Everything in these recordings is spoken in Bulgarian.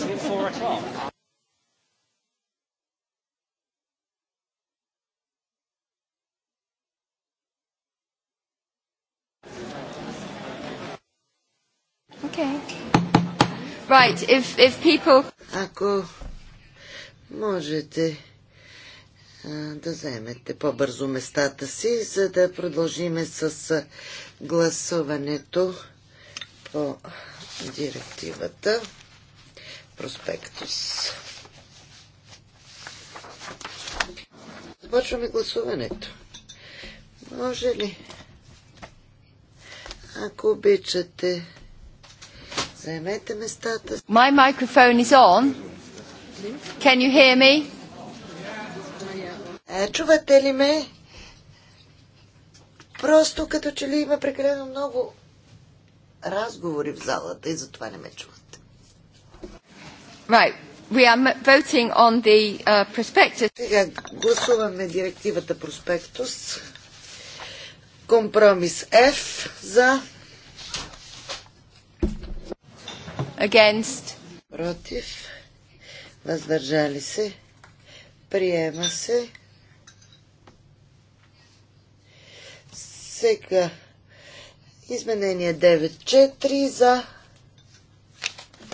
meeting at four o'clock. Okay. Right, if, if people... Ако можете да вземете по-бързо местата си, за да продължиме с гласуването по директивата проспектус. Започваме гласуването. Може ли? Ако обичате, заемете местата. My microphone is on. Can you hear me? Е, чувате ли ме? Просто като че ли има прекалено много разговори в залата и затова не ме чува. Right. We are voting on the uh, prospectus. Сега гласуваме директивата проспектус. Компромис F за Against. Против. Въздържали се. Приема се. Сега. Изменение 9.4 за.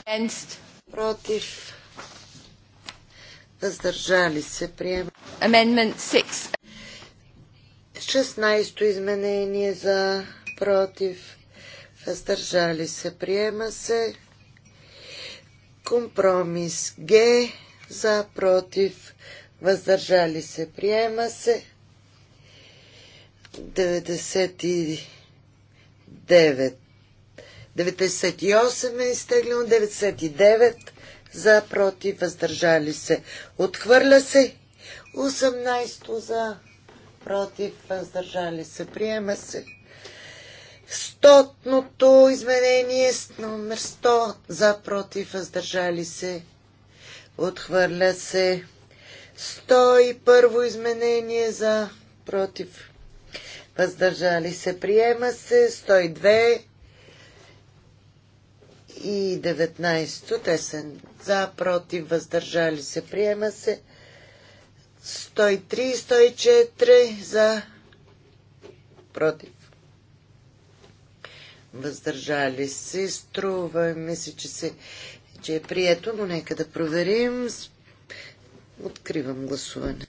Against против, въздържали се, приема. Amendment 6. 16-то изменение за против, въздържали се, приема се. Компромис Г за против, въздържали се, приема се. 99 98 е изтеглено, 99 за, против, въздържали се. Отхвърля се. 18 за, против, въздържали се. Приема се. Стотното изменение с номер 100 за, против, въздържали се. Отхвърля се. 101 изменение за, против, въздържали се. Приема се. 102 и 19. Те са за, против, въздържали се. Приема се. 103, 104 за, против. Въздържали се. Струва, мисля, че, се, че е прието, но нека да проверим. Откривам гласуване.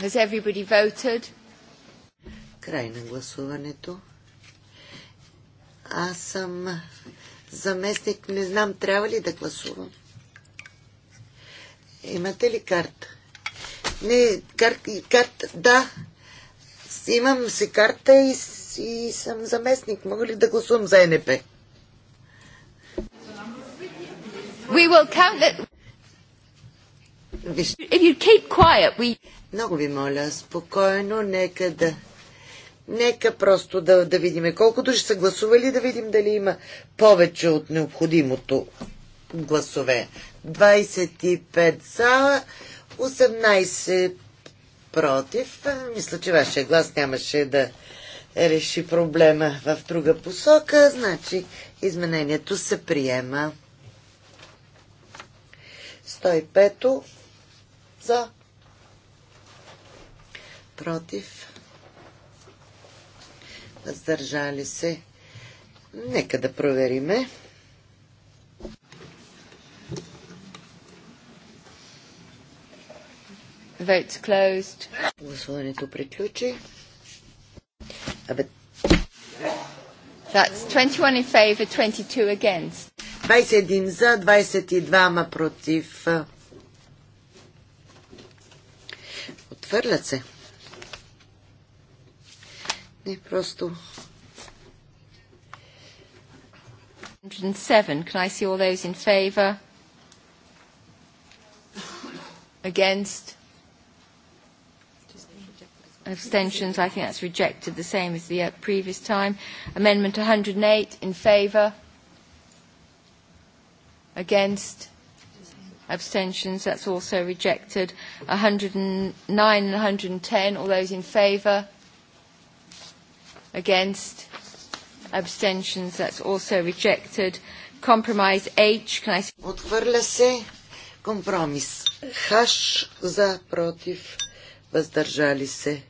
Has everybody voted? Край на гласуването. Аз съм заместник. Не знам, трябва ли да гласувам. Имате ли карта? Не, карта. да. Имам си карта и, и съм заместник. Мога ли да гласувам за НП? We will count that... If you keep quiet, we... Много ви моля, спокойно, нека да... Нека просто да, да видим колкото ще са гласували, да видим дали има повече от необходимото гласове. 25 за, 18 против. Мисля, че вашия глас нямаше да реши проблема в друга посока. Значи, изменението се приема. 105 за, против въздържали се. Нека да провериме. Vote's closed. Гласуването приключи. Абе. That's 21 in favor, 22 against. 21 за, 22 против. Отвърлят се. Не просто. Can I see all those in Against? Abstentions. I think that's rejected the same as the previous time. Amendment 108 in favour? Against? Abstentions. That's also rejected. 109 and 110. All those in favour? Against? Abstentions. That's also rejected. Compromise H. Can I... Отхвърля се компромис. Хаш за против. Въздържали се.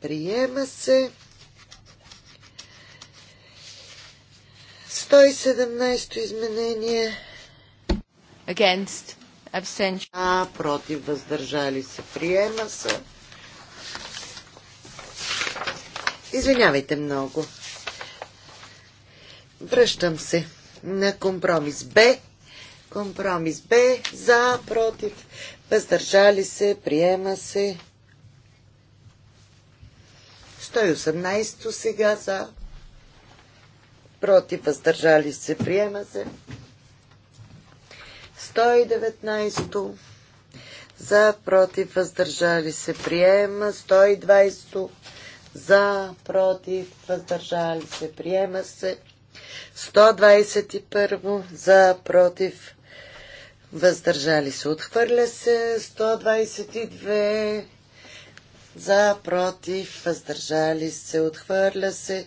Приема се. 117 изменение. Against. Abstention. А, против, въздържали се. Приема се. Извинявайте много. Връщам се на компромис Б. Компромис Б. За, против. Въздържали се. Приема се. 118 сега за. Против. Въздържали се. Приема се. 119 за, против, въздържали се, приема, 120 за, против, въздържали се, приема се. 121 за, против, въздържали се, отхвърля се. 122 за, против, въздържали се, отхвърля се.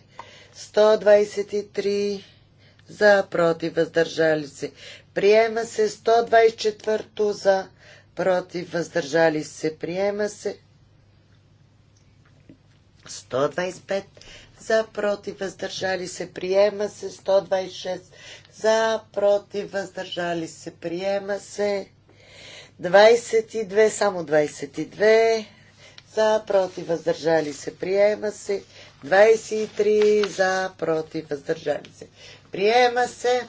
123 за, против, въздържали се. Приема се 124 за, против, въздържали се. Приема се 125 за, против, въздържали се, приема се 126 за, против, въздържали се, приема се 22, само 22 за, против, въздържали се, приема се 23 за, против, въздържали се, приема се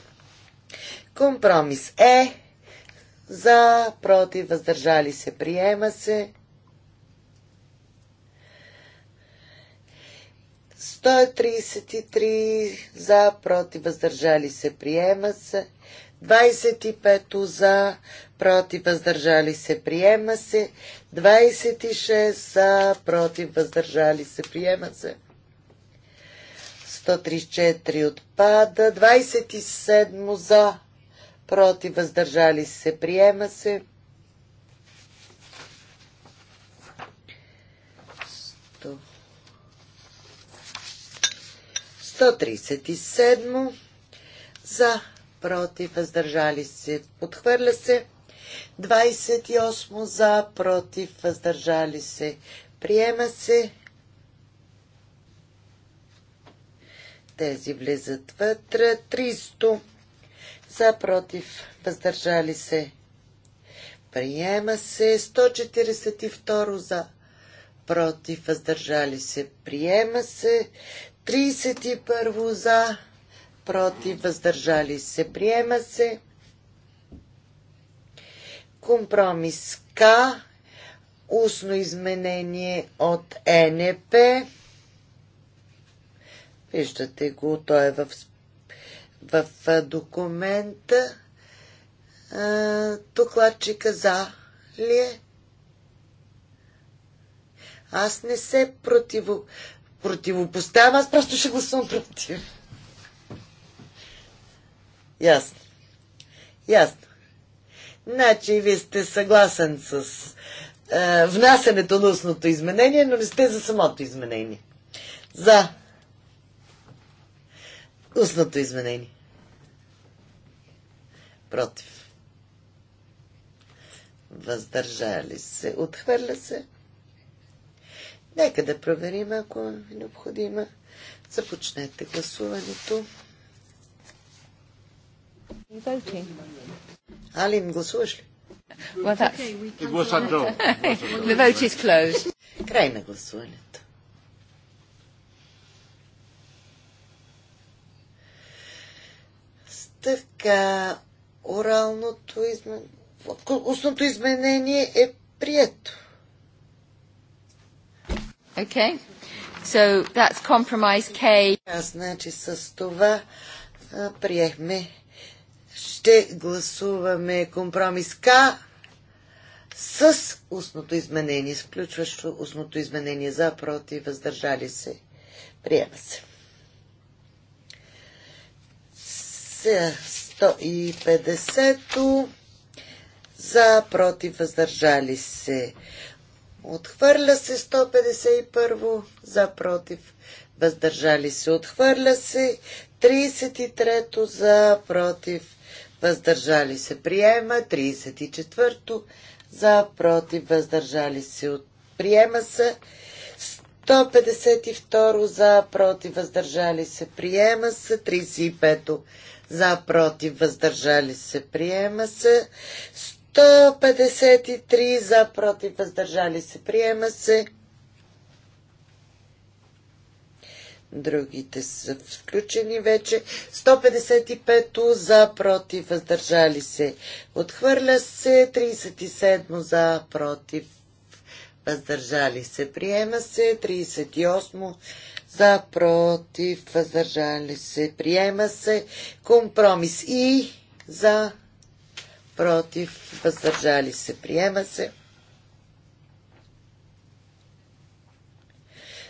компромис е за, против, въздържали се, приема се 133 за, против, въздържали се, приема се. 25 за, против, въздържали се, приема се. 26 за, против, въздържали се, приема се. 134 отпада. 27 за, против, въздържали се, приема се. 137 за, против, въздържали се, отхвърля се. 28 за, против, въздържали се, приема се. Тези влизат вътре. 300 за, против, въздържали се, приема се. 142 за, против, въздържали се, приема се. 31 за, против, въздържали се, приема се. Компромис К, устно изменение от НП. Виждате го, той е в, в документа. Докладчика за ли е? Аз не се противо, противопоставя, аз просто ще гласувам против. Ясно. Ясно. Значи, вие сте съгласен с е, внасенето на устното изменение, но не сте за самото изменение. За устното изменение. Против. Въздържали се. Отхвърля се. Нека да проверим, ако е необходимо, Започнете гласуването. Алин, гласуваш ли? Край на гласуването. Стъвка, оралното изменение, устното изменение е прието. Okay. So that's compromise K. значи с това приехме. Ще гласуваме компромис К с устното изменение, включващо устното изменение за, против, въздържали се. Приема се. 150 за, против, въздържали се. Отхвърля се 151 за против. Въздържали се. Отхвърля се 33 за против. Въздържали се. Приема 34 за против. Въздържали се. Приема се 152 за против. Въздържали се. Приема се 35 за против. Въздържали се. Приема се 153 за против въздържали се. Приема се. Другите са включени вече. 155 за против въздържали се. Отхвърля се. 37 за против въздържали се. Приема се. 38 за против въздържали се. Приема се. Компромис и за против, въздържали се, приема се.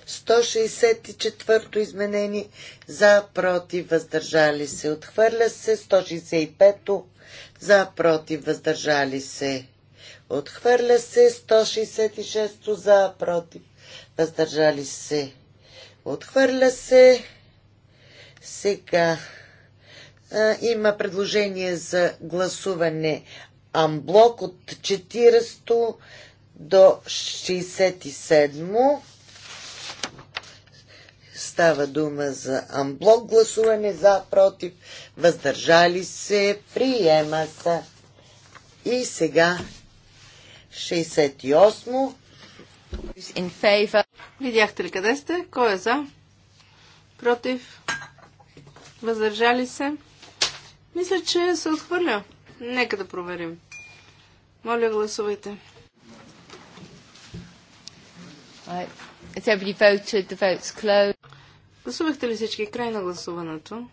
164-то изменени за, против, въздържали се, отхвърля се. 165-то за, против, въздържали се, отхвърля се. 166-то за, против, въздържали се, отхвърля се. Сега е, има предложение за гласуване амблок от 40 до 67. Става дума за амблок гласуване за, против, въздържали се, приема се. И сега 68. Видяхте ли къде сте? Кой е за? Против? Въздържали се? Мисля, че се отхвърля. Нека да проверим. Моля, гласувайте. Гласувахте ли всички край на гласуването?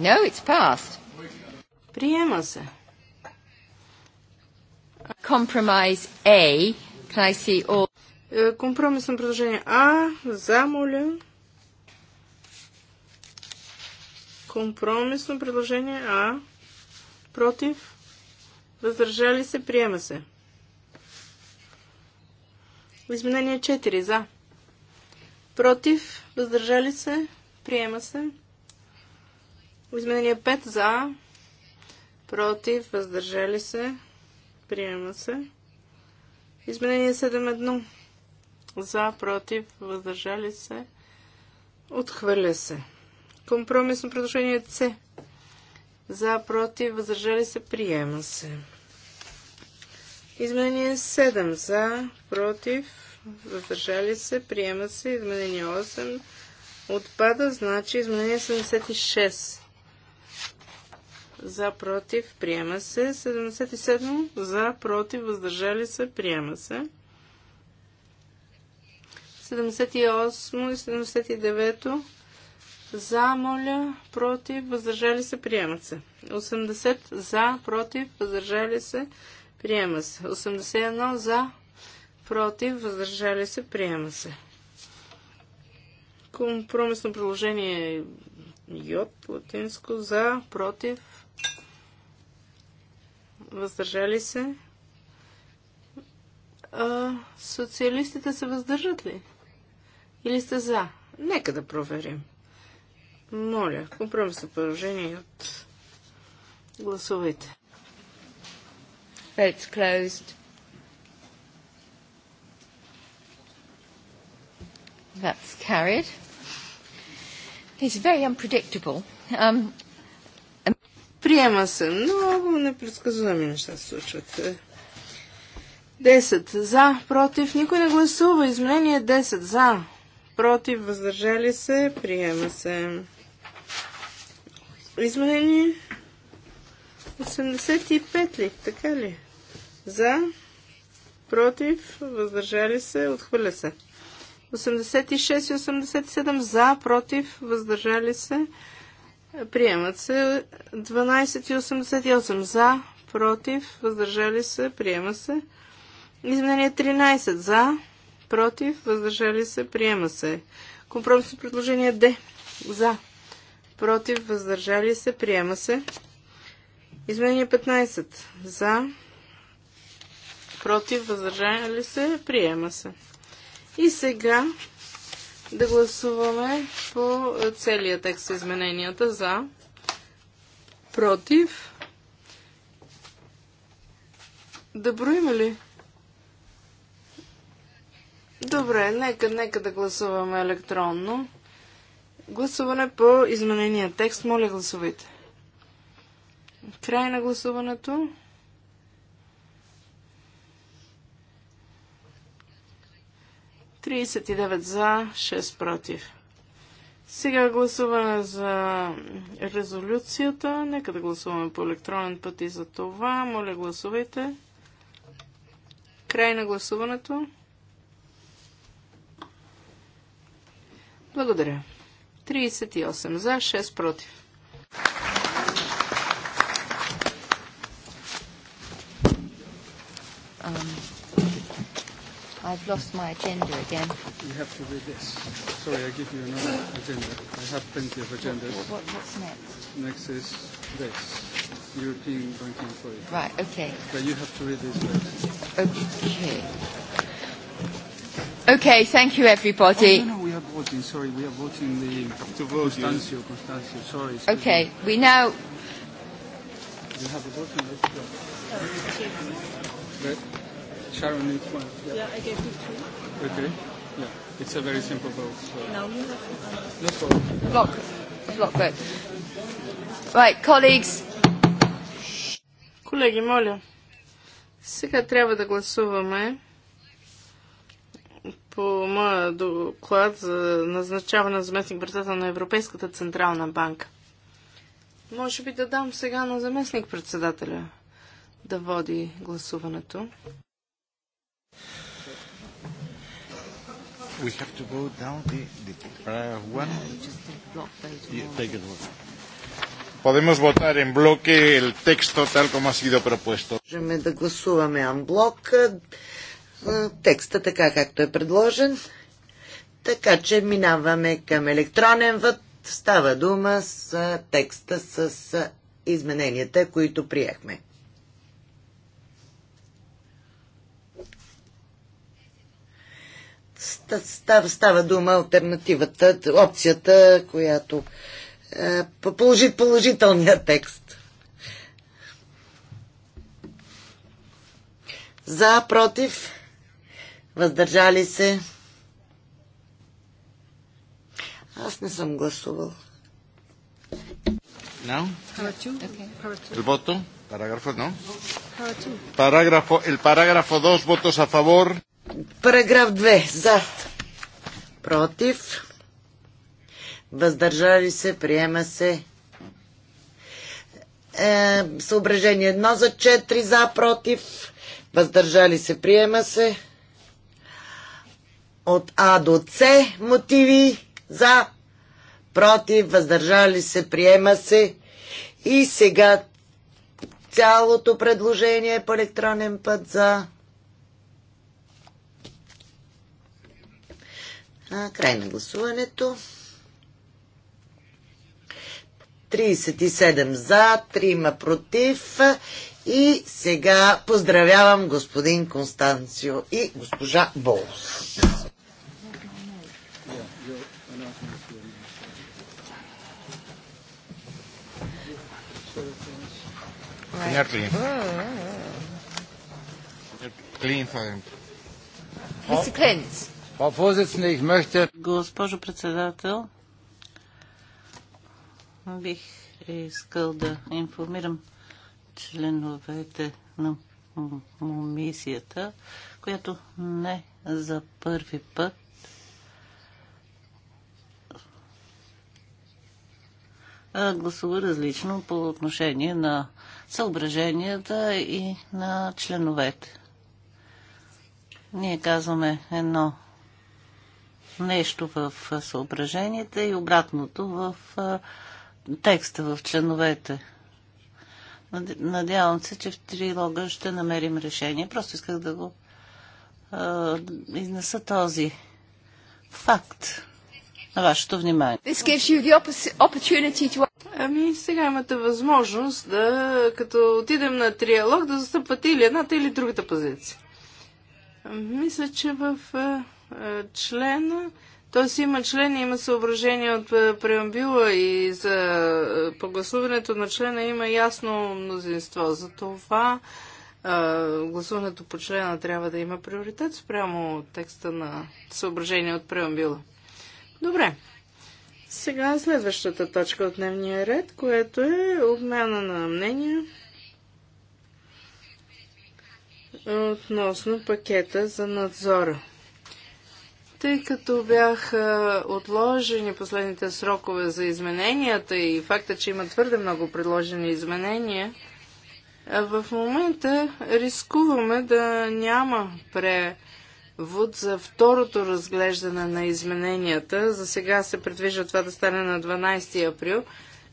No, it's passed. Приема се. Compromise A. Can I see all... Е, компромисно предложение А. За, моля. Компромисно предложение А. Против. Въздържали се. Приема се. Изменение 4. За. Против. Въздържали се. Приема се. Изменение 5. За. Против. Въздържали се. Приема се. Изменение 7.1. За. Против. Въздържали се. Отхвърля се. Компромисно предложение С. За, против, въздържали се, приема се. Изменение 7. За, против, въздържали се, приема се. Изменение 8. Отпада, значи изменение 76. За, против, приема се. 77. За, против, въздържали се, приема се. 78 и 79 за, моля, против, въздържали се, приема се. 80 за, против, въздържали се, приема се. 81 за, против, въздържали се, приема се. Компромисно приложение йод, латинско, за, против, въздържали се. А, социалистите се въздържат ли? Или сте за? Нека да проверим. Моля, компромисно предложение от гласовете. Let's closed. That's carried. It's very unpredictable. Um, Приема се. Много непредсказуеми неща се случват. 10 за, против, никой не гласува. Изменение 10 за, против, въздържали се, приема се. Изменение 85 ли? Така ли? За, против, въздържали се, отхвърля се. 86 и 87 за, против, въздържали се, приемат се. 12 и 88 за, против, въздържали се, приема се. Изменение 13 за, против, въздържали се, приема се. Компромисно предложение Д. За, против, въздържали се, приема се. Изменение 15. За, против, въздържали се, приема се. И сега да гласуваме по целия текст измененията за, против, да броим ли? Добре, нека, нека да гласуваме електронно. Гласуване по изменения текст. Моля, гласувайте. Край на гласуването. за, 6 против. Сега гласуване за резолюцията. Нека да гласуваме по електронен път и за това. Моля, гласувайте. Край на гласуването. Благодаря. 38 за, 6 против. Um, I've lost my agenda again. You have to read this. Sorry, I give you another agenda. I have plenty of agendas. What, what, what's next? Next is this, European Banking Authority. Right, okay. But you have to read this first. Okay. Okay, thank you everybody. Oh, no, no voting, sorry, we are voting the to vote, Constancio, Constancio, sorry. Okay, me. we now... You have a voting list? Sharon needs one. Yeah, yeah I gave you two. Okay, yeah. It's a very simple vote. So. No, you have... Let's vote. Block, block vote. Right, colleagues. Колеги, моля, сега трябва да гласуваме по моя доклад за назначаване на заместник председател на Европейската Централна банка. Може би да дам сега на заместник председателя да води гласуването. We have to go down the, the uh, one. Yeah, take Podemos votar en bloque el texto tal como ha sido propuesto. Можем да гласуваме анблок. блок текста така както е предложен. Така че минаваме към електронен вът. Става дума с текста с измененията, които приехме. Става, става дума альтернативата, опцията, която е, положи, положителния текст. За, против, Въздържали се? Аз не съм гласувал. No? El voto. Parágrafo, no? el 2, votos a favor. Параграф 2. За. Против. Въздържали се. Приема се. Е, съображение 1 за 4. За. Против. Въздържали се. Приема се от А до С мотиви за, против, въздържали се, приема се. И сега цялото предложение е по електронен път за а, край на гласуването. 37 за, 3 против и сега поздравявам господин Констанцио и госпожа Болс. Señor Clean. Clean. Oh. Frau Vorsitzende, ich möchte... Госпожо председател, бих искал да информирам членовете на комисията, която не за първи път гласува различно по отношение на съображенията и на членовете. Ние казваме едно нещо в съображенията и обратното в текста, в членовете. Надявам се, че в трилога ще намерим решение. Просто исках да го изнеса този факт на вашето внимание. To... Ами сега имате възможност да, като отидем на триалог, да застъпвате или едната или другата позиция. Мисля, че в е, е, члена, т.е. има член и има съображение от е, преамбила и за погласуването на члена има ясно мнозинство. За това гласуването по члена трябва да има приоритет спрямо текста на съображение от преамбила. Добре. Сега следващата точка от дневния ред, което е обмяна на мнения относно пакета за надзора. Тъй като бяха отложени последните срокове за измененията и факта, че има твърде много предложени изменения, в момента рискуваме да няма пре ВУД за второто разглеждане на измененията. За сега се предвижда това да стане на 12 април.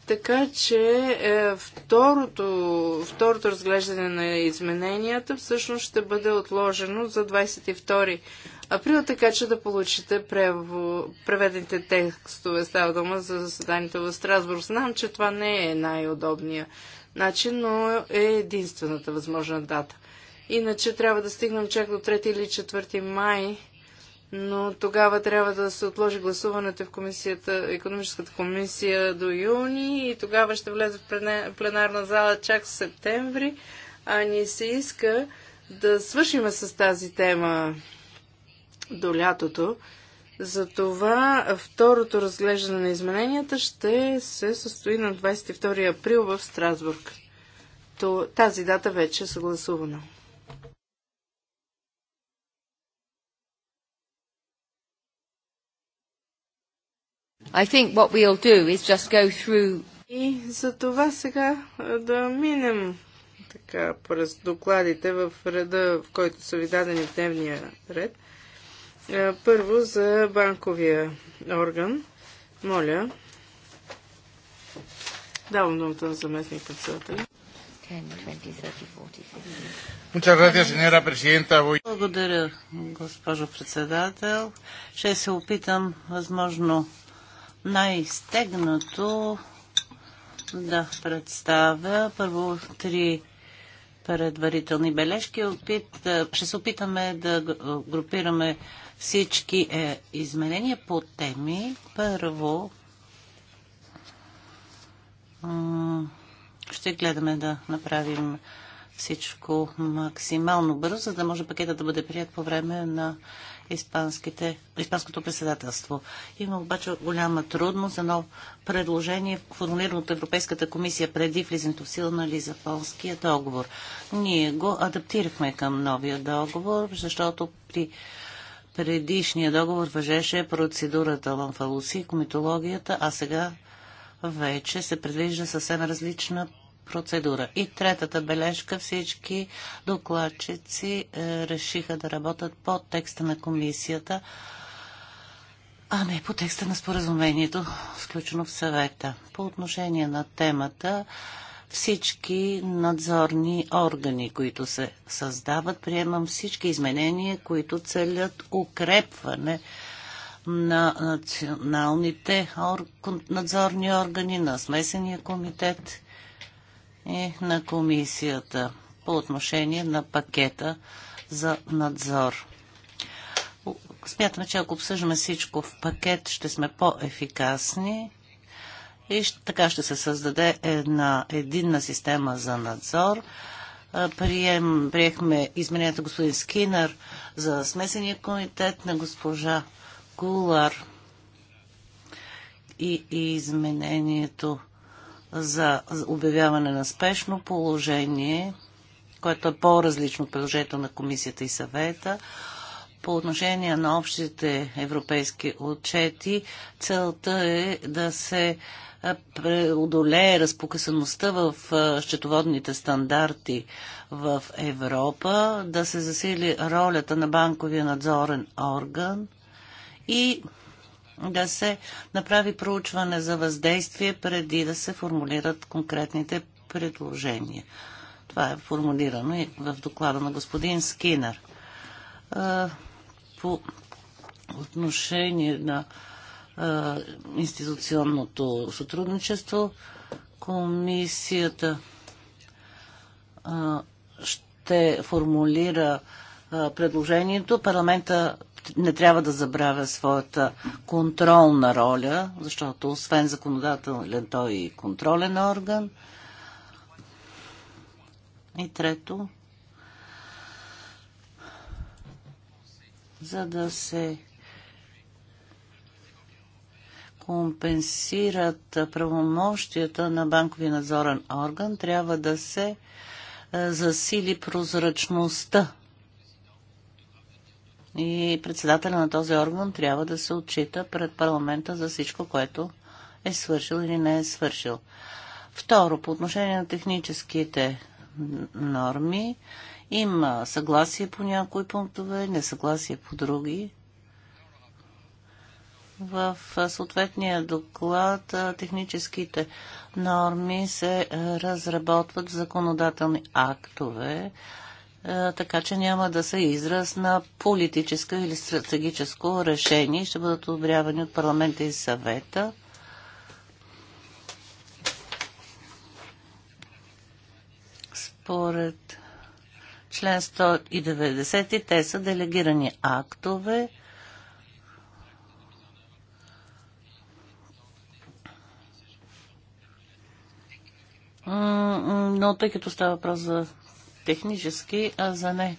Така че е, второто, второто разглеждане на измененията всъщност ще бъде отложено за 22 април, така че да получите прево, преведените текстове. Става дума за заседанието в Страсбург. Знам, че това не е най удобния начин, но е единствената възможна дата. Иначе трябва да стигнем чак до 3 или 4 май, но тогава трябва да се отложи гласуването в комисията, економическата комисия до юни и тогава ще влезе в пленарна зала чак в септември, а ни се иска да свършим с тази тема до лятото. Затова второто разглеждане на измененията ще се състои на 22 април в Страсбург. тази дата вече е съгласувана. I think what we'll do is just go through... И за това сега да минем така през докладите в реда, в който са ви дадени в дневния ред. Първо за банковия орган. Моля. Давам думата на заместник председател. Благодаря, госпожо председател. Ще се опитам, възможно, най-стегнато да представя първо три предварителни бележки. Опит, ще се опитаме да групираме всички е, изменения по теми. Първо ще гледаме да направим всичко максимално бързо, за да може пакета да бъде прият по време на испанското председателство. Има обаче голяма трудност за ново предложение, формулирано от Европейската комисия преди влизането в сила на Лизафонския договор. Ние го адаптирахме към новия договор, защото при предишния договор въжеше процедурата Ламфалуси и комитологията, а сега вече се предвижда съвсем различна процедура. И третата бележка, всички докладчици е, решиха да работят по текста на комисията, а не по текста на споразумението, включено в съвета. По отношение на темата, всички надзорни органи, които се създават, приемам всички изменения, които целят укрепване на националните надзорни органи, на смесения комитет и на комисията по отношение на пакета за надзор. Смятаме, че ако обсъждаме всичко в пакет, ще сме по-ефикасни и така ще се създаде една единна система за надзор. Прием, приехме изменението господин Скинър за смесения комитет на госпожа Кулар, и изменението за обявяване на спешно положение, което е по-различно от предложението на комисията и съвета. По отношение на общите европейски отчети, целта е да се е, преодолее разпокъсаността в е, счетоводните стандарти в Европа, да се засили ролята на банковия надзорен орган и да се направи проучване за въздействие преди да се формулират конкретните предложения. Това е формулирано и в доклада на господин Скинер. По отношение на институционното сътрудничество, комисията ще формулира предложението. Парламента не трябва да забравя своята контролна роля, защото освен законодателен той е и контролен орган. И трето, за да се компенсират правомощията на банкови надзорен орган, трябва да се е, засили прозрачността и председателя на този орган трябва да се отчита пред парламента за всичко, което е свършил или не е свършил. Второ, по отношение на техническите норми, има съгласие по някои пунктове, несъгласие по други. В съответния доклад техническите норми се разработват в законодателни актове, е, така че няма да са израз на политическо или стратегическо решение. Ще бъдат одобрявани от парламента и съвета. Според член 190 те са делегирани актове. Но тъй като става въпрос за технически, а за не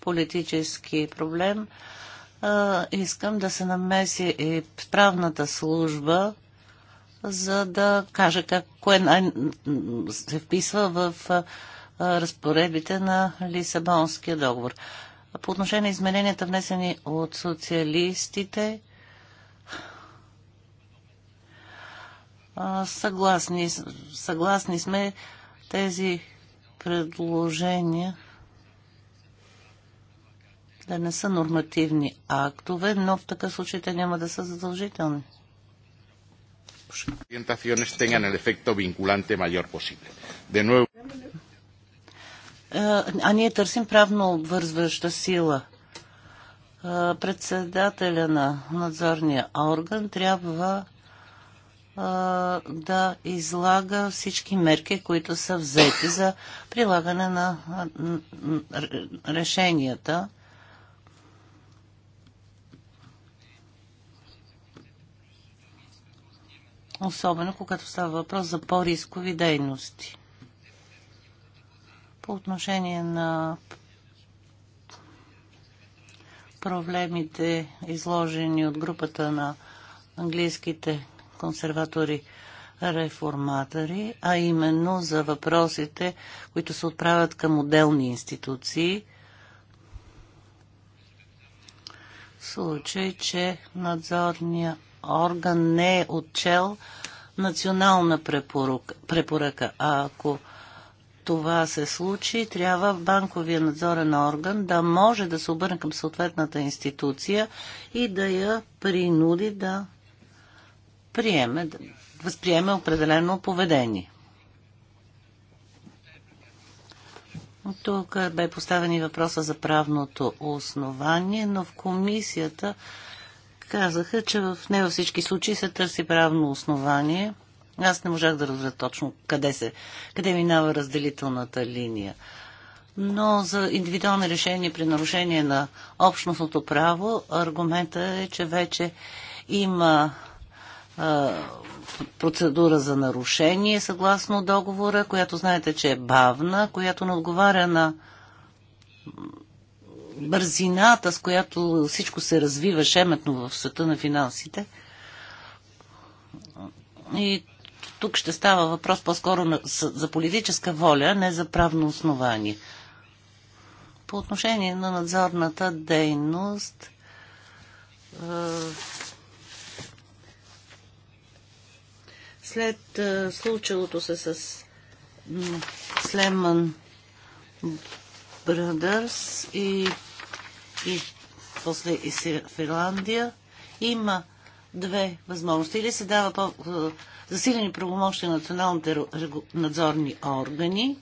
политически проблем. искам да се намеси и правната служба, за да каже как кое най- се вписва в разпоредбите на Лисабонския договор. По отношение на измененията, внесени от социалистите, съгласни, съгласни сме тези предложения да не са нормативни актове, но в такъв случай те няма да са задължителни. Orientaciones tengan el efecto vinculante mayor posible. De nuevo... А ние търсим правно обвързваща сила. Председателя на надзорния орган трябва да излага всички мерки, които са взети за прилагане на решенията. Особено когато става въпрос за по-рискови дейности. По отношение на проблемите, изложени от групата на английските консерватори реформатори, а именно за въпросите, които се отправят към отделни институции. В случай, че надзорния орган не е отчел национална препоръка, препоръка. А ако това се случи, трябва банковия надзорен орган да може да се обърне към съответната институция и да я принуди да приеме, да възприеме определено поведение. Тук бе поставен и въпроса за правното основание, но в комисията казаха, че в не във всички случаи се търси правно основание. Аз не можах да разбера точно къде, се, къде минава разделителната линия. Но за индивидуални решения при нарушение на общностното право аргумента е, че вече има процедура за нарушение съгласно договора, която знаете, че е бавна, която не отговаря на бързината, с която всичко се развива шеметно в света на финансите. И тук ще става въпрос по-скоро за политическа воля, не за правно основание. По отношение на надзорната дейност, След случилото се с Слеман Брадърс и, и после и в има две възможности. Или се дава по, засилени правомощи на националните надзорни органи,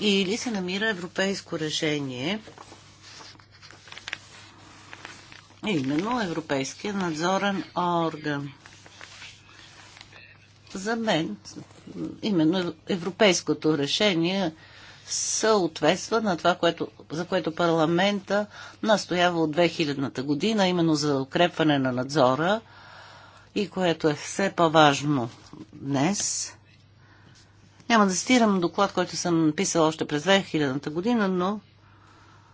или се намира европейско решение, именно Европейския надзорен орган за мен именно европейското решение съответства на това, което, за което парламента настоява от 2000-та година, именно за укрепване на надзора и което е все по-важно днес. Няма да стирам доклад, който съм написал още през 2000-та година, но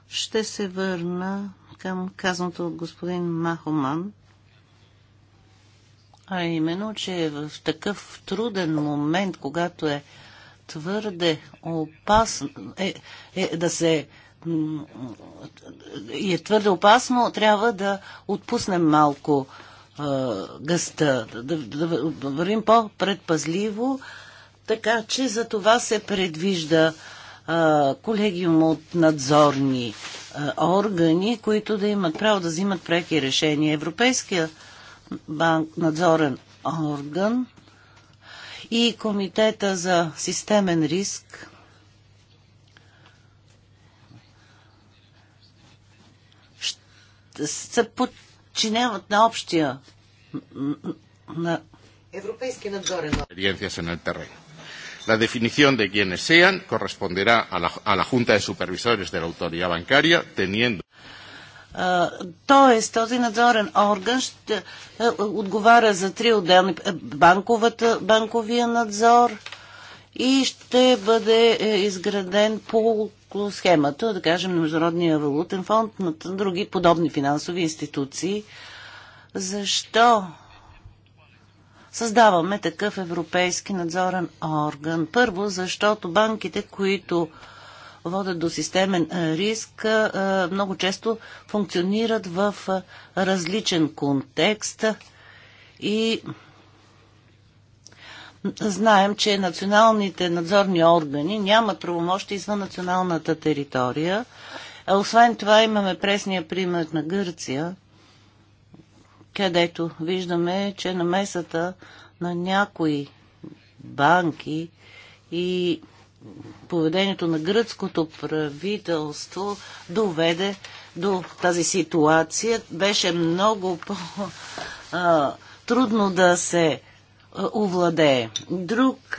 ще се върна към казаното от господин Махоман – а именно, че в такъв труден момент, когато е твърде опасно е, е, да се е твърде опасно, трябва да отпуснем малко е, гъста, да, да, да вървим по-предпазливо, така че за това се предвижда е, колегиум от надзорни е, органи, които да имат право да взимат преки решения. Европейския банк, надзорен орган и Комитета за системен риск. се подчиняват на общия на Европейски надзорен орган. La definición de quienes sean corresponderá a la, a la Junta de Supervisores de la Autoridad Bancaria, teniendo. Тоест, този надзорен орган ще е, отговаря за три отделни е, банковата, банковия надзор и ще бъде е, изграден по схемата, да кажем, на Международния валутен фонд, на други подобни финансови институции. Защо създаваме такъв европейски надзорен орган? Първо, защото банките, които водят до системен риск, много често функционират в различен контекст и знаем, че националните надзорни органи нямат правомощи извън националната територия. Освен това имаме пресния пример на Гърция, където виждаме, че намесата на някои банки и поведението на гръцкото правителство доведе до тази ситуация. Беше много по-трудно да се овладее. Друг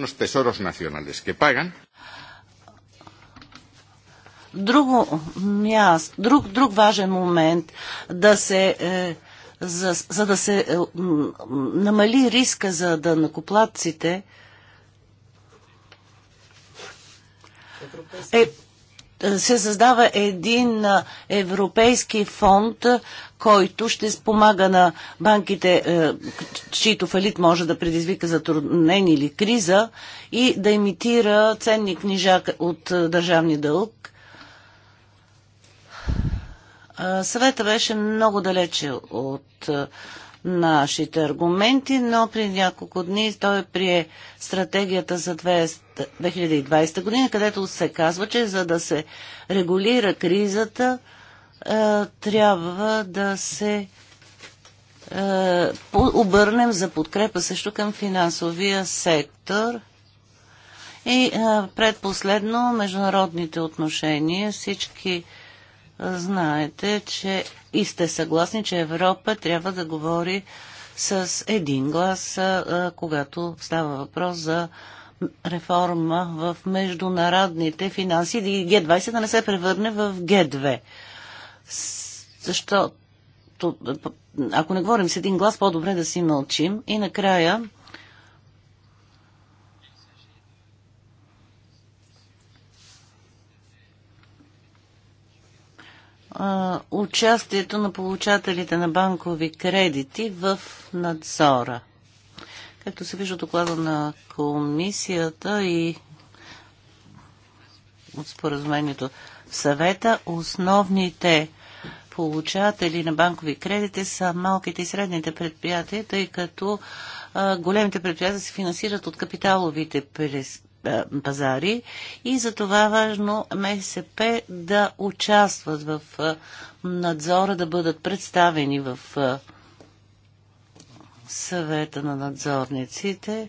unos tesoros nacionales que pagan. Друго място, друг, друг важен момент да се е, за, за да се е, намали риска за данакоплатците, е, се създава един европейски фонд, който ще спомага на банките, е, чието фалит може да предизвика затруднение или криза и да имитира ценни книжа от държавни дълг Съвета беше много далече от нашите аргументи, но при няколко дни той прие стратегията за 2020 година, където се казва, че за да се регулира кризата, трябва да се обърнем за подкрепа също към финансовия сектор. И предпоследно международните отношения, всички знаете, че и сте съгласни, че Европа трябва да говори с един глас, когато става въпрос за реформа в международните финанси и Г20 да не се превърне в Г2. Защото, ако не говорим с един глас, по-добре да си мълчим. И накрая, участието на получателите на банкови кредити в надзора. Както се вижда доклада на комисията и от споразумението в съвета, основните получатели на банкови кредити са малките и средните предприятия, тъй като големите предприятия се финансират от капиталовите е, пазари и за това важно МСП да участват в е, надзора, да бъдат представени в е, съвета на надзорниците,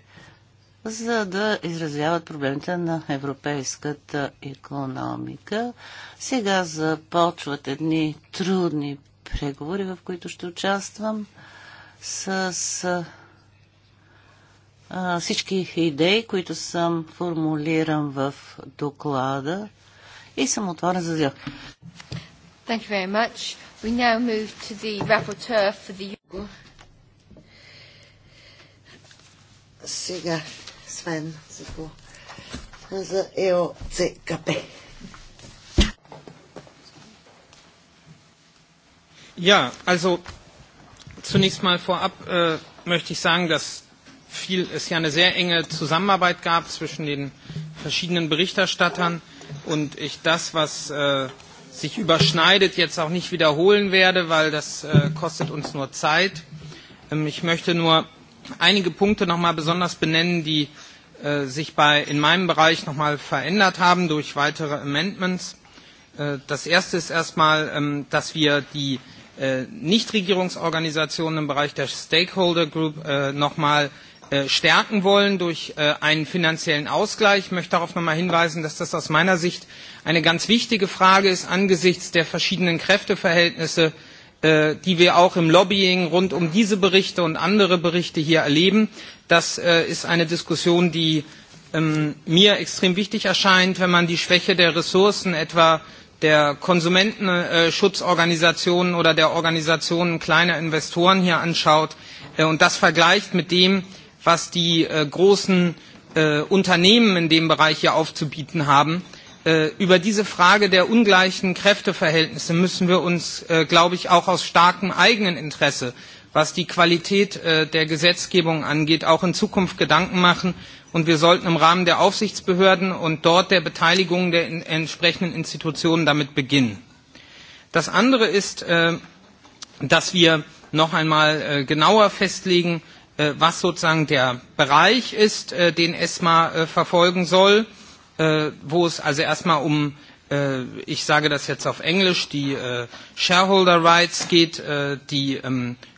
за да изразяват проблемите на европейската економика. Сега започват едни трудни преговори, в които ще участвам с а, всички идеи, които съм формулиран в доклада и съм отворен за тях. Thank you very much. We now move to the rapporteur for the... Сега, Свен, за, за ЕОЦКП. Ja, also zunächst mal vorab äh, möchte ich sagen, dass viel, es ja eine sehr enge Zusammenarbeit gab zwischen den verschiedenen Berichterstattern und ich das, was äh, sich überschneidet, jetzt auch nicht wiederholen werde, weil das äh, kostet uns nur Zeit. Ähm, ich möchte nur einige Punkte nochmal besonders benennen, die äh, sich bei, in meinem Bereich nochmal verändert haben durch weitere Amendments. Äh, das erste ist erstmal, ähm, dass wir die Nichtregierungsorganisationen im Bereich der Stakeholder Group äh, nochmal stärken wollen durch einen finanziellen Ausgleich. Ich möchte darauf nochmal hinweisen, dass das aus meiner Sicht eine ganz wichtige Frage ist angesichts der verschiedenen Kräfteverhältnisse, die wir auch im Lobbying rund um diese Berichte und andere Berichte hier erleben. Das ist eine Diskussion, die mir extrem wichtig erscheint, wenn man die Schwäche der Ressourcen etwa der Konsumentenschutzorganisationen oder der Organisationen kleiner Investoren hier anschaut und das vergleicht mit dem, was die äh, großen äh, Unternehmen in dem Bereich hier aufzubieten haben. Äh, über diese Frage der ungleichen Kräfteverhältnisse müssen wir uns, äh, glaube ich, auch aus starkem eigenen Interesse, was die Qualität äh, der Gesetzgebung angeht, auch in Zukunft Gedanken machen. Und wir sollten im Rahmen der Aufsichtsbehörden und dort der Beteiligung der in, entsprechenden Institutionen damit beginnen. Das andere ist, äh, dass wir noch einmal äh, genauer festlegen, was sozusagen der Bereich ist, den ESMA verfolgen soll, wo es also erstmal um, ich sage das jetzt auf Englisch, die Shareholder Rights geht, die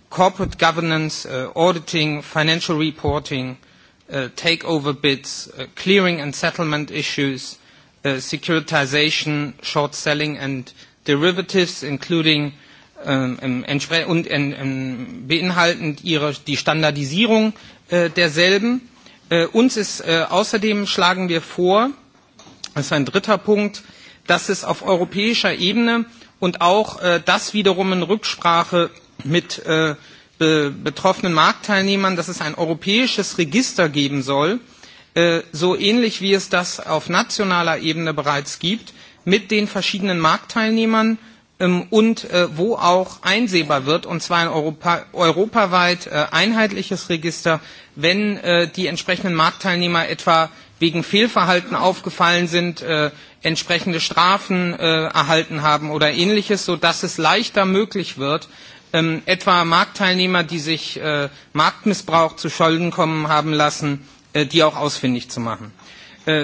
Corporate Governance, Auditing, Financial Reporting, Takeover Bids, Clearing and Settlement Issues, Securitization, Short Selling and Derivatives, including und beinhaltend ihre, die Standardisierung derselben. uns ist außerdem schlagen wir vor, das ist ein dritter Punkt, dass es auf europäischer Ebene und auch das wiederum in Rücksprache mit betroffenen Marktteilnehmern, dass es ein europäisches Register geben soll, so ähnlich wie es das auf nationaler Ebene bereits gibt, mit den verschiedenen Marktteilnehmern und wo auch einsehbar wird, und zwar ein europaweit einheitliches Register, wenn die entsprechenden Marktteilnehmer etwa wegen Fehlverhalten aufgefallen sind, entsprechende Strafen erhalten haben oder ähnliches, sodass es leichter möglich wird, etwa Marktteilnehmer, die sich Marktmissbrauch zu Schulden kommen haben lassen, die auch ausfindig zu machen.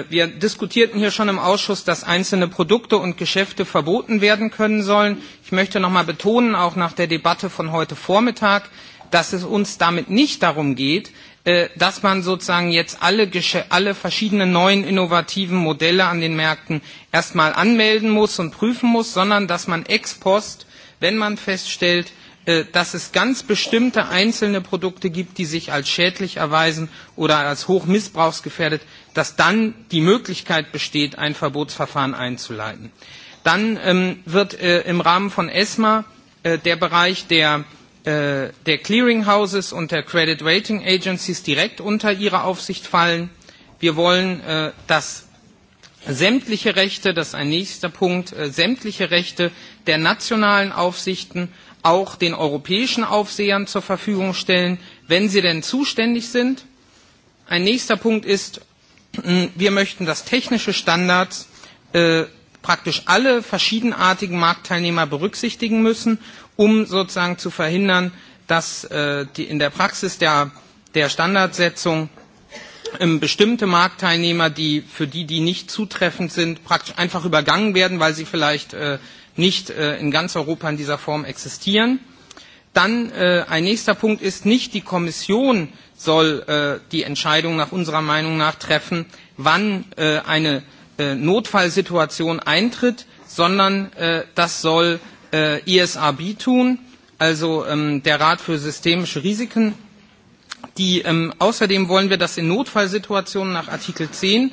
Wir diskutierten hier schon im Ausschuss, dass einzelne Produkte und Geschäfte verboten werden können sollen. Ich möchte noch einmal betonen, auch nach der Debatte von heute Vormittag, dass es uns damit nicht darum geht, dass man sozusagen jetzt alle, alle verschiedenen neuen innovativen Modelle an den Märkten erstmal anmelden muss und prüfen muss, sondern dass man ex post, wenn man feststellt, dass es ganz bestimmte einzelne Produkte gibt, die sich als schädlich erweisen oder als hoch missbrauchsgefährdet, dass dann die Möglichkeit besteht, ein Verbotsverfahren einzuleiten. Dann wird im Rahmen von ESMA der Bereich der der Clearinghouses und der Credit Rating Agencies direkt unter ihre Aufsicht fallen. Wir wollen, dass sämtliche Rechte, das ist ein nächster Punkt, sämtliche Rechte der nationalen Aufsichten auch den europäischen Aufsehern zur Verfügung stellen, wenn sie denn zuständig sind. Ein nächster Punkt ist, wir möchten, dass technische Standards praktisch alle verschiedenartigen Marktteilnehmer berücksichtigen müssen, um sozusagen zu verhindern, dass in der Praxis der, Standardsetzung bestimmte Marktteilnehmer, die für die, die nicht zutreffend sind, praktisch einfach übergangen werden, weil sie vielleicht nicht in ganz Europa in dieser Form existieren. Dann ein nächster Punkt ist, nicht die Kommission soll die Entscheidung nach unserer Meinung nach treffen, wann eine Notfallsituation eintritt, sondern das soll ISRB tun, also der Rat für systemische Risiken. außerdem wollen wir, dass in Notfallsituationen nach Artikel zehn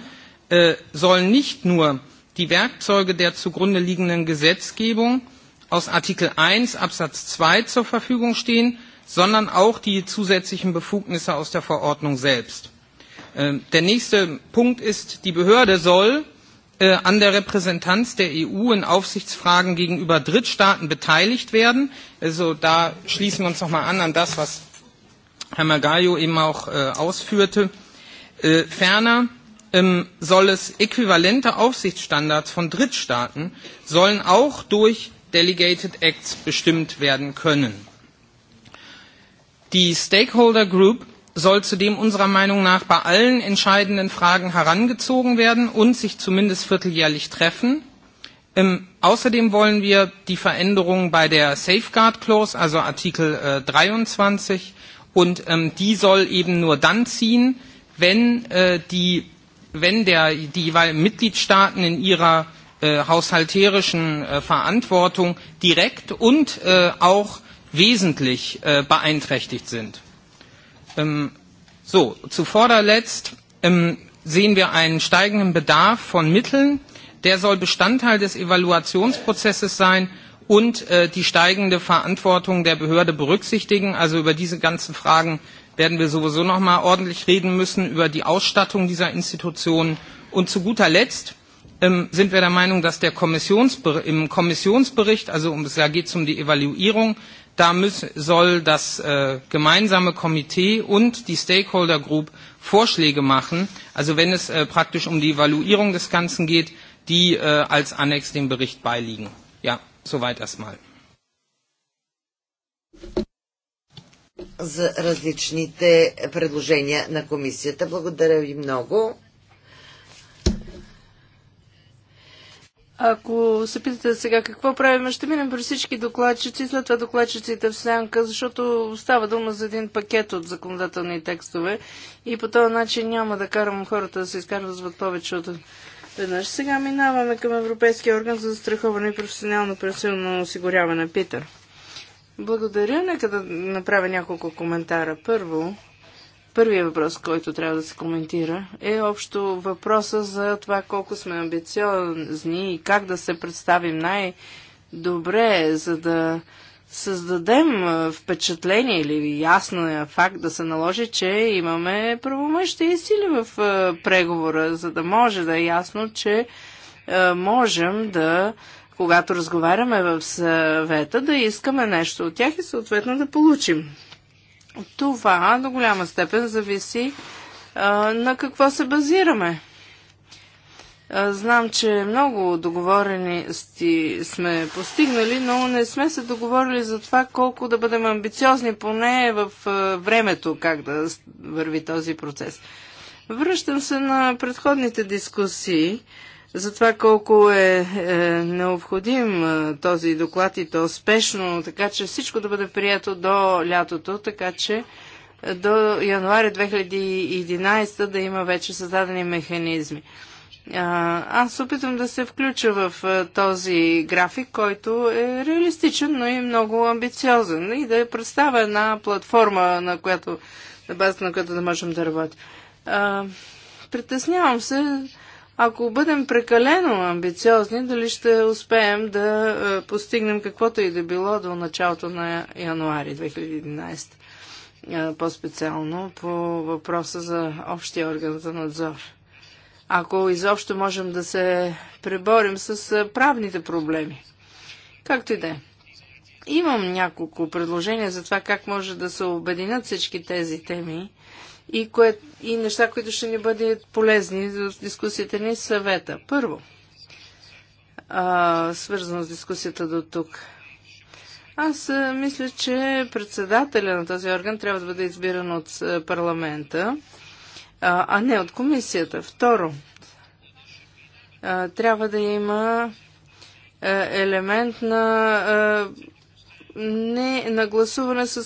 sollen nicht nur die Werkzeuge der zugrunde liegenden Gesetzgebung aus Artikel 1 Absatz 2 zur Verfügung stehen, sondern auch die zusätzlichen Befugnisse aus der Verordnung selbst. Der nächste Punkt ist, die Behörde soll an der Repräsentanz der EU in Aufsichtsfragen gegenüber Drittstaaten beteiligt werden. Also da schließen wir uns nochmal an an das, was Herr Margallo eben auch ausführte. Ferner soll es äquivalente Aufsichtsstandards von Drittstaaten sollen auch durch Delegated Acts bestimmt werden können. Die Stakeholder Group soll zudem unserer Meinung nach bei allen entscheidenden Fragen herangezogen werden und sich zumindest vierteljährlich treffen. außerdem wollen wir die Veränderungen bei der Safeguard Clause, also Artikel äh, 23, und die soll eben nur dann ziehen, wenn die wenn der, die Mitgliedstaaten in ihrer äh, haushalterischen äh, Verantwortung direkt und äh, auch wesentlich äh, beeinträchtigt sind. Ähm, so, zu vorderletzt ähm, sehen wir einen steigenden Bedarf von Mitteln. Der soll Bestandteil des Evaluationsprozesses sein und äh, die steigende Verantwortung der Behörde berücksichtigen. Also über diese ganzen Fragen äh, werden wir sowieso noch mal ordentlich reden müssen über die Ausstattung dieser Institutionen. Und zu guter Letzt sind wir der Meinung, dass der Kommissionsbericht, im Kommissionsbericht, also um, da geht es um die Evaluierung, da soll das äh, gemeinsame Komitee und die Stakeholder Group Vorschläge machen, also wenn es äh, praktisch um die Evaluierung des Ganzen geht, die äh, als Annex dem Bericht beiliegen. Ja, soweit erstmal. за различните предложения на комисията. Благодаря ви много. Ако се питате сега какво правим, ще минем при всички докладчици, след това докладчиците в сянка, защото става дума за един пакет от законодателни текстове и по този начин няма да карам хората да се изказват повече от веднъж. Сега минаваме към Европейския орган за застраховане и професионално пенсионно осигуряване. Питър. Благодаря. Нека да направя няколко коментара. Първо, първият въпрос, който трябва да се коментира, е общо въпроса за това колко сме амбициозни и как да се представим най-добре, за да създадем впечатление или ясна е факт да се наложи, че имаме правомощи и сили в преговора, за да може да е ясно, че можем да когато разговаряме в съвета, да искаме нещо от тях и съответно да получим. Това до голяма степен зависи а, на какво се базираме. А, знам, че много договорености сме постигнали, но не сме се договорили за това колко да бъдем амбициозни, поне в а, времето, как да върви този процес. Връщам се на предходните дискусии за това колко е, е необходим е, този доклад и то спешно, така че всичко да бъде прието до лятото, така че е, до януари 2011 да има вече създадени механизми. Е, аз опитвам да се включа в е, този график, който е реалистичен, но и много амбициозен и да представя една платформа, на която, на базата на която да можем да работим. Притеснявам се, ако бъдем прекалено амбициозни, дали ще успеем да е, постигнем каквото и да било до началото на януари 2011. Е, по-специално по въпроса за общия орган за надзор. Ако изобщо можем да се преборим с е, правните проблеми. Както и да е. Имам няколко предложения за това как може да се обединят всички тези теми и, кое, и неща, които ще ни бъдат полезни за дискусията ни съвета. Първо, а, свързано с дискусията до тук. Аз а, мисля, че председателя на този орган трябва да бъде избиран от парламента, а, а не от комисията. Второ, а, трябва да има елемент на не на гласуване с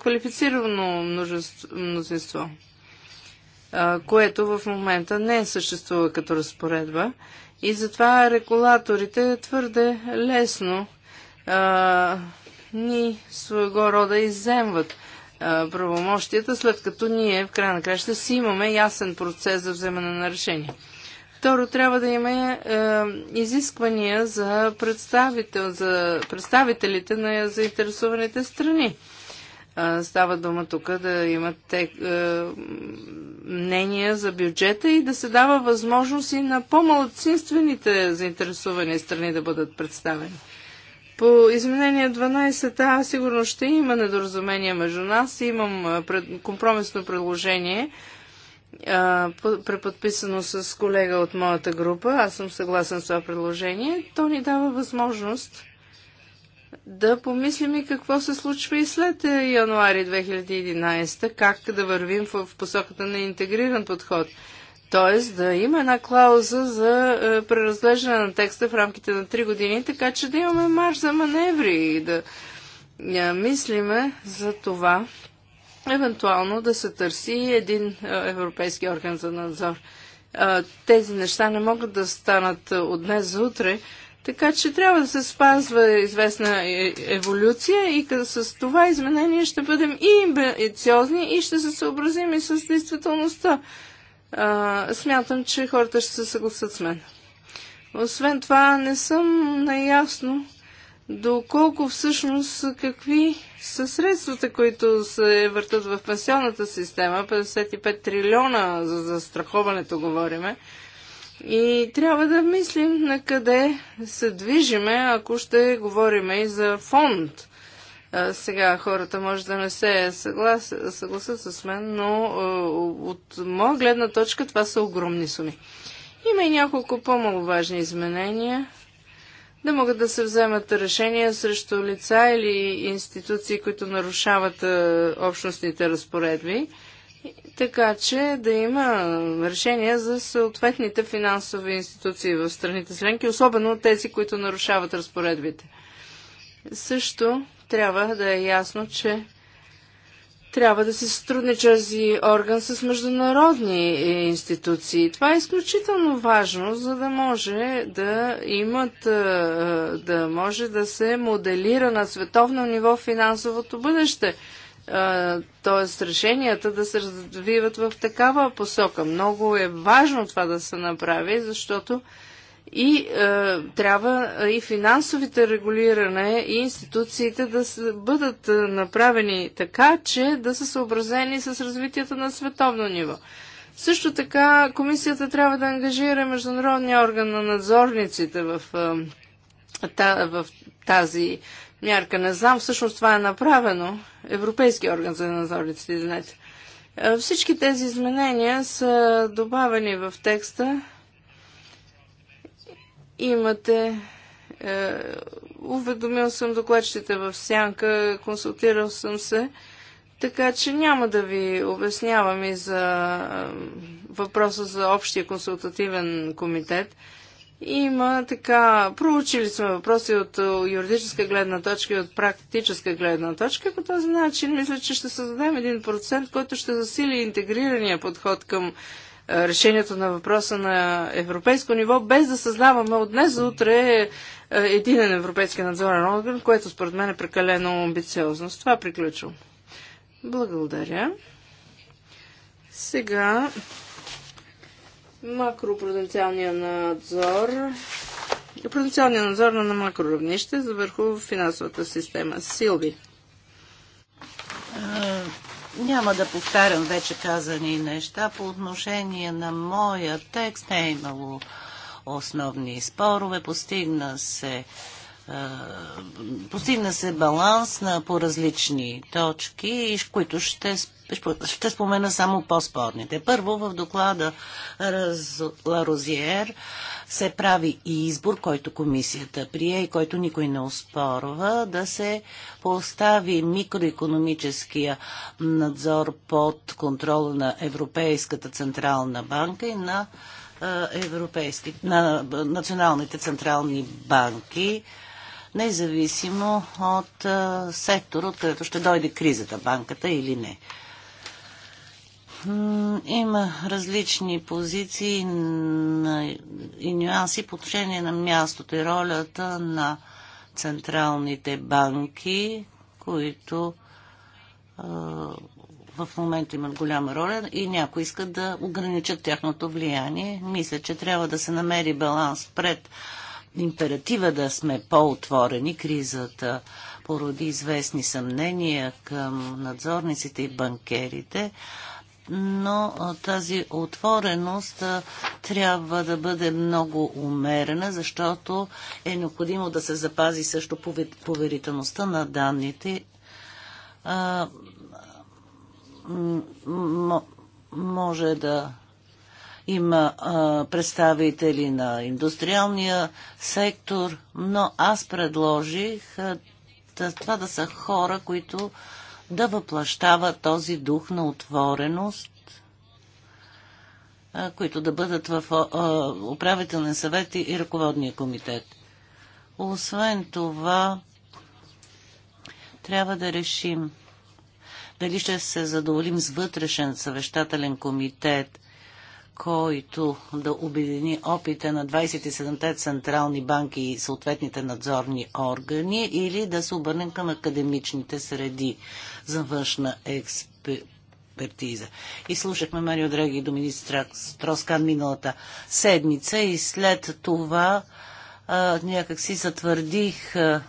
квалифицирано мнозинство, което в момента не съществува като разпоредба. И затова регулаторите твърде лесно а, ни своего рода изземват а, правомощията, след като ние в края на краща си имаме ясен процес за вземане на решение. Второ, трябва да има е, изисквания за, представител, за представителите на заинтересованите страни. Е, става дума тук да имат те, е, мнения за бюджета и да се дава възможност и на по-малцинствените заинтересовани страни да бъдат представени. По изменение 12 та сигурно ще има недоразумение между нас. Имам е, пред, компромисно предложение – преподписано с колега от моята група, аз съм съгласен с това предложение, то ни дава възможност да помислим и какво се случва и след е, януари 2011, как да вървим в посоката на интегриран подход. Тоест да има една клауза за е, преразглеждане на текста в рамките на 3 години, така че да имаме марш за маневри и да мислиме за това евентуално да се търси един европейски орган за надзор. Тези неща не могат да станат от днес за утре, така че трябва да се спазва известна е, еволюция и с това изменение ще бъдем и амбициозни и ще се съобразим и с действителността. Смятам, че хората ще се съгласат с мен. Освен това, не съм наясно доколко всъщност какви са средствата, които се въртат в пенсионната система, 55 трилиона за застраховането говориме, и трябва да мислим на къде се движиме, ако ще говориме и за фонд. А, сега хората може да не се съгласят с мен, но а, от моя гледна точка това са огромни суми. Има и няколко по-маловажни изменения да могат да се вземат решения срещу лица или институции, които нарушават общностните разпоредби, така че да има решения за съответните финансови институции в страните членки, особено тези, които нарушават разпоредбите. Също трябва да е ясно, че трябва да се сътрудничи този орган с международни институции. Това е изключително важно, за да може да имат, е, да може да се моделира на световно ниво финансовото бъдеще. Т.е. решенията да се развиват в такава посока. Много е важно това да се направи, защото и е, трябва и финансовите регулиране и институциите да с, бъдат е, направени така, че да са съобразени с развитието на световно ниво. Също така комисията трябва да ангажира Международния орган на надзорниците в, е, в тази мярка. Не знам, всъщност това е направено. Европейски орган за надзорниците, знаете. Е, всички тези изменения са добавени в текста Имате е, уведомил съм докладчите в сянка, консултирал съм се, така че няма да ви обяснявам и за е, въпроса за общия консултативен комитет. Има така, проучили сме въпроси от е, юридическа гледна точка и от практическа гледна точка. По този начин мисля, че ще създадем един процент, който ще засили интегрирания подход към решението на въпроса на европейско ниво, без да съзнаваме от днес за утре е, е, един европейски надзорен орган, което според мен е прекалено амбициозно. С това приключвам. Благодаря. Сега макропруденциалния надзор пруденциалния надзор на макроравнище върху финансовата система. Силви. Няма да повтарям вече казани неща. По отношение на моя текст не е имало основни спорове. Постигна се е, постигна се баланс на, по различни точки, които ще, ще спомена само по-спорните. Първо, в доклада Ла Ларозиер се прави и избор, който комисията прие и който никой не успорва, да се постави микроекономическия надзор под контрол на Европейската централна банка и на е, европейски, на националните централни банки независимо от сектора, от където ще дойде кризата, банката или не. Има различни позиции и нюанси по отношение на мястото и ролята на централните банки, които в момента имат голяма роля и някои искат да ограничат тяхното влияние. Мисля, че трябва да се намери баланс пред императива да сме по-отворени. Кризата породи известни съмнения към надзорниците и банкерите, но тази отвореност трябва да бъде много умерена, защото е необходимо да се запази също поверителността на данните. Може да има а, представители на индустриалния сектор, но аз предложих а, това да са хора, които да въплащават този дух на отвореност, а, които да бъдат в а, управителен съвет и ръководния комитет. Освен това, трябва да решим дали ще се задоволим с вътрешен съвещателен комитет който да обедини опита на 27-те централни банки и съответните надзорни органи или да се обърнем към академичните среди за външна експертиза. И слушахме Марио Драги и Доминик Строскан миналата седмица и след това а, някакси затвърдих а,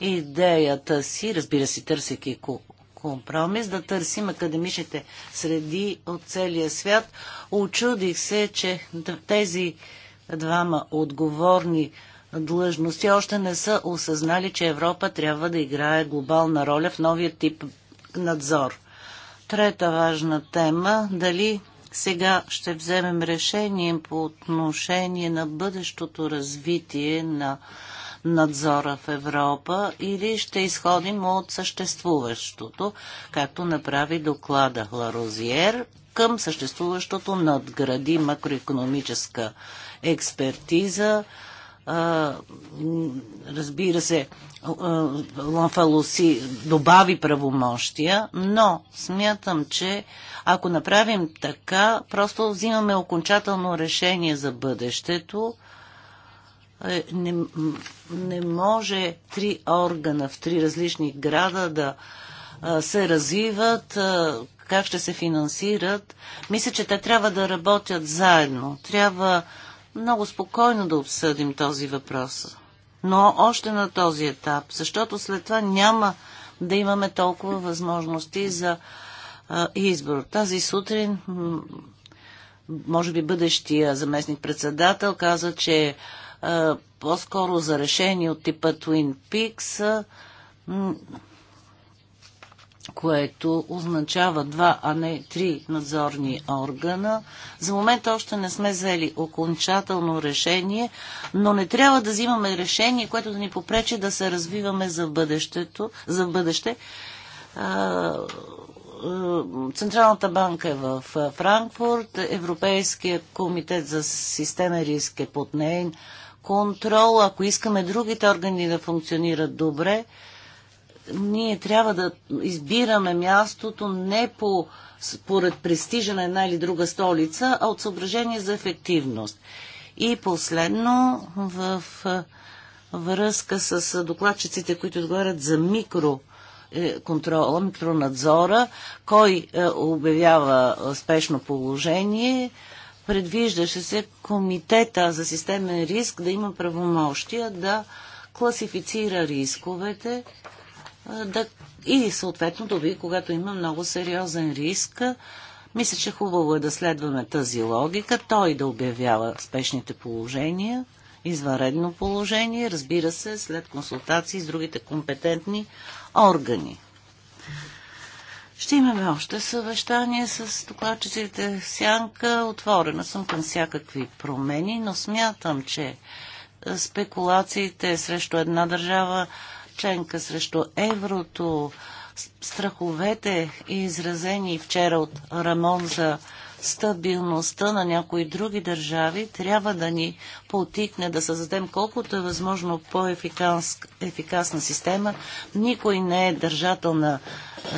идеята си, разбира се, търсейки компромис, да търсим академичните среди от целия свят. Очудих се, че тези двама отговорни длъжности още не са осъзнали, че Европа трябва да играе глобална роля в новия тип надзор. Трета важна тема – дали сега ще вземем решение по отношение на бъдещото развитие на надзора в Европа или ще изходим от съществуващото, както направи доклада Ларозиер, към съществуващото надгради макроекономическа експертиза. Разбира се, Ланфалоси добави правомощия, но смятам, че ако направим така, просто взимаме окончателно решение за бъдещето е, не, не може три органа в три различни града да се развиват, как ще се финансират. Мисля, че те трябва да работят заедно. Трябва много спокойно да обсъдим този въпрос. Но още на този етап, защото след това няма да имаме толкова възможности за а, избор. Тази сутрин, може би бъдещия заместник председател каза, че по-скоро за решение от типа Twin Peaks, което означава два, а не три надзорни органа. За момента още не сме взели окончателно решение, но не трябва да взимаме решение, което да ни попречи да се развиваме за, бъдещето, за бъдеще. Централната банка е в Франкфурт, Европейският комитет за системен риск е под нейн контрол, ако искаме другите органи да функционират добре, ние трябва да избираме мястото не по, според престижа на една или друга столица, а от съображение за ефективност. И последно, в връзка с докладчиците, които отговарят за микро е, контрола, микронадзора, кой е, обявява спешно положение, Предвиждаше се комитета за системен риск да има правомощия да класифицира рисковете да, и съответно доби, когато има много сериозен риск, мисля, че хубаво е да следваме тази логика, той да обявява спешните положения, извънредно положение, разбира се, след консултации с другите компетентни органи. Ще имаме още съвещание с докладчиците Сянка. Отворена съм към всякакви промени, но смятам, че спекулациите срещу една държава, членка срещу еврото, страховете изразени вчера от Рамон за стабилността на някои други държави трябва да ни потикне да създадем колкото е възможно по-ефикасна система. Никой не е държател на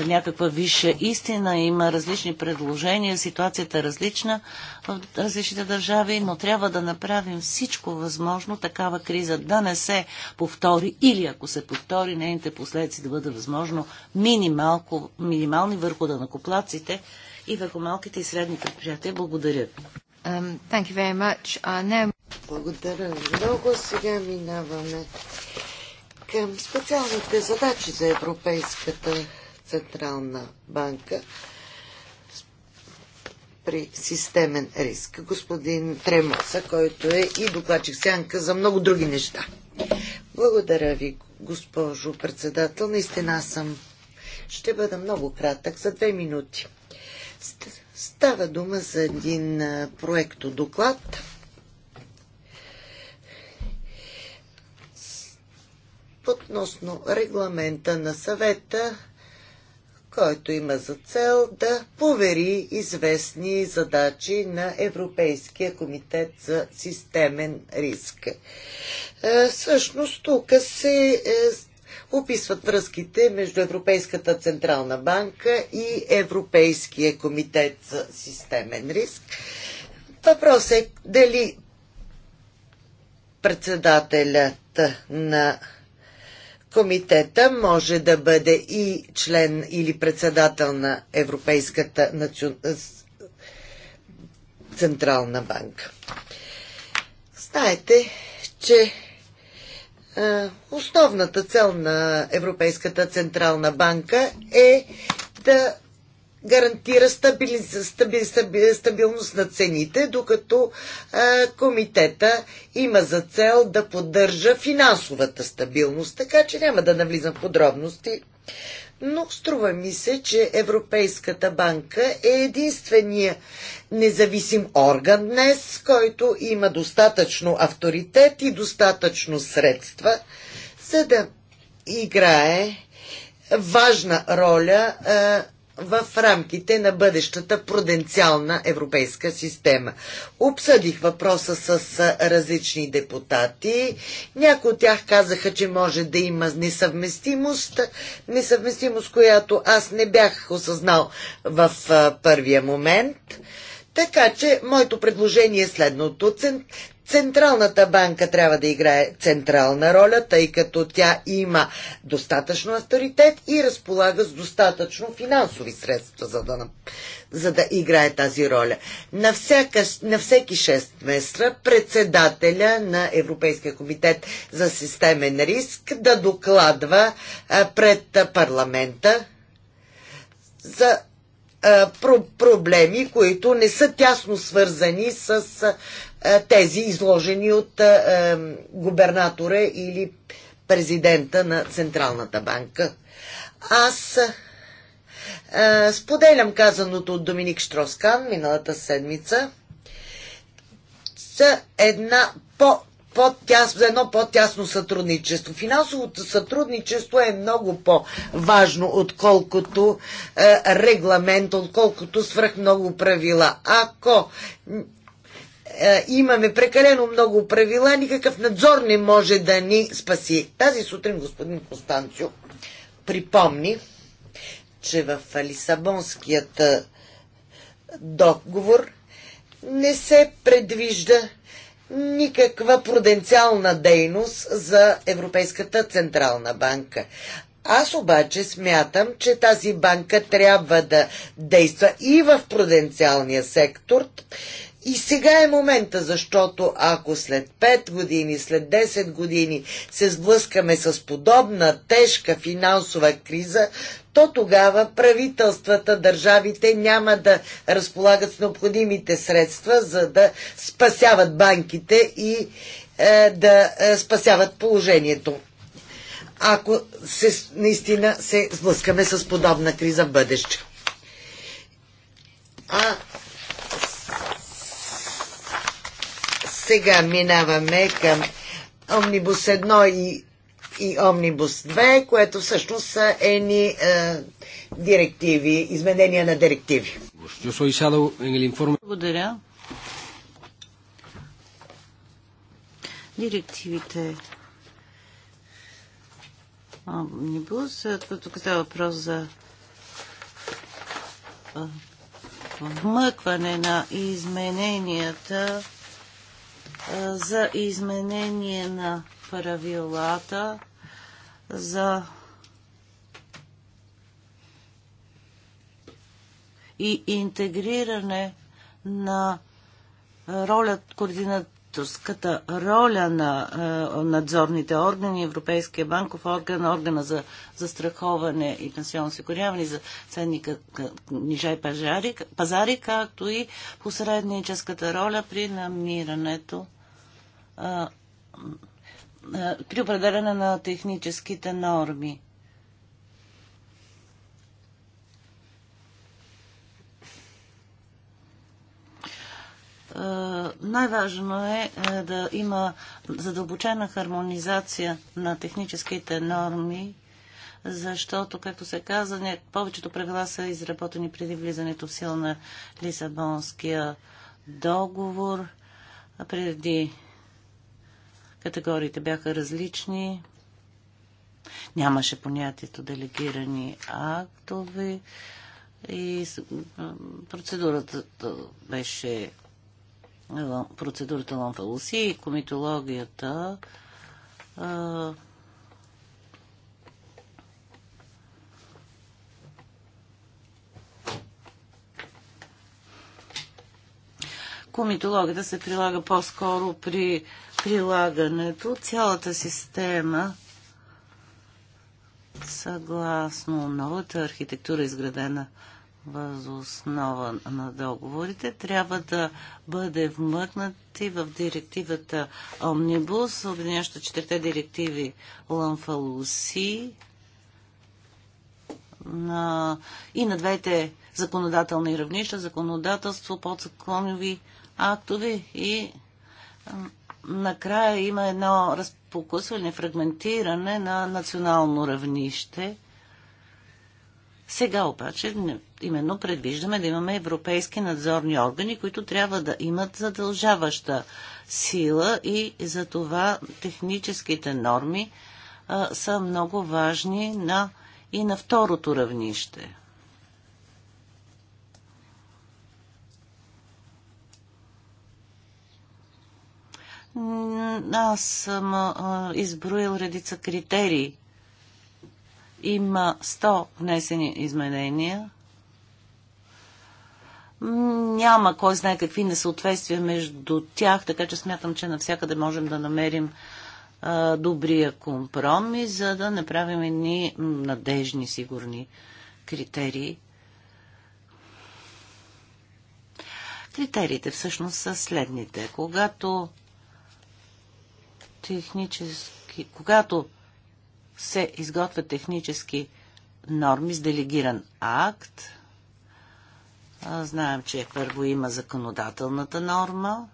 някаква висша истина. Има различни предложения, ситуацията е различна в различните държави, но трябва да направим всичко възможно такава криза да не се повтори или ако се повтори, нейните последици да бъдат възможно минималко, минимални върху данакоплаците, и върху малките и средни предприятия. Благодаря. Um, thank you very much. Uh, now... Благодаря много. Сега минаваме към специалните задачи за Европейската Централна банка при системен риск. Господин Тремоса, който е и докладчик сянка за много други неща. Благодаря ви, госпожо председател. Наистина съм. Ще бъда много кратък за две минути. Става дума за един проекто доклад. относно регламента на съвета, който има за цел да повери известни задачи на Европейския комитет за системен риск. Всъщност тук се е, описват връзките между Европейската Централна банка и Европейския комитет за системен риск. Въпрос е дали председателят на комитета може да бъде и член или председател на Европейската национ... Централна банка. Знаете, че е, основната цел на Европейската Централна банка е да гарантира стабилност на цените, докато а, е, комитета има за цел да поддържа финансовата стабилност. Така че няма да навлизам в подробности но струва ми се, че Европейската банка е единствения независим орган днес, който има достатъчно авторитет и достатъчно средства, за да играе важна роля в рамките на бъдещата пруденциална европейска система. Обсъдих въпроса с различни депутати. Някои от тях казаха, че може да има несъвместимост, несъвместимост, която аз не бях осъзнал в първия момент. Така че моето предложение е следното. Централната банка трябва да играе централна роля, тъй като тя има достатъчно авторитет и разполага с достатъчно финансови средства, за да, за да играе тази роля. На, всяка, на всеки 6 месеца председателя на Европейския комитет за системен риск да докладва пред парламента за проблеми, които не са тясно свързани с е, тези изложени от е, е, губернатора или президента на Централната банка. Аз споделям казаното от Доминик Штроскан миналата седмица за една по за едно по-тясно сътрудничество. Финансовото сътрудничество е много по-важно, отколкото е, регламент, отколкото свръх много правила. Ако е, имаме прекалено много правила, никакъв надзор не може да ни спаси. Тази сутрин господин Костанцио припомни, че в Лисабонският е, договор не се предвижда никаква пруденциална дейност за Европейската Централна банка. Аз обаче смятам, че тази банка трябва да действа и в пруденциалния сектор, и сега е момента, защото ако след 5 години, след 10 години се сблъскаме с подобна тежка финансова криза, то тогава правителствата, държавите няма да разполагат с необходимите средства, за да спасяват банките и е, да е, спасяват положението. Ако се, наистина се сблъскаме с подобна криза в бъдеще. А Сега минаваме към Омнибус 1 и, и Омнибус 2, което всъщност са едни е, директиви, изменения на директиви. Благодаря. Директивите Омнибус, тук става въпрос за вмъкване на измененията за изменение на правилата за и интегриране на роля, координаторската роля на надзорните органи, Европейския банков орган, органа за застраховане и пенсионно осигуряване за ценни книжа и пазари, пазари, както и посредническата роля при намирането при определене на техническите норми. най-важно е да има задълбочена хармонизация на техническите норми, защото, както се каза, повечето правила са изработени преди влизането в сила на Лисабонския договор, преди Категориите бяха различни. Нямаше понятието делегирани актове и процедурата беше процедурата Ланфалуси и комитологията комитологията се прилага по-скоро при прилагането, цялата система съгласно новата архитектура, изградена въз основа на договорите, трябва да бъде вмъкнати в директивата Омнибус, обединяща четирите директиви Ланфалуси на... и на двете законодателни равнища, законодателство, подзаконови актове и накрая има едно разпокусване, фрагментиране на национално равнище. Сега обаче именно предвиждаме да имаме европейски надзорни органи, които трябва да имат задължаваща сила и за това техническите норми а, са много важни на, и на второто равнище. Аз съм изброил редица критерии. Има 100 внесени изменения. Няма кой знае какви несъответствия между тях, така че смятам, че навсякъде можем да намерим добрия компромис, за да направим едни надежни, сигурни критерии. Критериите всъщност са следните. Когато технически, когато се изготвят технически норми с делегиран акт, знаем, че първо има законодателната норма,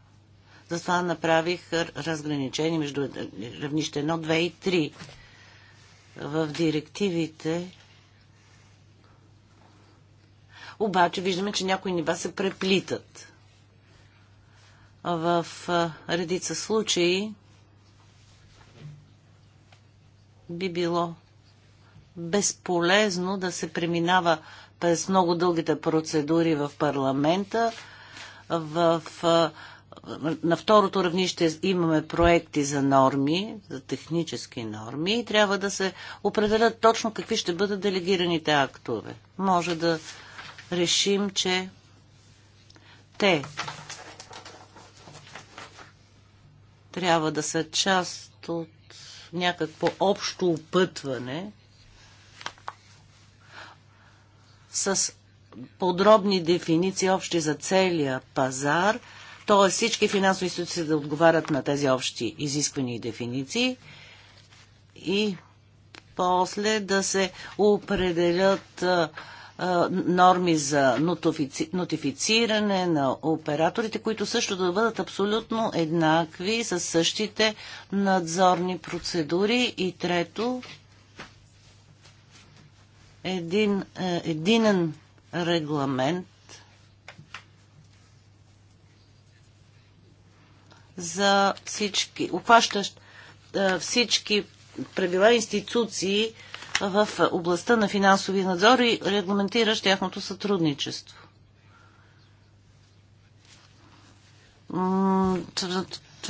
затова направих разграничение между равнище 1, 2 и 3. В директивите обаче виждаме, че някои нива се преплитат. В редица случаи би било безполезно да се преминава през много дългите процедури в парламента. В, на второто равнище имаме проекти за норми, за технически норми и трябва да се определят точно какви ще бъдат делегираните актове. Може да решим, че те трябва да са част от някакво общо опътване с подробни дефиниции общи за целия пазар, т.е. всички финансови институции да отговарят на тези общи изисквания и дефиниции и после да се определят норми за нотифициране на операторите, които също да бъдат абсолютно еднакви с същите надзорни процедури. И трето, един е, единен регламент за всички, обхващащ е, всички правила институции, в областта на финансови надзор и регламентиращ тяхното сътрудничество.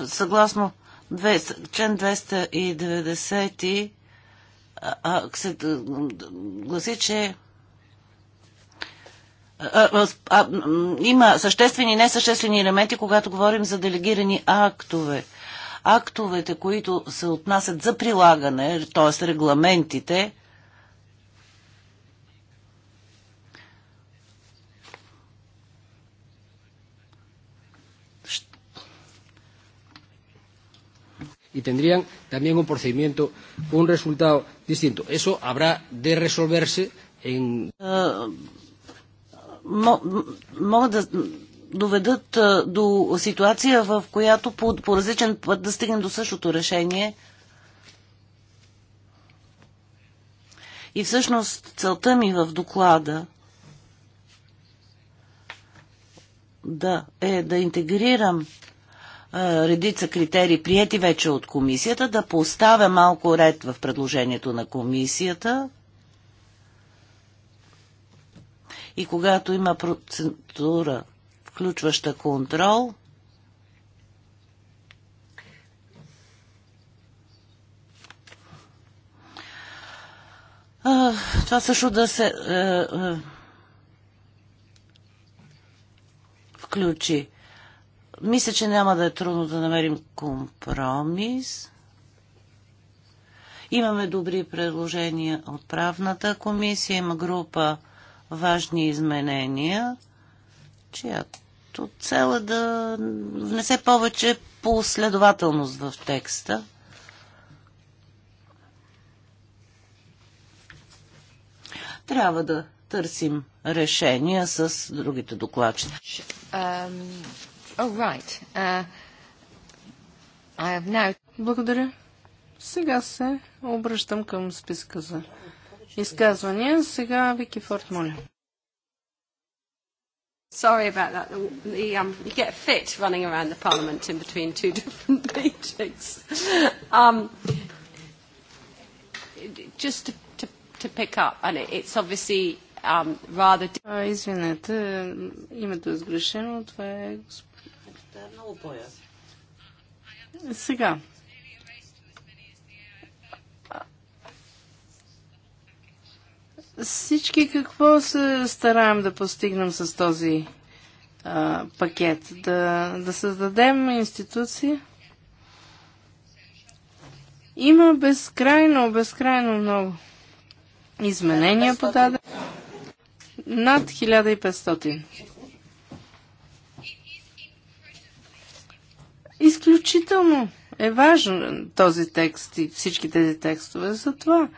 Съгласно член 290 гласи, че има съществени и несъществени елементи, когато говорим за делегирани актове. Актовете, които се отнасят за прилагане, т.е. регламентите, y tendrían también un procedimiento, un resultado distinto. Eso habrá de resolverse en. Е, доведат е, до ситуация, в която по, по различен път да стигнем до същото решение. И всъщност целта ми в доклада да е да интегрирам редица критерии, прияти вече от комисията, да поставя малко ред в предложението на комисията. И когато има процедура, включваща контрол, това също да се включи. Мисля, че няма да е трудно да намерим компромис. Имаме добри предложения от правната комисия. Има група важни изменения, чиято цел е да внесе повече последователност в текста. Трябва да търсим решения с другите докладчета. Um... Oh, right. uh, I have now... Благодаря. Сега се обръщам към списка за изказвания. Сега Вики Форд, моля. Sorry about that. The, um, you get fit running around the Parliament in between two different meetings. Um, just to, to, to pick up, and it, it's obviously um, rather... извинете, името е сгрешено. Това е госп е много по ясно Сега. Всички какво се стараем да постигнем с този а, пакет? Да, да създадем институции? Има безкрайно, безкрайно много изменения подаде. Над 1500. Изключително е важен този текст и всички тези текстове за това.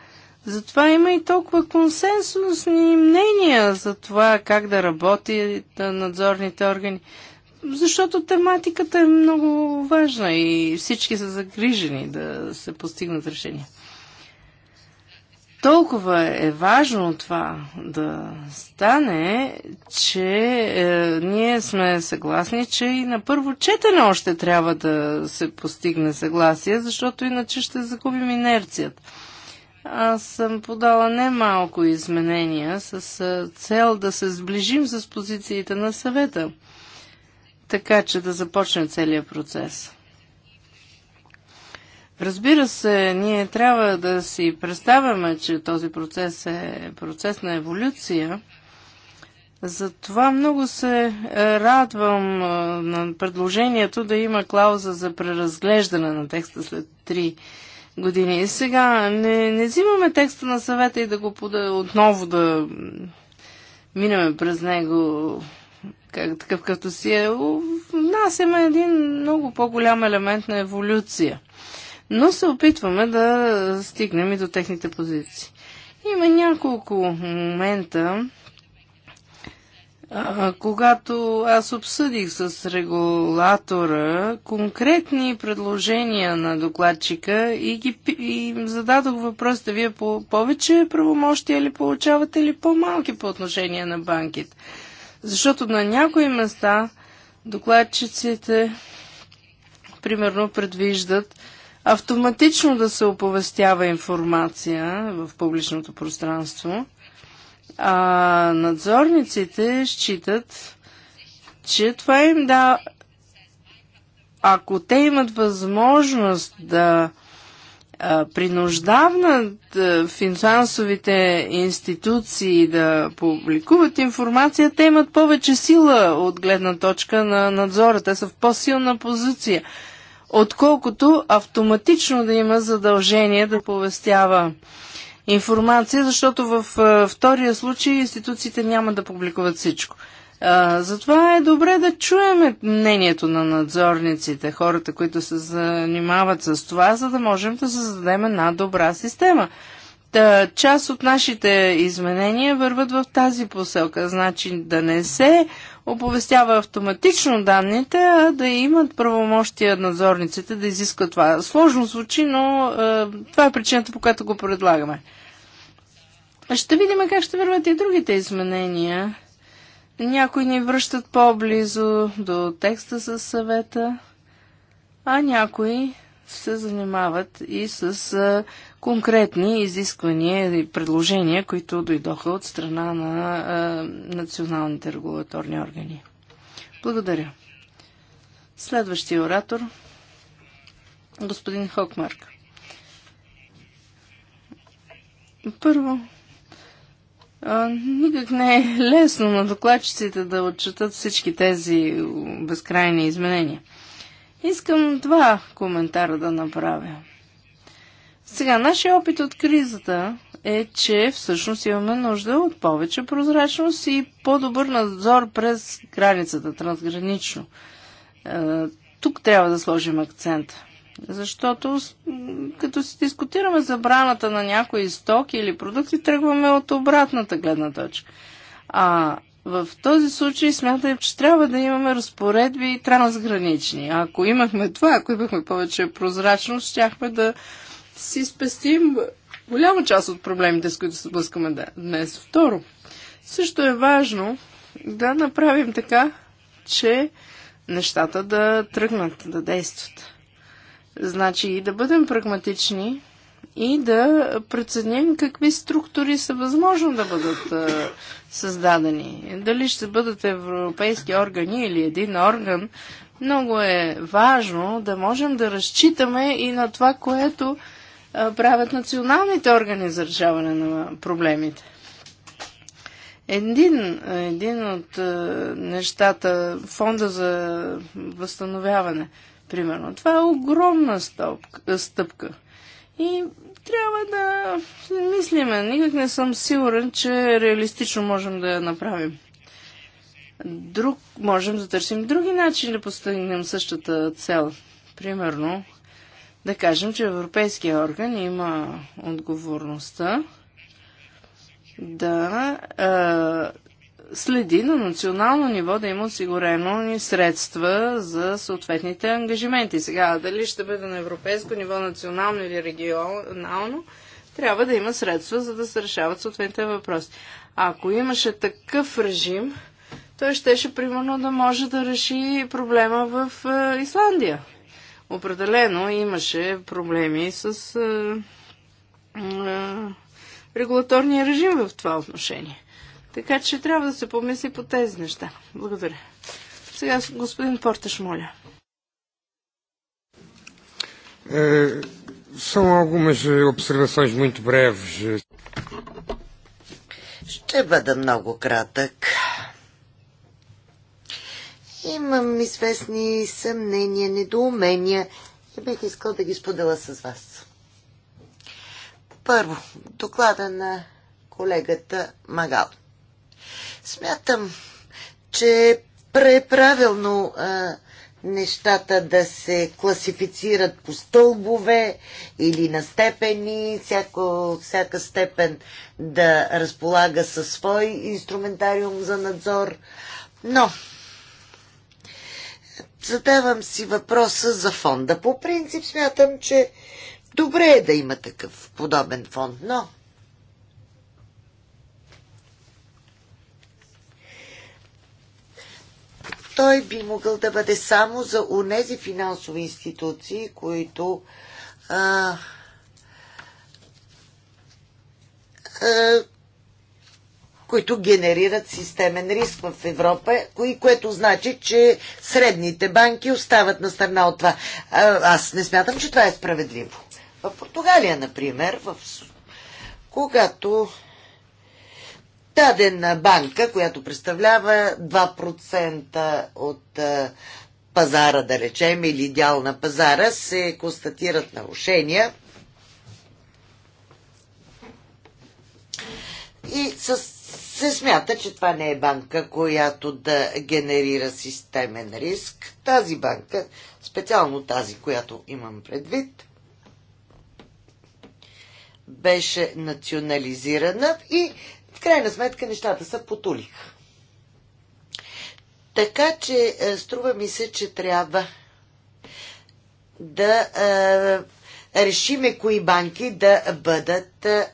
Затова има и толкова консенсусни мнения за това как да работи надзорните органи. Защото тематиката е много важна и всички са загрижени да се постигнат решения толкова е важно това да стане, че е, ние сме съгласни, че и на първо четене още трябва да се постигне съгласие, защото иначе ще загубим инерцията. Аз съм подала немалко изменения с е, цел да се сближим с позициите на съвета, така че да започне целият процес. Разбира се, ние трябва да си представяме, че този процес е процес на еволюция. Затова много се е, радвам е, на предложението да има клауза за преразглеждане на текста след три години. И сега не, не взимаме текста на съвета и да го пода, отново да минаме през него как, такъв като си е. нас има един много по-голям елемент на еволюция – но се опитваме да стигнем и до техните позиции. Има няколко момента, а, когато аз обсъдих с регулатора конкретни предложения на докладчика и, ги, и им зададох въпросите, вие по повече правомощия ли получавате или по-малки по отношение на банките? Защото на някои места докладчиците примерно предвиждат автоматично да се оповестява информация в публичното пространство, а надзорниците считат, че това им да. Ако те имат възможност да принуждават финансовите институции да публикуват информация, те имат повече сила от гледна точка на надзора. Те са в по-силна позиция отколкото автоматично да има задължение да повестява информация, защото във втория случай институциите няма да публикуват всичко. А, затова е добре да чуем мнението на надзорниците, хората, които се занимават с това, за да можем да създадем една добра система. Та, част от нашите изменения върват в тази поселка. Значи да не се оповестява автоматично данните, а да имат правомощия надзорниците да изискат това. Сложно звучи, но е, това е причината, по която го предлагаме. Ще видим как ще върват и другите изменения. Някои ни връщат по-близо до текста със съвета, а някои се занимават и с конкретни изисквания и предложения, които дойдоха от страна на националните регулаторни органи. Благодаря. Следващия оратор господин Хокмарк. Първо, а, никак не е лесно на докладчиците да отчитат всички тези безкрайни изменения. Искам два коментара да направя. Сега, нашия опит от кризата е, че всъщност имаме нужда от повече прозрачност и по-добър надзор през границата, трансгранично. Е, тук трябва да сложим акцента. Защото като си дискутираме забраната на някои стоки или продукти, тръгваме от обратната гледна точка. А в този случай смятам, че трябва да имаме разпоредби и трансгранични. Ако имахме това, ако имахме повече прозрачност, щяхме да си спестим голяма част от проблемите, с които се блъскаме днес. Второ, също е важно да направим така, че нещата да тръгнат, да действат. Значи и да бъдем прагматични, и да преценим какви структури са възможно да бъдат създадени. Дали ще бъдат европейски органи или един орган, много е важно да можем да разчитаме и на това, което правят националните органи за решаване на проблемите. Един, един от нещата, фонда за възстановяване, примерно, това е огромна стъпка. стъпка. И трябва да мислиме. Никак не съм сигурен, че реалистично можем да я направим. Друг, можем да търсим други начини да постигнем същата цел. Примерно, да кажем, че Европейския орган има отговорността да следи на национално ниво да има осигурено ни средства за съответните ангажименти. Сега, дали ще бъде на европейско ниво, национално или регионално, трябва да има средства, за да се решават съответните въпроси. Ако имаше такъв режим, той щеше примерно да може да реши проблема в е, Исландия. Определено имаше проблеми с е, е, регулаторния режим в това отношение. Така че трябва да се помисли по тези неща. Благодаря. Сега господин Порташ, моля. É, são algumas observações muito брев. Ще бъда много кратък. Имам известни съмнения, недоумения и бих искал да ги споделя с вас. Първо, доклада на колегата Магал. Смятам, че е преправилно а, нещата да се класифицират по стълбове или на степени, всяко, всяка степен да разполага със свой инструментариум за надзор. Но задавам си въпроса за фонда. По принцип смятам, че добре е да има такъв подобен фонд, но той би могъл да бъде само за унези финансови институции, които а, а, които генерират системен риск в Европа, кои, което значи, че средните банки остават на страна от това. А, аз не смятам, че това е справедливо. В Португалия, например, в... когато дадена банка, която представлява 2% от пазара, да речем, или дял на пазара, се констатират нарушения. И с, се смята, че това не е банка, която да генерира системен риск. Тази банка, специално тази, която имам предвид, беше национализирана и в крайна сметка нещата са потулиха. Така че е, струва ми се, че трябва да е, решиме кои банки да бъдат е,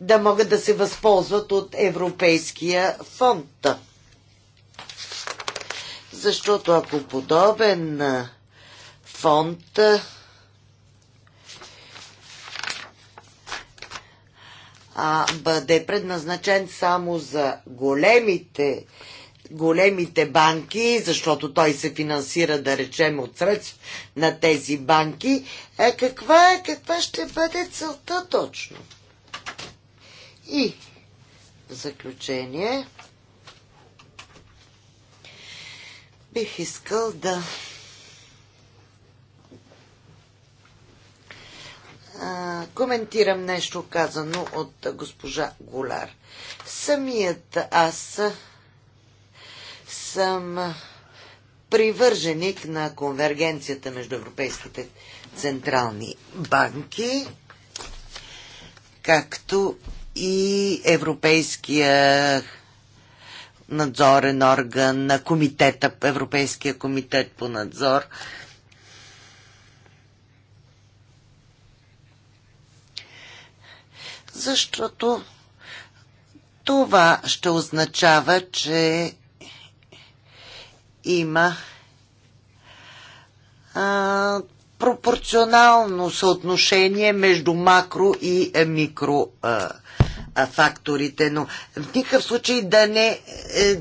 да могат да се възползват от Европейския фонд. Защото ако подобен е, фонд е, а, бъде предназначен само за големите големите банки, защото той се финансира, да речем, от средств на тези банки, е каква, е, каква ще бъде целта точно? И в заключение бих искал да коментирам нещо казано от госпожа Голяр. Самият аз съм привърженик на конвергенцията между европейските централни банки, както и Европейския надзорен орган на комитета, Европейския комитет по надзор защото това ще означава, че има а, пропорционално съотношение между макро и микро а, а, факторите, но в никакъв случай да не, е,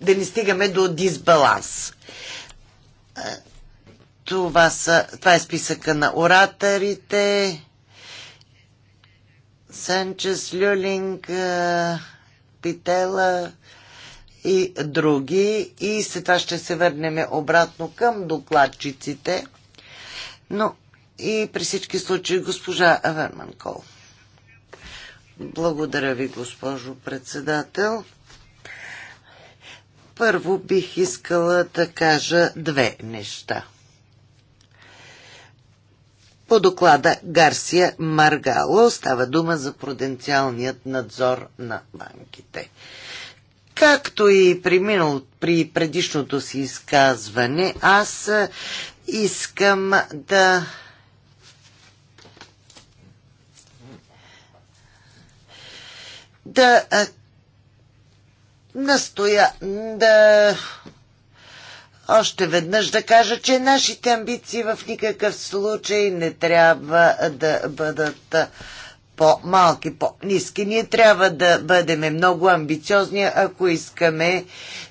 да не стигаме до дисбаланс. Това, са, това е списъка на ораторите. Санчес, Люлинг, Питела и други. И след това ще се върнем обратно към докладчиците. Но и при всички случаи госпожа Аверман Кол. Благодаря ви, госпожо председател. Първо бих искала да кажа две неща по доклада Гарсия Маргало става дума за пруденциалният надзор на банките. Както и при, минал, при предишното си изказване, аз искам да да настоя да още веднъж да кажа, че нашите амбиции в никакъв случай не трябва да бъдат по-малки, по-низки. Ние трябва да бъдем много амбициозни, ако искаме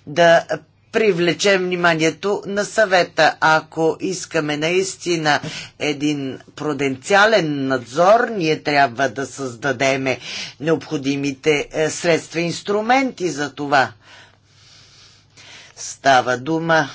да привлечем вниманието на съвета. Ако искаме наистина един пруденциален надзор, ние трябва да създадеме необходимите е, средства, и инструменти за това. Става дума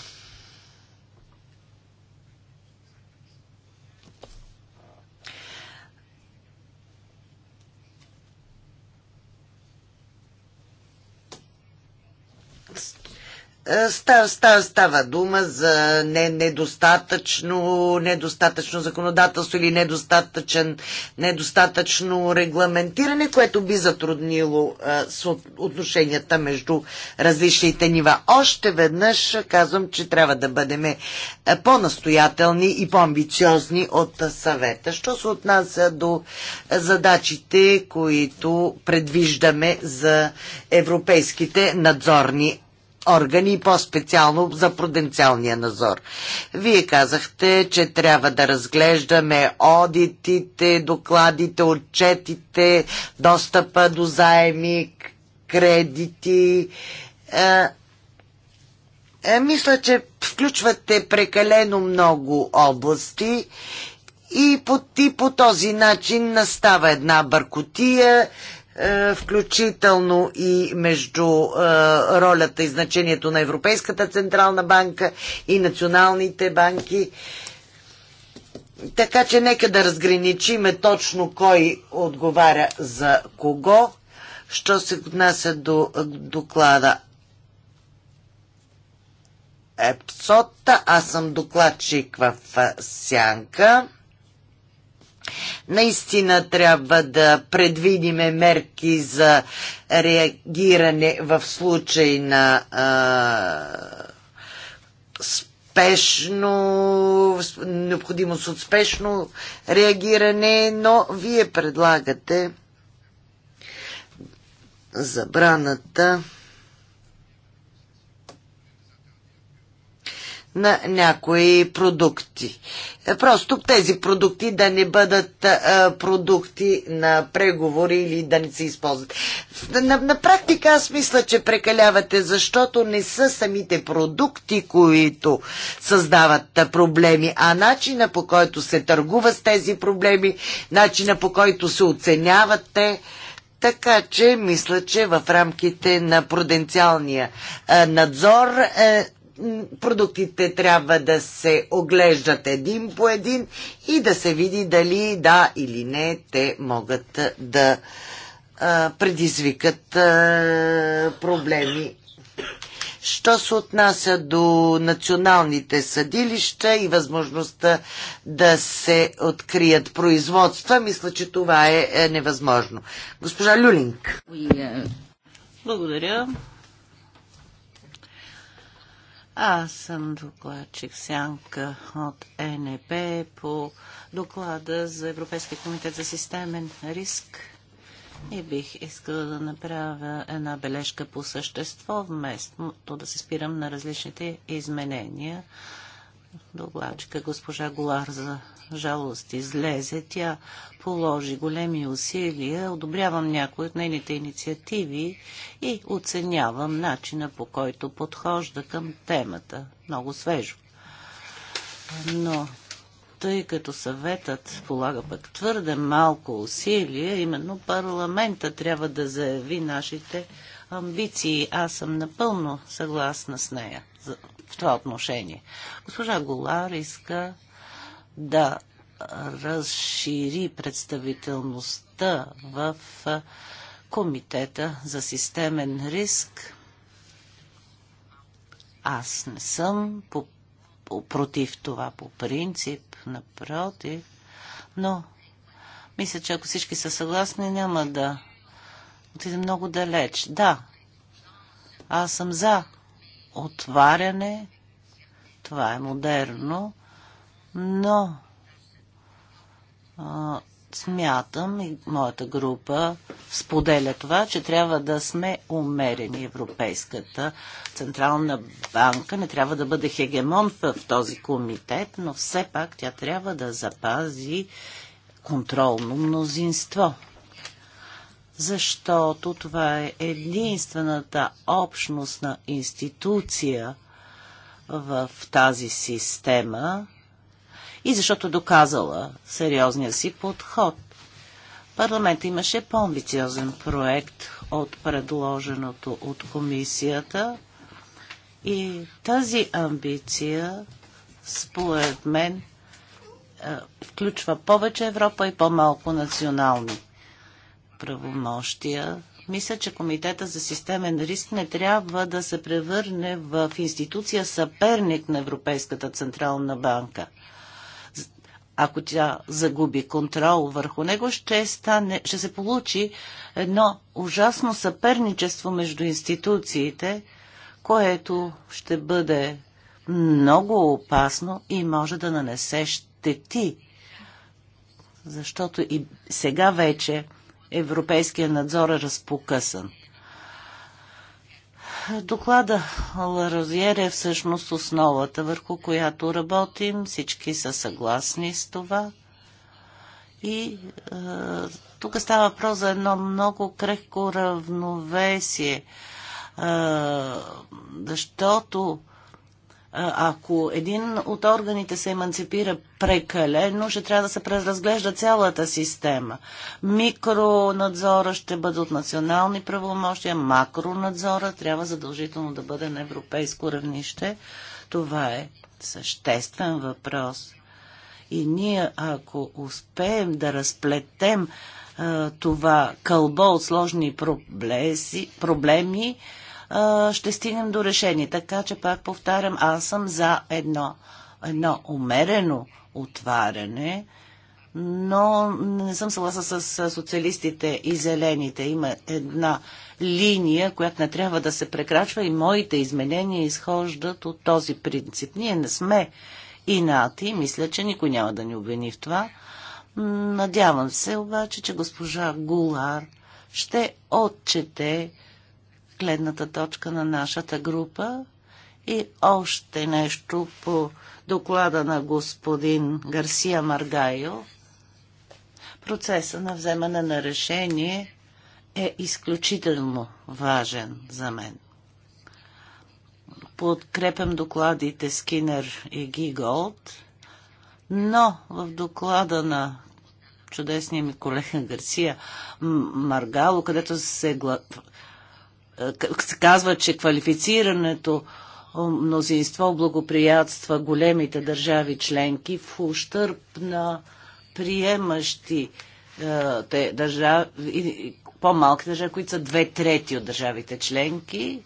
Е, става, става, става дума за не, недостатъчно, недостатъчно законодателство или недостатъчен, недостатъчно регламентиране, което би затруднило а, е, с отношенията между различните нива. Още веднъж казвам, че трябва да бъдем е, по-настоятелни и по-амбициозни от съвета. Що се отнася до задачите, които предвиждаме за европейските надзорни органи и по-специално за пруденциалния назор. Вие казахте, че трябва да разглеждаме одитите, докладите, отчетите, достъпа до заеми, кредити. А, е, а, е, мисля, че включвате прекалено много области и по, и по този начин настава една бъркотия, е, включително и между е, ролята и значението на Европейската Централна банка и националните банки. Така че нека да разграничиме точно кой отговаря за кого, що се отнася до доклада Епсота. Аз съм докладчик в е, Сянка. Наистина трябва да предвидиме мерки за реагиране в случай на а, спешно, необходимост от спешно реагиране, но вие предлагате забраната на някои продукти. Е, просто тези продукти да не бъдат а, е, продукти на преговори или да не се използват. На, на практика аз мисля, че прекалявате, защото не са самите продукти, които създават е, проблеми, а начина по който се търгува с тези проблеми, начина по който се оценяват те. Така че мисля, че в рамките на пруденциалния надзор продуктите трябва да се оглеждат един по един и да се види дали да или не те могат да предизвикат проблеми. Що се отнася до националните съдилища и възможността да се открият производства, мисля, че това е, е невъзможно. Госпожа Люлинг. Благодаря. Аз съм докладчик Сянка от ЕНП по доклада за Европейския комитет за системен риск и бих искала да направя една бележка по същество, вместо да се спирам на различните изменения. Докладчика госпожа Голар за жалост излезе. Тя положи големи усилия, одобрявам някои от нейните инициативи и оценявам начина по който подхожда към темата. Много свежо. Но тъй като съветът полага пък твърде малко усилия, именно парламента трябва да заяви нашите амбиции. Аз съм напълно съгласна с нея в това отношение. Госпожа Голар иска да разшири представителността в Комитета за системен риск. Аз не съм по, по, против това по принцип, напротив, но мисля, че ако всички са съгласни, няма да отиде много далеч. Да, аз съм за отваряне, това е модерно, но а, смятам и моята група споделя това, че трябва да сме умерени. Европейската Централна банка не трябва да бъде хегемон в този комитет, но все пак тя трябва да запази контролно мнозинство. Защото това е единствената общностна институция в тази система, и защото доказала сериозния си подход. Парламент имаше по-амбициозен проект от предложеното от комисията и тази амбиция, според мен, е, включва повече Европа и по-малко национални правомощия. Мисля, че Комитета за системен риск не трябва да се превърне в институция съперник на Европейската централна банка – ако тя загуби контрол върху него, ще, стане, ще се получи едно ужасно съперничество между институциите, което ще бъде много опасно и може да нанесе щети. Защото и сега вече европейския надзор е разпокъсан. Доклада Ларозиер е всъщност основата, върху която работим. Всички са съгласни с това. И е, тук става въпрос за едно много крехко равновесие, е, защото е, ако един от органите се еманципира прекалено, ще трябва да се преразглежда цялата система. Микронадзора ще бъде от национални правомощия, макронадзора трябва задължително да бъде на европейско равнище. Това е съществен въпрос. И ние, ако успеем да разплетем а, това кълбо от сложни проблеси, проблеми, ще стигнем до решение. Така че пак повтарям, аз съм за едно, едно умерено отваряне, но не съм съгласна с социалистите и зелените. Има една линия, която не трябва да се прекрачва и моите изменения изхождат от този принцип. Ние не сме инати, мисля, че никой няма да ни обвини в това. Надявам се обаче, че госпожа Гулар ще отчете гледната точка на нашата група. И още нещо по доклада на господин Гарсия Маргайо. Процеса на вземане на решение е изключително важен за мен. Подкрепям докладите Скинер и Гиголд, но в доклада на чудесния ми колега Гарсия Маргало, където се се казва, че квалифицирането мнозинство благоприятства големите държави членки в ущърп на приемащи е, те държави, по-малки държави, които са две трети от държавите членки.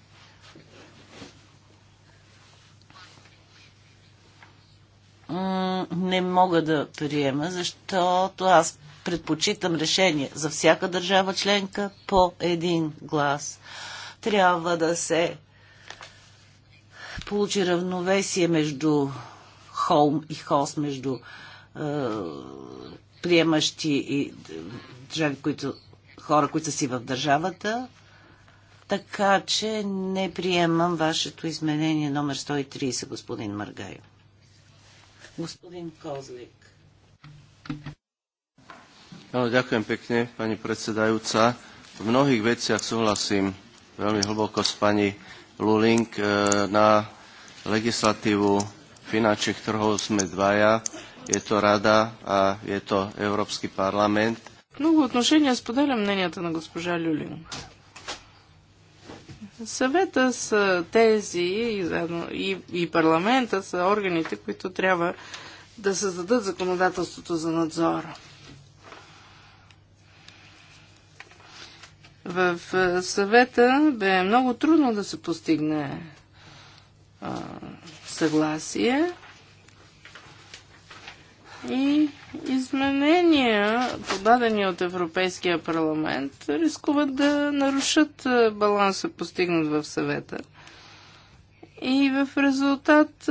Не мога да приема, защото аз предпочитам решение за всяка държава членка по един глас. Трябва да се получи равновесие между холм и хост, между е, приемащи и държави, които, хора, които са си в държавата. Така че не приемам вашето изменение номер 130, господин Маргай. Господин Козлик. No, ďakujem pekne, pani predsedajúca. V mnohých veciach súhlasím veľmi hlboko s pani Luling. E, na legislatívu finančných trhov sme dvaja. Je to Rada a а е то Европски парламент. Много отношения споделям мненията на госпожа Люлин. Съвета с тези и, и, и парламента са органите, които трябва да създадат законодателството за надзора. В съвета бе много трудно да се постигне а, съгласие и изменения, подадени от Европейския парламент, рискуват да нарушат баланса, постигнат в съвета. И в резултат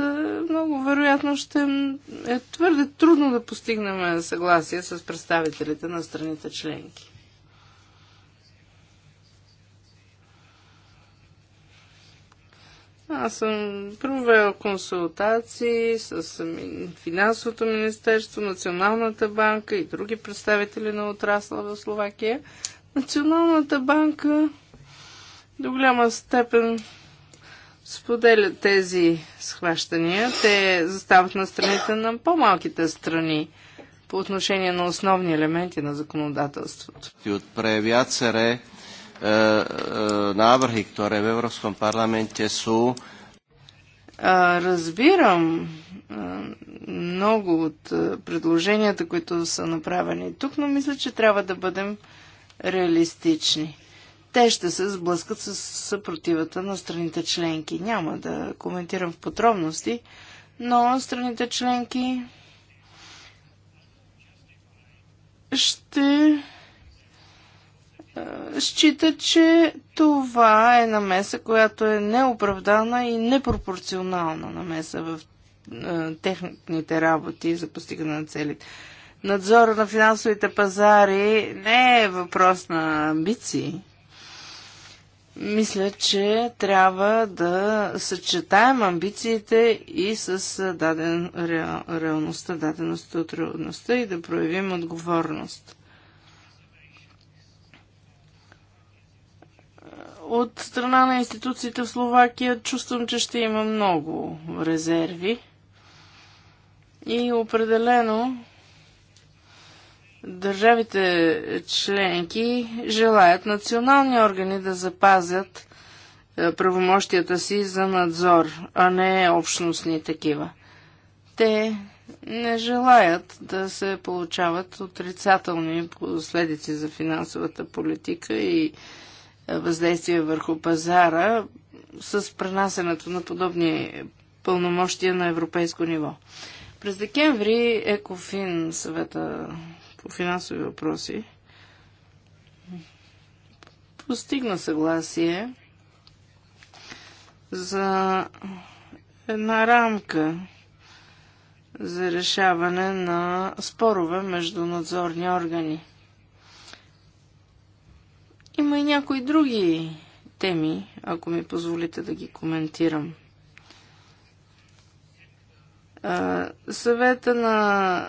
много вероятно ще е твърде трудно да постигнем съгласие с представителите на страните членки. Аз съм провел консултации с Финансовото министерство, Националната банка и други представители на отрасла в Словакия. Националната банка до голяма степен споделят тези схващания. Те застават на страните на по-малките страни по отношение на основни елементи на законодателството. Ти отправя царе E, e, návrhy, ktoré v Európskom parlamente sú. Разбирам много от предложенията, които са направени тук, но мисля, че трябва да бъдем реалистични. Те ще се сблъскат с съпротивата на страните членки. Няма да коментирам в подробности, но страните членки ще е, счита, че това е намеса, която е неоправдана и непропорционална намеса в е, техните работи за постигане на целите. Надзора на финансовите пазари не е въпрос на амбиции. Мисля, че трябва да съчетаем амбициите и с е, даден, реал, реалността, дадеността от реалността и да проявим отговорност. От страна на институциите в Словакия чувствам, че ще има много резерви. И определено държавите членки желаят национални органи да запазят е, правомощията си за надзор, а не общностни такива. Те не желаят да се получават отрицателни последици за финансовата политика и въздействие върху пазара с пренасенето на подобни пълномощия на европейско ниво. През декември Екофин, съвета по финансови въпроси, постигна съгласие за една рамка за решаване на спорове между надзорни органи. Има и някои други теми, ако ми позволите да ги коментирам. Съвета на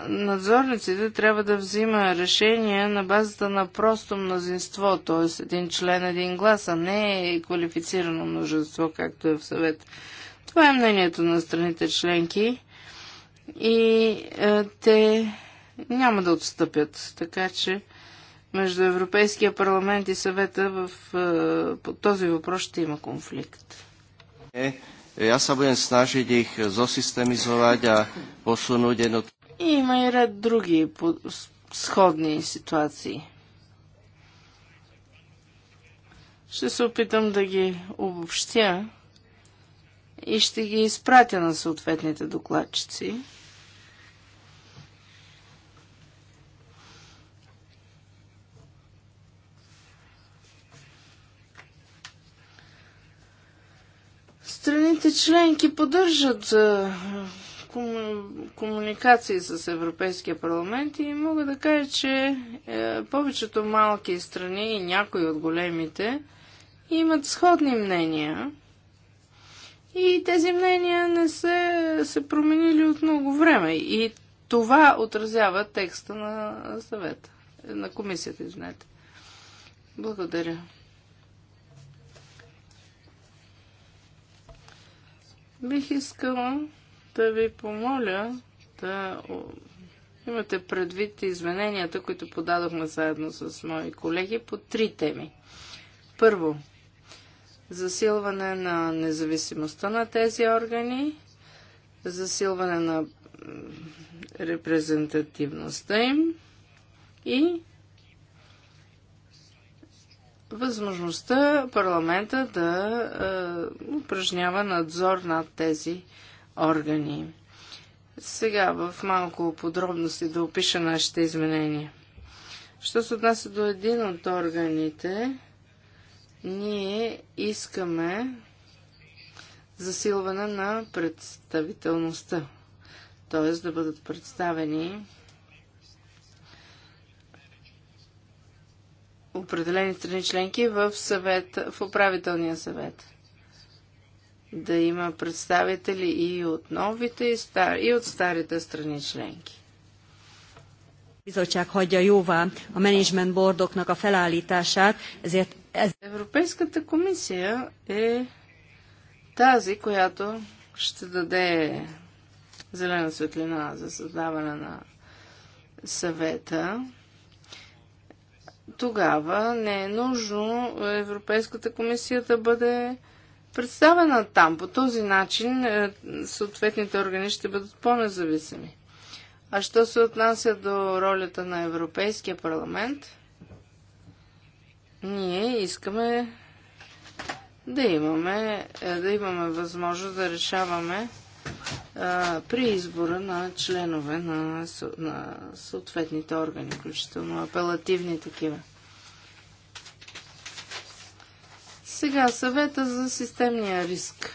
надзорниците трябва да взима решение на базата на просто мнозинство, т.е. един член, един глас, а не е квалифицирано множество, както е в съвет. Това е мнението на страните членки и те няма да отстъпят, така че между Европейския парламент и съвета в, е, по този въпрос ще има конфликт. Е, е аз се будем снажить их зосистемизовать, а посунуть едно... Има и ред други сходни ситуации. Ще се опитам да ги обобщя и ще ги изпратя на съответните докладчици. страните членки поддържат кому... комуникации с Европейския парламент и мога да кажа, че е, повечето малки страни и някои от големите имат сходни мнения. И тези мнения не са се променили от много време. И това отразява текста на съвета, на комисията, извинете. Благодаря. Бих искала да ви помоля да имате предвид измененията, които подадохме заедно с мои колеги по три теми. Първо, засилване на независимостта на тези органи, засилване на репрезентативността им и възможността парламента да е, упражнява надзор над тези органи. Сега в малко подробности да опиша нашите изменения. Що се отнася до един от органите, ние искаме засилване на представителността, т.е. да бъдат представени определени страни членки в, съвет, в управителния съвет. Да има представители и от новите, и, стар, и от старите страни членки. Bizottság hagyja jóvá a management boardoknak a felállítását, ezért ez... Европейската комисия е тази, която ще даде зелена светлина за създаване на съвета тогава не е нужно Европейската комисия да бъде представена там. По този начин е, съответните органи ще бъдат по-независими. А що се отнася до ролята на Европейския парламент, ние искаме да имаме, е, да имаме възможност да решаваме при избора на членове на, на съответните органи, включително апелативни такива. Сега съвета за системния риск.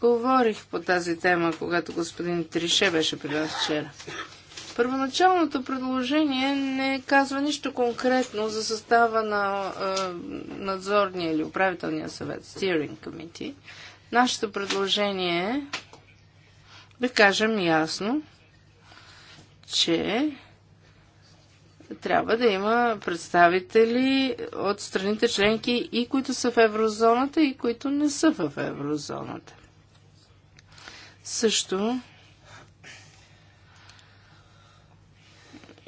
говорих по тази тема, когато господин Трише беше при вас вчера. Първоначалното предложение не казва нищо конкретно за състава на е, надзорния или управителния съвет, steering committee. Нашето предложение е да кажем ясно, че трябва да има представители от страните членки и които са в еврозоната, и които не са в еврозоната. Също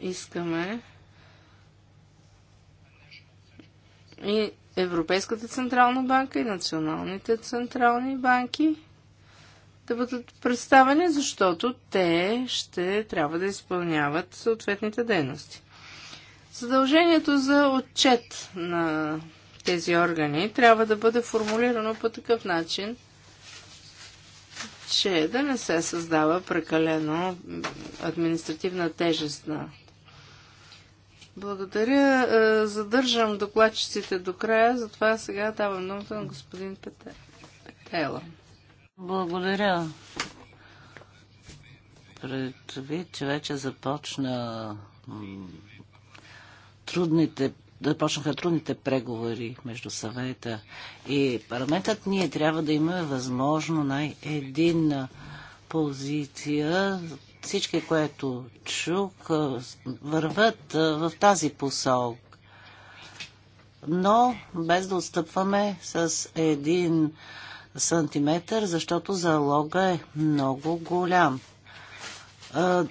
искаме и Европейската централна банка и националните централни банки да бъдат представени, защото те ще трябва да изпълняват съответните дейности. Задължението за отчет на тези органи трябва да бъде формулирано по такъв начин, че да не се създава прекалено административна тежест на благодаря. Е, задържам докладчиците до края, затова сега давам думата на господин Пете... Петела. Благодаря. Предвид, че вече започна трудните започнаха трудните преговори между съвета и парламентът, ние трябва да имаме възможно най-единна позиция всички, което чух, върват в тази посол. Но без да отстъпваме с един сантиметр, защото залога е много голям.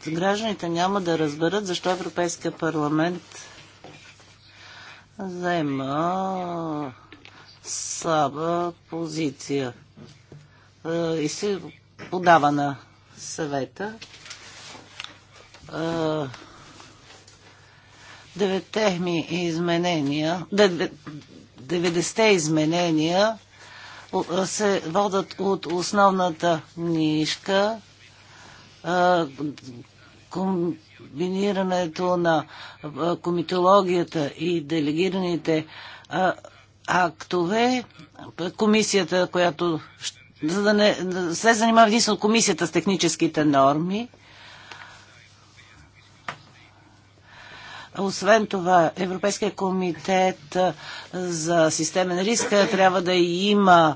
Гражданите няма да разберат защо Европейския парламент заема слаба позиция и се подава на съвета девете ми изменения, 90 изменения се водат от основната нишка. комбинирането на комитологията и делегираните актове, комисията, която за да не се занимава единствено комисията с техническите норми, Освен това, Европейския комитет за системен риск трябва да има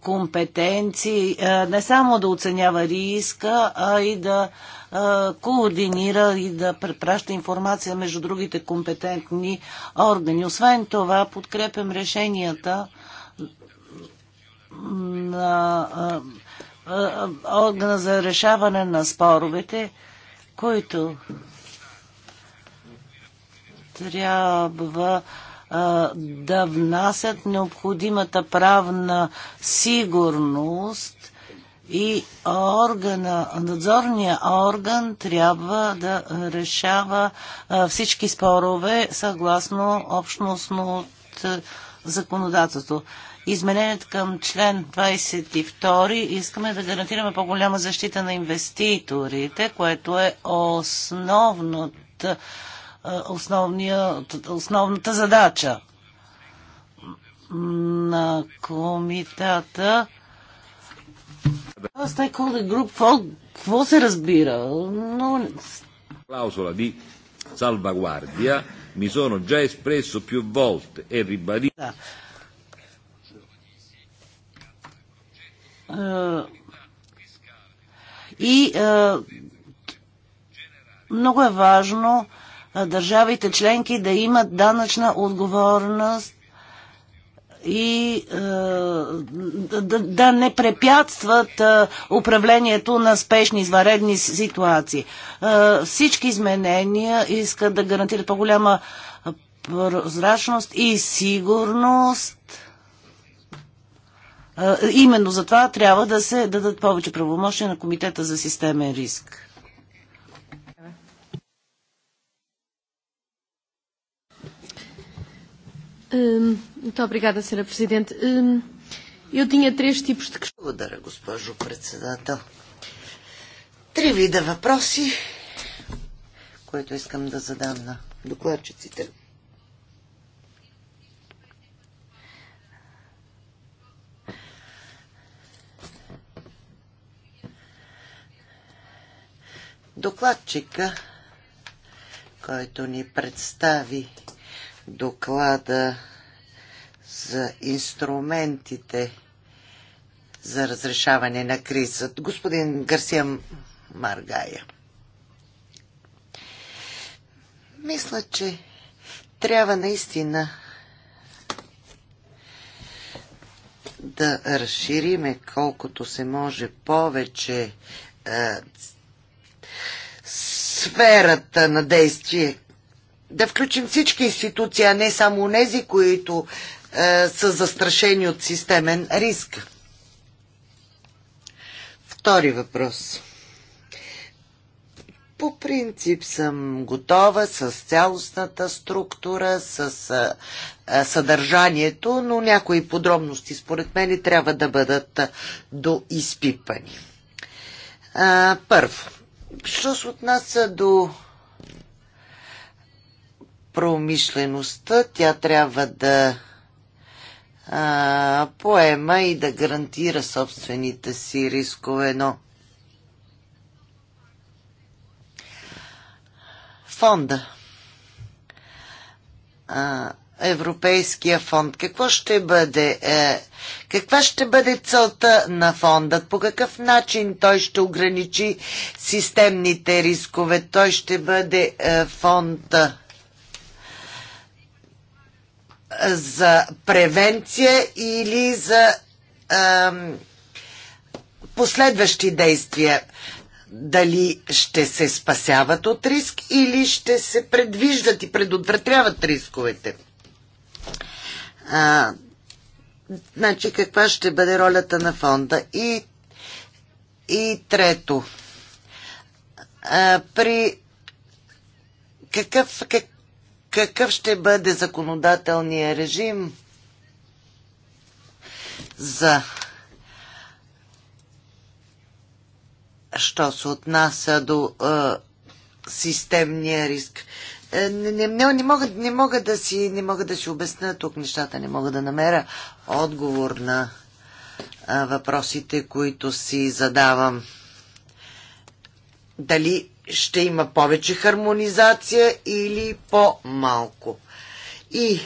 компетенции не само да оценява риска, а и да координира и да препраща информация между другите компетентни органи. Освен това, подкрепям решенията на органа за решаване на споровете, които трябва а, да внасят необходимата правна сигурност и органа, надзорния орган трябва да решава а, всички спорове съгласно общностно от а, законодателство. Измененият към член 22 искаме да гарантираме по-голяма защита на инвеститорите, което е основното. Е, основната задача на комитета. Stakeholder group, какво, какво се разбира? Но... Клаусола di salvaguardia mi sono già espresso più volte e ribadito. Е, и е, много е важно е, държавите членки да имат данъчна отговорност и да, да не препятстват управлението на спешни изваредни ситуации. всички изменения искат да гарантират по-голяма прозрачност и сигурност. именно за това трябва да се дадат повече правомощия на Комитета за системен риск. Muito obrigada, Sra. Presidente. Eu tinha três tipos de questões. Благодаря, госпожо председател. Три вида въпроси, които искам да задам на докладчиците. Докладчика, който ни представи доклада за инструментите за разрешаване на кризата. Господин Гарсия Маргая. Мисля, че трябва наистина да разшириме колкото се може повече е, сферата на действие да включим всички институции, а не само нези, които е, са застрашени от системен риск. Втори въпрос. По принцип съм готова с цялостната структура, с е, е съдържанието, но някои подробности според мен трябва да бъдат доизпипани. Е, първо, що се отнася до промишлеността. Тя трябва да а, поема и да гарантира собствените си рискове, но фонда. А, Европейския фонд. Какво ще бъде? а, е, каква ще бъде целта на фонда? По какъв начин той ще ограничи системните рискове? Той ще бъде а, е, фонда, е, за превенция или за ам, последващи действия. Дали ще се спасяват от риск или ще се предвиждат и предотвратяват рисковете. А, значи каква ще бъде ролята на фонда? И, и трето. А, при какъв, как, какъв ще бъде законодателния режим за що се отнася до е, системния риск. Е, не, не, не, не, мога, не, мога да си, не мога да си обясня тук нещата, не мога да намеря отговор на е, въпросите, които си задавам. Дали ще има повече хармонизация или по-малко. И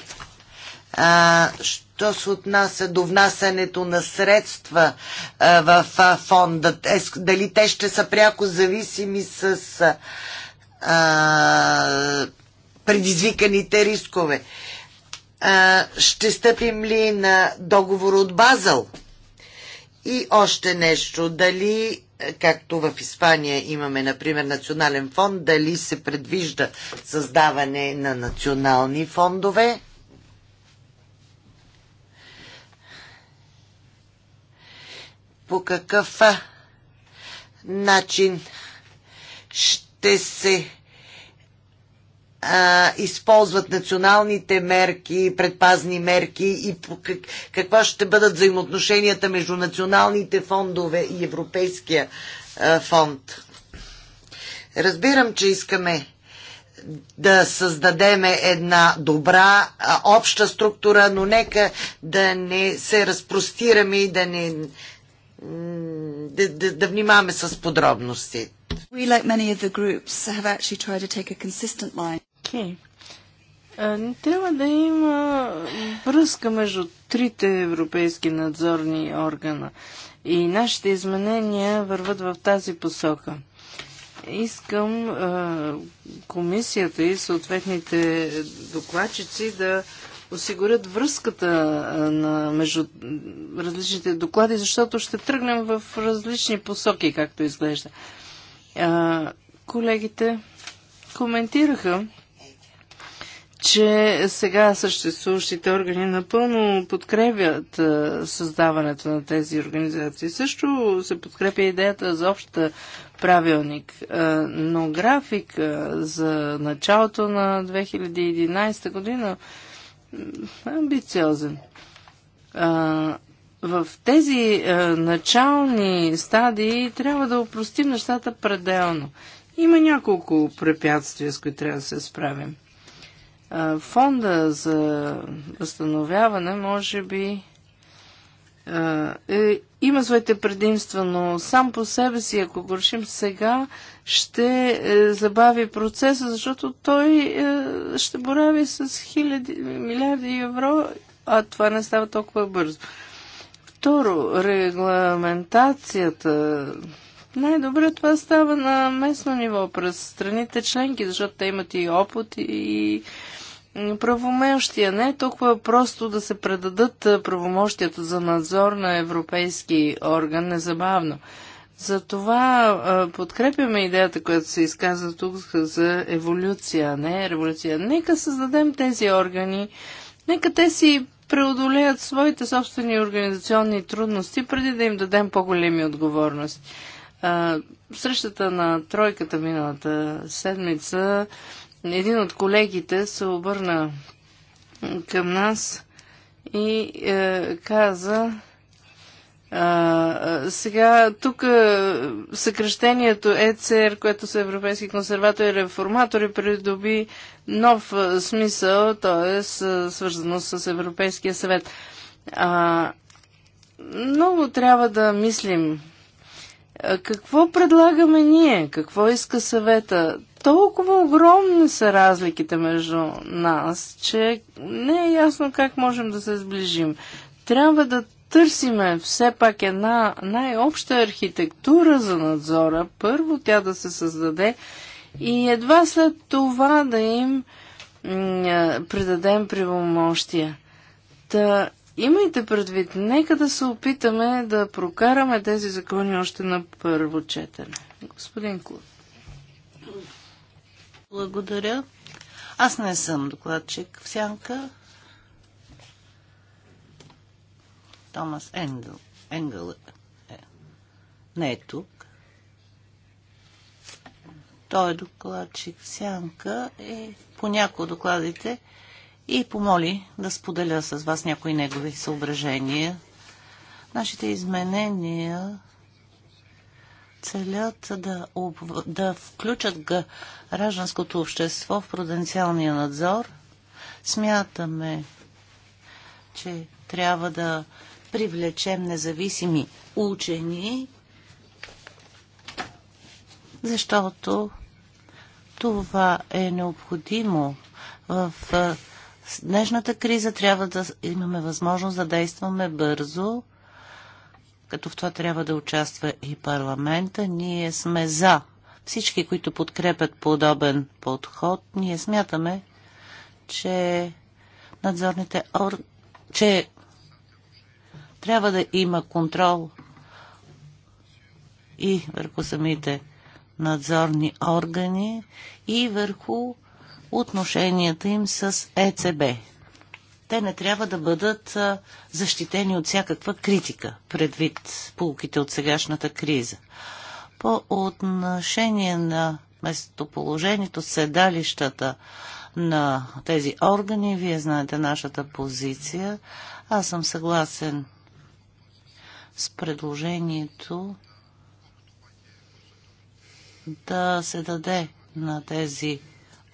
а, що се отнася до внасянето на средства а, в а, фонда, е, дали те ще са пряко зависими с а, предизвиканите рискове? А, ще стъпим ли на договор от Базъл? И още нещо, дали както в Испания имаме, например, национален фонд, дали се предвижда създаване на национални фондове? По какъв начин ще се а, използват националните мерки, предпазни мерки и как, каква ще бъдат взаимоотношенията между националните фондове и Европейския а, фонд. Разбирам, че искаме да създадеме една добра а, обща структура, но нека да не се разпростираме и да не да, да, да внимаваме с подробности. We, like many of the groups, have actually tried to take a consistent line. Хм. Трябва да има връзка между трите европейски надзорни органа. И нашите изменения върват в тази посока. Искам а, комисията и съответните докладчици да осигурят връзката на, между различните доклади, защото ще тръгнем в различни посоки, както изглежда. А, колегите коментираха че сега съществуващите органи напълно подкрепят създаването на тези организации. Също се подкрепя идеята за общата правилник, но график за началото на 2011 година е амбициозен. В тези начални стадии трябва да упростим нещата пределно. Има няколко препятствия, с които трябва да се справим. Фонда за възстановяване може би е, има своите предимства, но сам по себе си, ако го решим сега, ще е, забави процеса, защото той е, ще борави с хиляди, милиарди евро, а това не става толкова бързо. Второ, регламентацията. Най-добре това става на местно ниво, през страните членки, защото те имат и опит и, и правомощия. Не е толкова просто да се предадат правомощията за надзор на европейски орган незабавно. Затова подкрепяме идеята, която се изказа тук за еволюция, не революция. Нека създадем тези органи, нека те си преодолеят своите собствени организационни трудности, преди да им дадем по-големи отговорности. срещата на тройката миналата седмица един от колегите се обърна към нас и е, каза, а, сега тук е, съкръщението ЕЦР, което са европейски консерватори и реформатори, придоби нов а, е, смисъл, т.е. Е, свързано с Европейския съвет. А, много трябва да мислим а, какво предлагаме ние, какво иска съвета. Толкова огромни са разликите между нас, че не е ясно как можем да се сближим. Трябва да търсиме все пак една най-обща архитектура за надзора. Първо тя да се създаде и едва след това да им предадем правомощия. Та, имайте предвид, нека да се опитаме да прокараме тези закони още на първо четене. Господин Клуб. Благодаря. Аз не съм докладчик в сянка. Томас Енгъл, Енгъл е. не е тук. Той е докладчик в сянка и е по някои докладите и помоли да споделя с вас някои негови съображения. Нашите изменения целят да, об... да включат гражданското общество в пруденциалния надзор. Смятаме, че трябва да привлечем независими учени, защото това е необходимо. В днешната криза трябва да имаме възможност да действаме бързо като в това трябва да участва и парламента. Ние сме за всички, които подкрепят подобен подход. Ние смятаме, че надзорните ор... че трябва да има контрол и върху самите надзорни органи и върху отношенията им с ЕЦБ те не трябва да бъдат защитени от всякаква критика, предвид полуките от сегашната криза. По отношение на местоположението, седалищата на тези органи, вие знаете нашата позиция. Аз съм съгласен с предложението да се даде на тези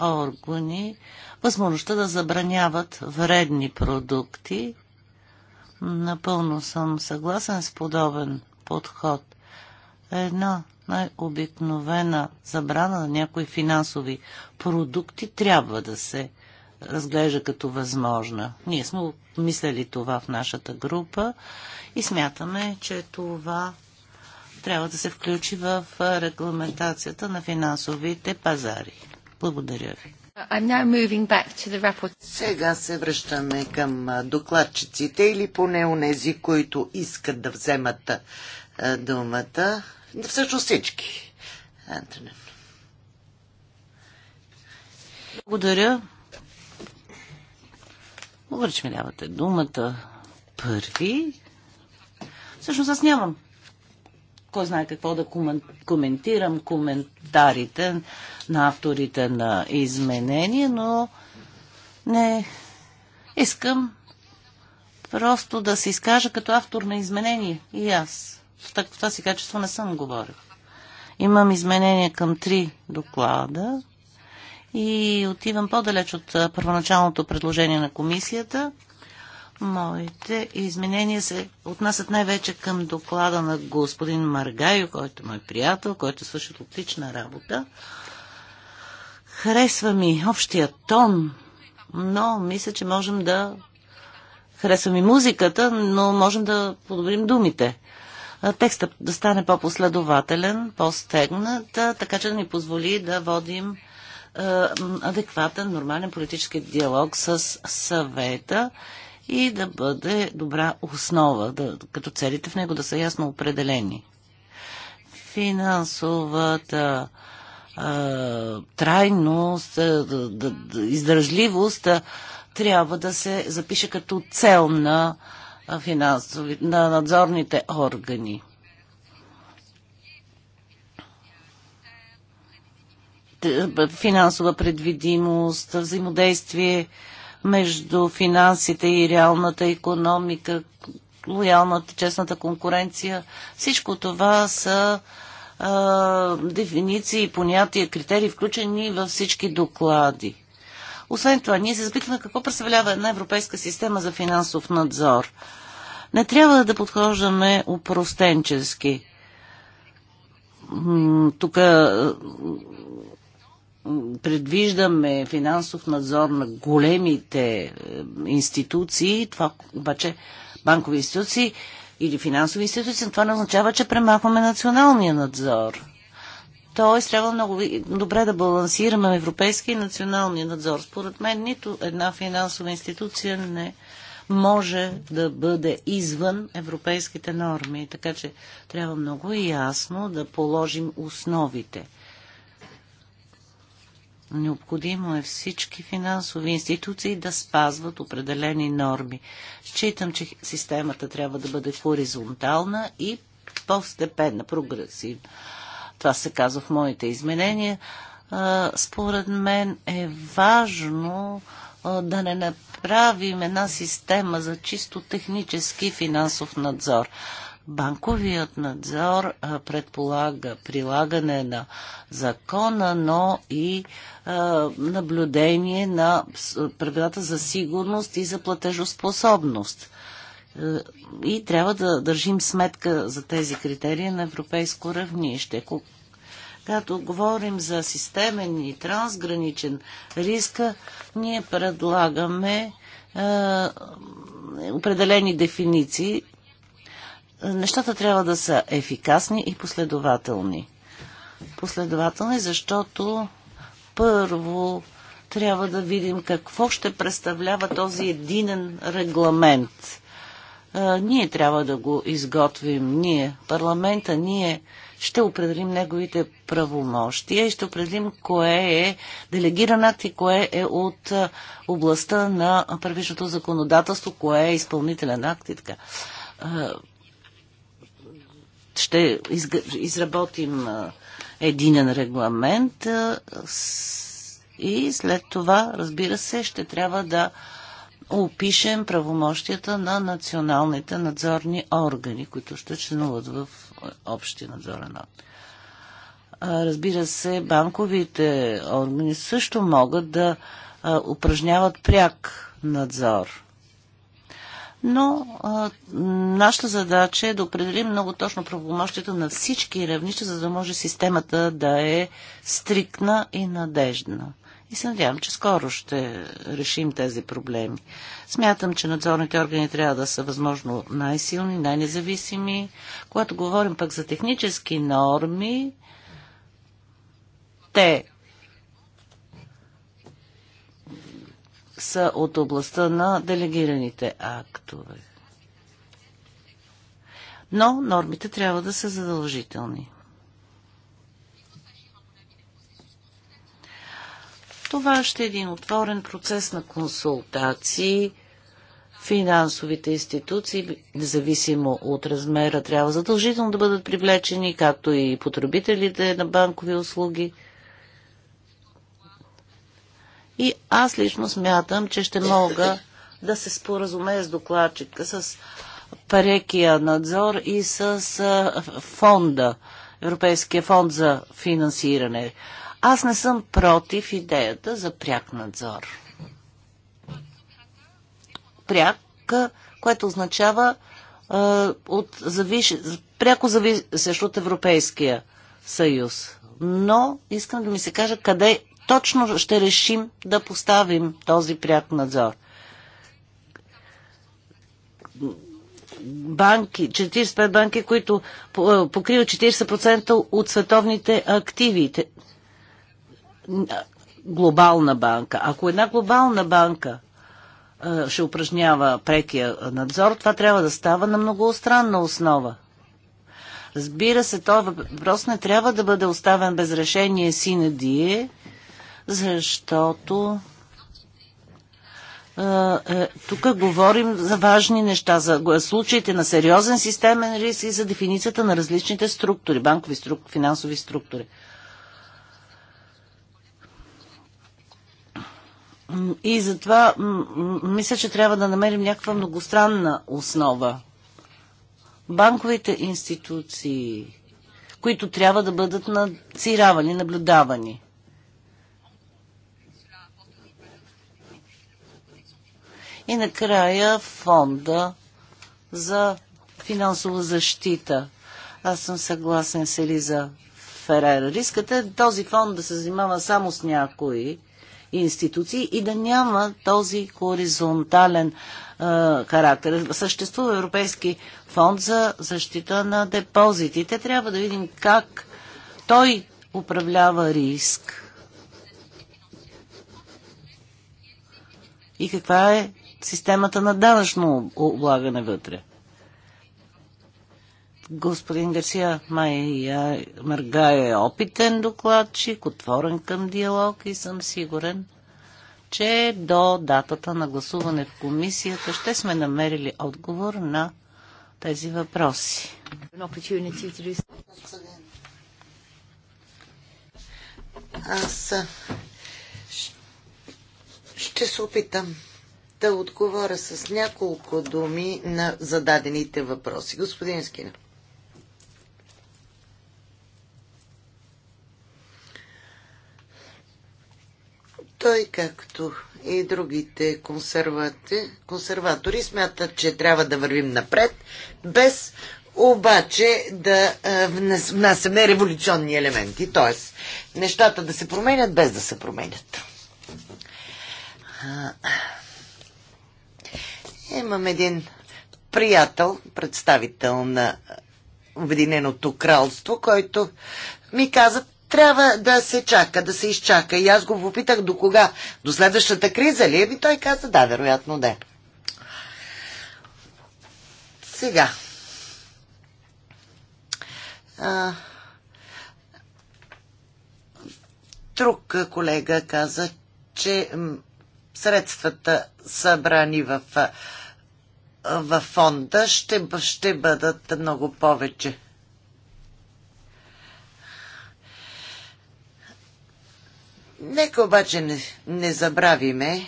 органи възможността да забраняват вредни продукти. Напълно съм съгласен с подобен подход. Една най-обикновена забрана на някои финансови продукти трябва да се разглежда като възможна. Ние сме мислили това в нашата група и смятаме, че това трябва да се включи в регламентацията на финансовите пазари. Благодаря ви. Сега се връщаме към докладчиците или поне у нези, които искат да вземат думата. Всъщност всички. Антонин. Благодаря. Благодаря, че ми давате думата. Първи. Всъщност аз нямам кой знае какво да коментирам коментарите на авторите на изменения, но не искам просто да се изкажа като автор на изменение. И аз. В, в това си качество не съм говорил. Имам изменения към три доклада и отивам по-далеч от първоначалното предложение на комисията – Моите изменения се отнасят най-вече към доклада на господин Маргайо, който ме е приятел, който свърши отлична работа. Харесва ми общия тон, но мисля, че можем да... Харесва ми музиката, но можем да подобрим думите. Текстът да стане по-последователен, по-стегнат, така че да ни позволи да водим адекватен, нормален политически диалог с съвета и да бъде добра основа, да, като целите в него да са ясно определени. Финансовата а, трайност, а, да, да, издържливост а, трябва да се запише като цел на, финансови, на надзорните органи. Финансова предвидимост, взаимодействие между финансите и реалната економика, лоялната, честната конкуренция. Всичко това са а, дефиниции, понятия, критерии, включени във всички доклади. Освен това, ние се запитваме какво представлява една европейска система за финансов надзор. Не трябва да подхождаме упростенчески. Тук предвиждаме финансов надзор на големите е, институции, това обаче банкови институции или финансови институции, това не означава, че премахваме националния надзор. Тоест, трябва много добре да балансираме европейски и националния надзор. Според мен, нито една финансова институция не може да бъде извън европейските норми. Така че трябва много ясно да положим основите – Необходимо е всички финансови институции да спазват определени норми. Считам, че системата трябва да бъде хоризонтална и постепенна, прогресивна. Това се казва в моите изменения. Според мен е важно да не направим една система за чисто технически финансов надзор. Банковият надзор предполага прилагане на закона, но и наблюдение на правилата за сигурност и за платежоспособност. Е, и трябва да държим сметка за тези критерии на европейско равнище. Когато говорим за системен и трансграничен риск, ние предлагаме е, определени дефиниции, нещата трябва да са ефикасни и последователни. Последователни, защото първо трябва да видим какво ще представлява този единен регламент. ние трябва да го изготвим, ние, парламента, ние ще определим неговите правомощия и ще определим кое е делегиран акт и кое е от областта на първичното законодателство, кое е изпълнителен акт и така ще изработим единен регламент и след това, разбира се, ще трябва да опишем правомощията на националните надзорни органи, които ще членуват в общия надзорен орган. Разбира се, банковите органи също могат да упражняват пряк надзор но а, нашата задача е да определим много точно правомощията на всички равнища, за да може системата да е стрикна и надежна. И се надявам, че скоро ще решим тези проблеми. Смятам, че надзорните органи трябва да са възможно най-силни, най-независими. Когато говорим пък за технически норми, те са от областта на делегираните актове. Но нормите трябва да са задължителни. Това ще е един отворен процес на консултации. Финансовите институции, независимо от размера, трябва задължително да бъдат привлечени, както и потребителите на банкови услуги – и аз лично смятам, че ще мога да се споразумея с докладчика, с парекия надзор и с фонда, Европейския фонд за финансиране. Аз не съм против идеята за пряк надзор. Пряк, което означава от завиш... пряко зависещ от Европейския съюз. Но искам да ми се каже къде точно ще решим да поставим този пряк надзор? банки, 45 банки, които е, покриват 40% от световните активи. Глобална банка. Ако една глобална банка е, ще упражнява прекия надзор, това трябва да става на многостранна основа. Разбира се, този въпрос не трябва да бъде оставен без решение синедие, защото е, тук говорим за важни неща, за случаите на сериозен системен риск и за дефиницията на различните структури, банкови структури, финансови структури. И затова мисля, че трябва да намерим някаква многостранна основа. Банковите институции, които трябва да бъдат надзиравани, наблюдавани. И накрая фонда за финансова защита. Аз съм съгласен с Елиза Ферера. Рискът е този фонд да се занимава само с някои институции и да няма този хоризонтален е, характер. Съществува Европейски фонд за защита на депозитите. Трябва да видим как той управлява риск и каква е системата на данъчно облагане вътре. Господин Гарсия май мъргая е опитен докладчик, отворен към диалог и съм сигурен, че до датата на гласуване в комисията ще сме намерили отговор на тези въпроси. Аз ще се опитам да отговоря с няколко думи на зададените въпроси. Господин Скина. Той, както и другите консерватори, смятат, че трябва да вървим напред, без обаче да внасяме революционни елементи, т.е. нещата да се променят без да се променят. Имам един приятел, представител на Обединеното кралство, който ми каза, трябва да се чака, да се изчака. И аз го попитах до кога? До следващата криза ли? И ами той каза, да, вероятно да. Сега. А, друг колега каза, че средствата събрани в във фонда ще, ще бъдат много повече. Нека обаче не, не забравиме,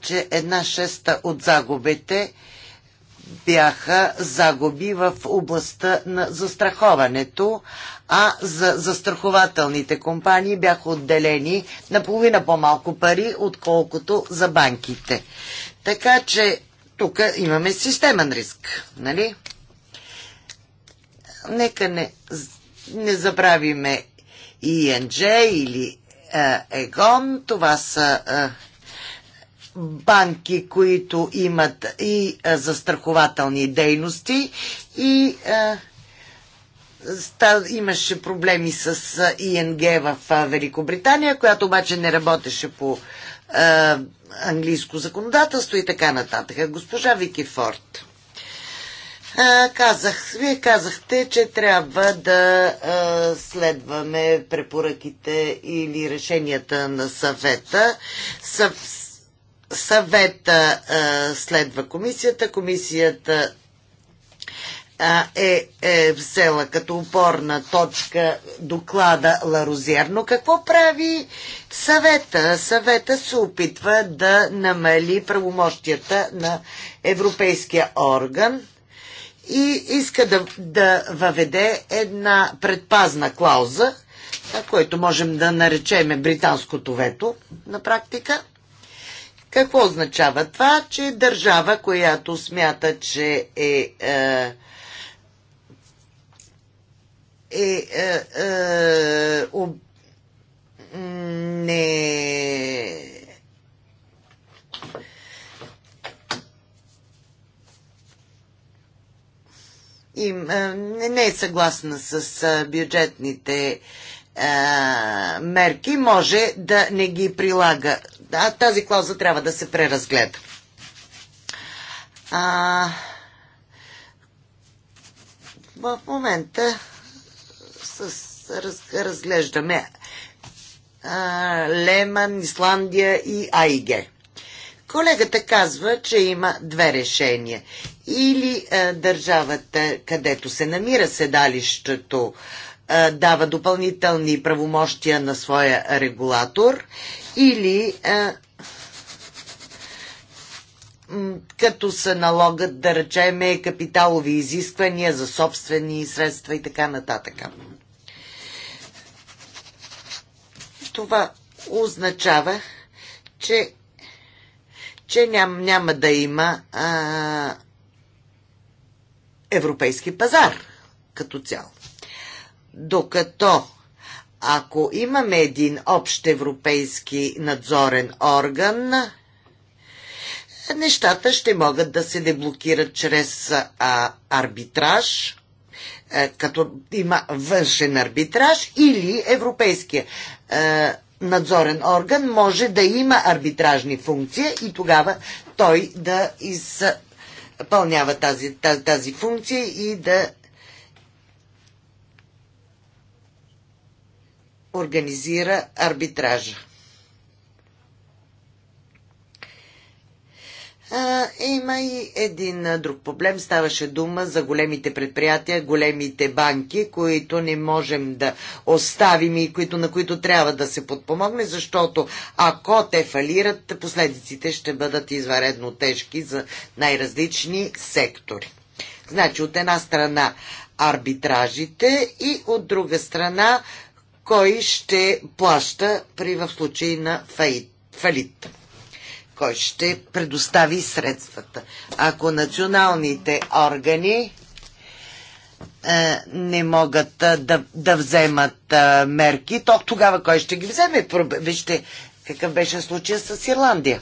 че една шеста от загубите бяха загуби в областта на застраховането, а за застрахователните компании бяха отделени наполовина по-малко пари, отколкото за банките. Така че тук имаме системен риск, нали? Нека не, не забравиме ИНЖ или е, ЕГОН. Това са е, банки, които имат и застрахователни дейности и имаше проблеми с ИНГ в Великобритания, която обаче не работеше по английско законодателство и така нататък. Госпожа Вики Форд. Казах, вие казахте, че трябва да следваме препоръките или решенията на съвета. Съв, съвета а, следва комисията. Комисията а, е, е взела като опорна точка доклада Ларозер. Но какво прави съвета? Съвета се опитва да намали правомощията на Европейския орган и иска да, да въведе една предпазна клауза, което можем да наречем британското вето на практика – какво означава това, че държава, която смята, че е, е, е, е, е об... не им, е, не, не е съгласна с е, бюджетните е, мерки, може да не ги прилага да, тази клауза трябва да се преразгледа. А, в момента с, раз, разглеждаме а, Леман, Исландия и АИГ. Колегата казва, че има две решения. Или а, държавата, където се намира седалището, дава допълнителни правомощия на своя регулатор или като се налогат, да речеме, капиталови изисквания за собствени средства и така нататък. Това означава, че, че ням, няма да има а, европейски пазар като цяло. Докато ако имаме един общ европейски надзорен орган, нещата ще могат да се деблокират чрез а, арбитраж, а, е, като има външен арбитраж или европейския а, е, надзорен орган може да има арбитражни функции и тогава той да изпълнява тази, тази, тази функция и да организира арбитража. Има и един друг проблем. Ставаше дума за големите предприятия, големите банки, които не можем да оставим и които, на които трябва да се подпомогне, защото ако те фалират, последиците ще бъдат изваредно тежки за най-различни сектори. Значи, от една страна арбитражите и от друга страна кой ще плаща при в случай на фалит. Кой ще предостави средствата. Ако националните органи е, не могат е, да, да вземат е, мерки, то тогава кой ще ги вземе? Вижте какъв беше случая с Ирландия.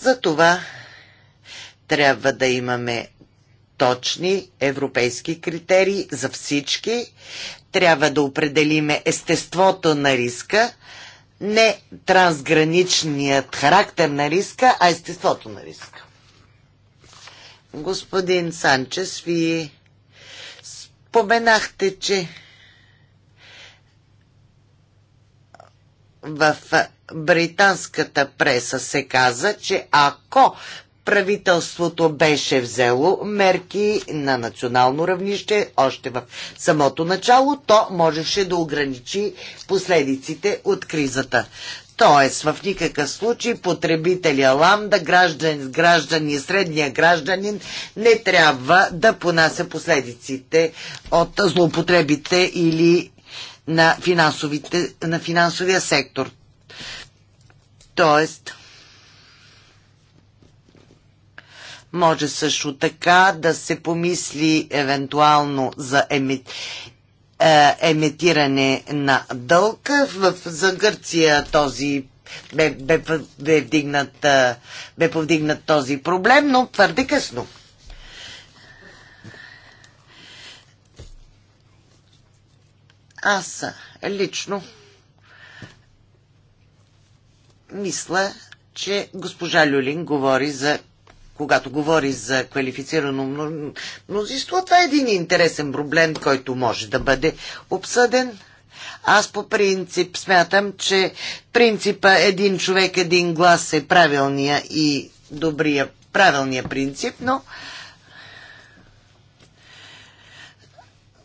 Затова трябва да имаме точни европейски критерии за всички, трябва да определиме естеството на риска, не трансграничният характер на риска, а естеството на риска. Господин Санчес, ви споменахте, че в британската преса се каза, че ако правителството беше взело мерки на национално равнище още в самото начало, то можеше да ограничи последиците от кризата. Тоест, в никакъв случай потребителя ламда, граждан, граждани, средния гражданин не трябва да понася последиците от злоупотребите или на, на финансовия сектор. Тоест, Може също така да се помисли евентуално за емит, е, емитиране на дълг. В, за Гърция този бе, бе, бе, вдигнат, е, бе повдигнат този проблем, но твърде късно. Аз лично мисля, че госпожа Люлин говори за когато говори за квалифицирано мнозинство, това е един интересен проблем, който може да бъде обсъден. Аз по принцип смятам, че принципа един човек, един глас е правилния и добрия, правилния принцип, но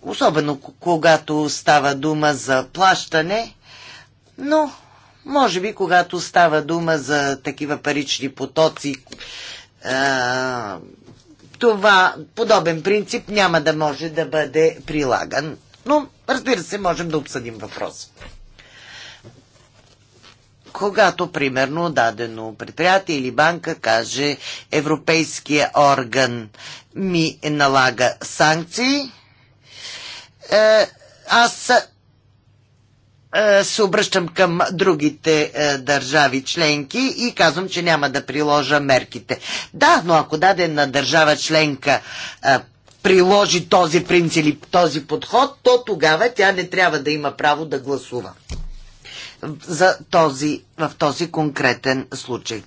особено когато става дума за плащане, но може би когато става дума за такива парични потоци, това подобен принцип няма да може да бъде прилаган. Но, разбира се, можем да обсъдим въпрос. Когато, примерно, дадено предприятие или банка каже Европейския орган ми налага санкции, е, аз е, се обръщам към другите е, държави членки и казвам, че няма да приложа мерките. Да, но ако дадена държава членка е, приложи този принцип или този подход, то тогава тя не трябва да има право да гласува за този, в този конкретен случай.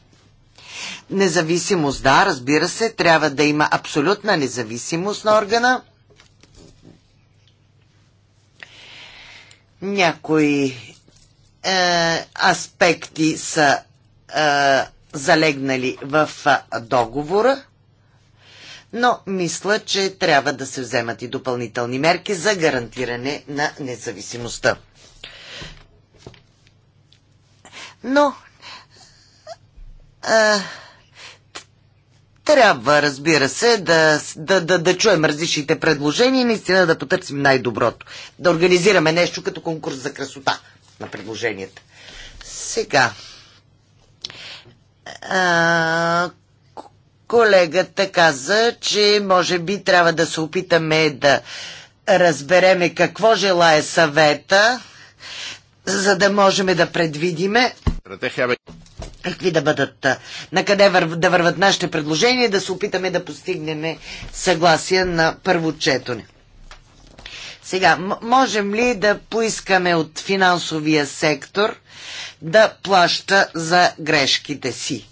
Независимост, да, разбира се, трябва да има абсолютна независимост на органа Някои е, аспекти са е, залегнали в е, договора, но мисля, че трябва да се вземат и допълнителни мерки за гарантиране на независимостта. Но е, трябва, разбира се, да, да, да, да чуем различните предложения и наистина да потърсим най-доброто. Да организираме нещо като конкурс за красота на предложенията. Сега. А, колегата каза, че може би трябва да се опитаме да разбереме какво желая съвета, за да можем да предвидиме какви да бъдат, на къде вър, да върват нашите предложения, да се опитаме да постигнем съгласие на първо четоне. Сега, можем ли да поискаме от финансовия сектор да плаща за грешките си?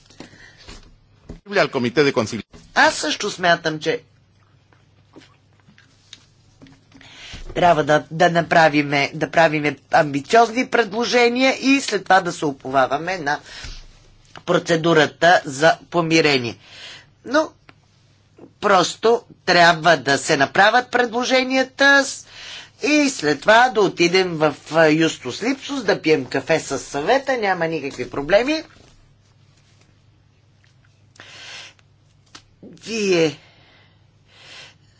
Аз също смятам, че трябва да, да направиме, да правиме амбициозни предложения и след това да се уповаваме на процедурата за помирение. Но просто трябва да се направят предложенията и след това да отидем в Юстос Липсус, да пием кафе с съвета, няма никакви проблеми. Вие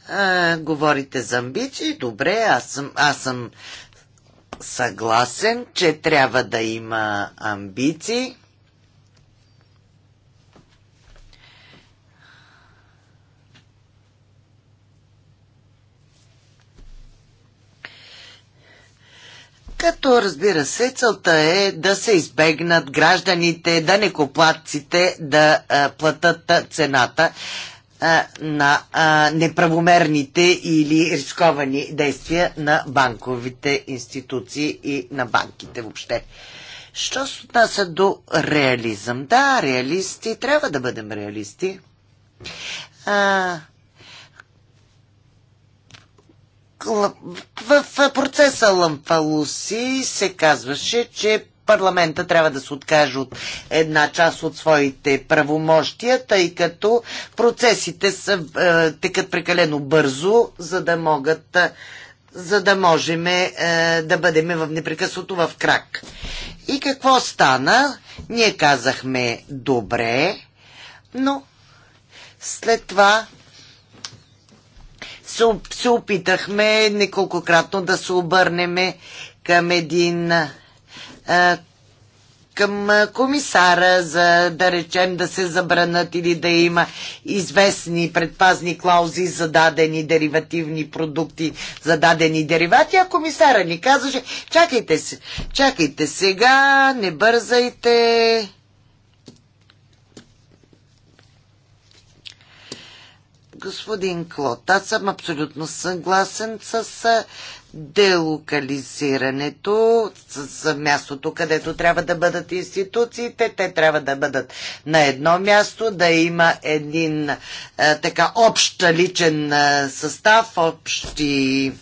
а, говорите за амбиции, добре, аз съм, аз съм съгласен, че трябва да има амбиции. Като разбира се, целта е да се избегнат гражданите, да не да а, платат цената а, на а, неправомерните или рисковани действия на банковите институции и на банките въобще. Що се отнася до реализъм? Да, реалисти, трябва да бъдем реалисти. А, в процеса Лампалуси се казваше, че парламента трябва да се откаже от една част от своите правомощия, тъй като процесите са, е, текат прекалено бързо, за да могат е, за да можем е, да бъдем в непрекъснато в крак. И какво стана? Ние казахме добре, но след това се, се опитахме неколкократно да се обърнеме към един а, към комисара, за да речем да се забранат или да има известни предпазни клаузи за дадени деривативни продукти, за дадени деривати, а комисара ни казваше, чакайте се, чакайте сега, не бързайте, господин Клод. Аз съм абсолютно съгласен с делокализирането, с мястото, където трябва да бъдат институциите. Те трябва да бъдат на едно място, да има един а, така общ личен а, състав, общи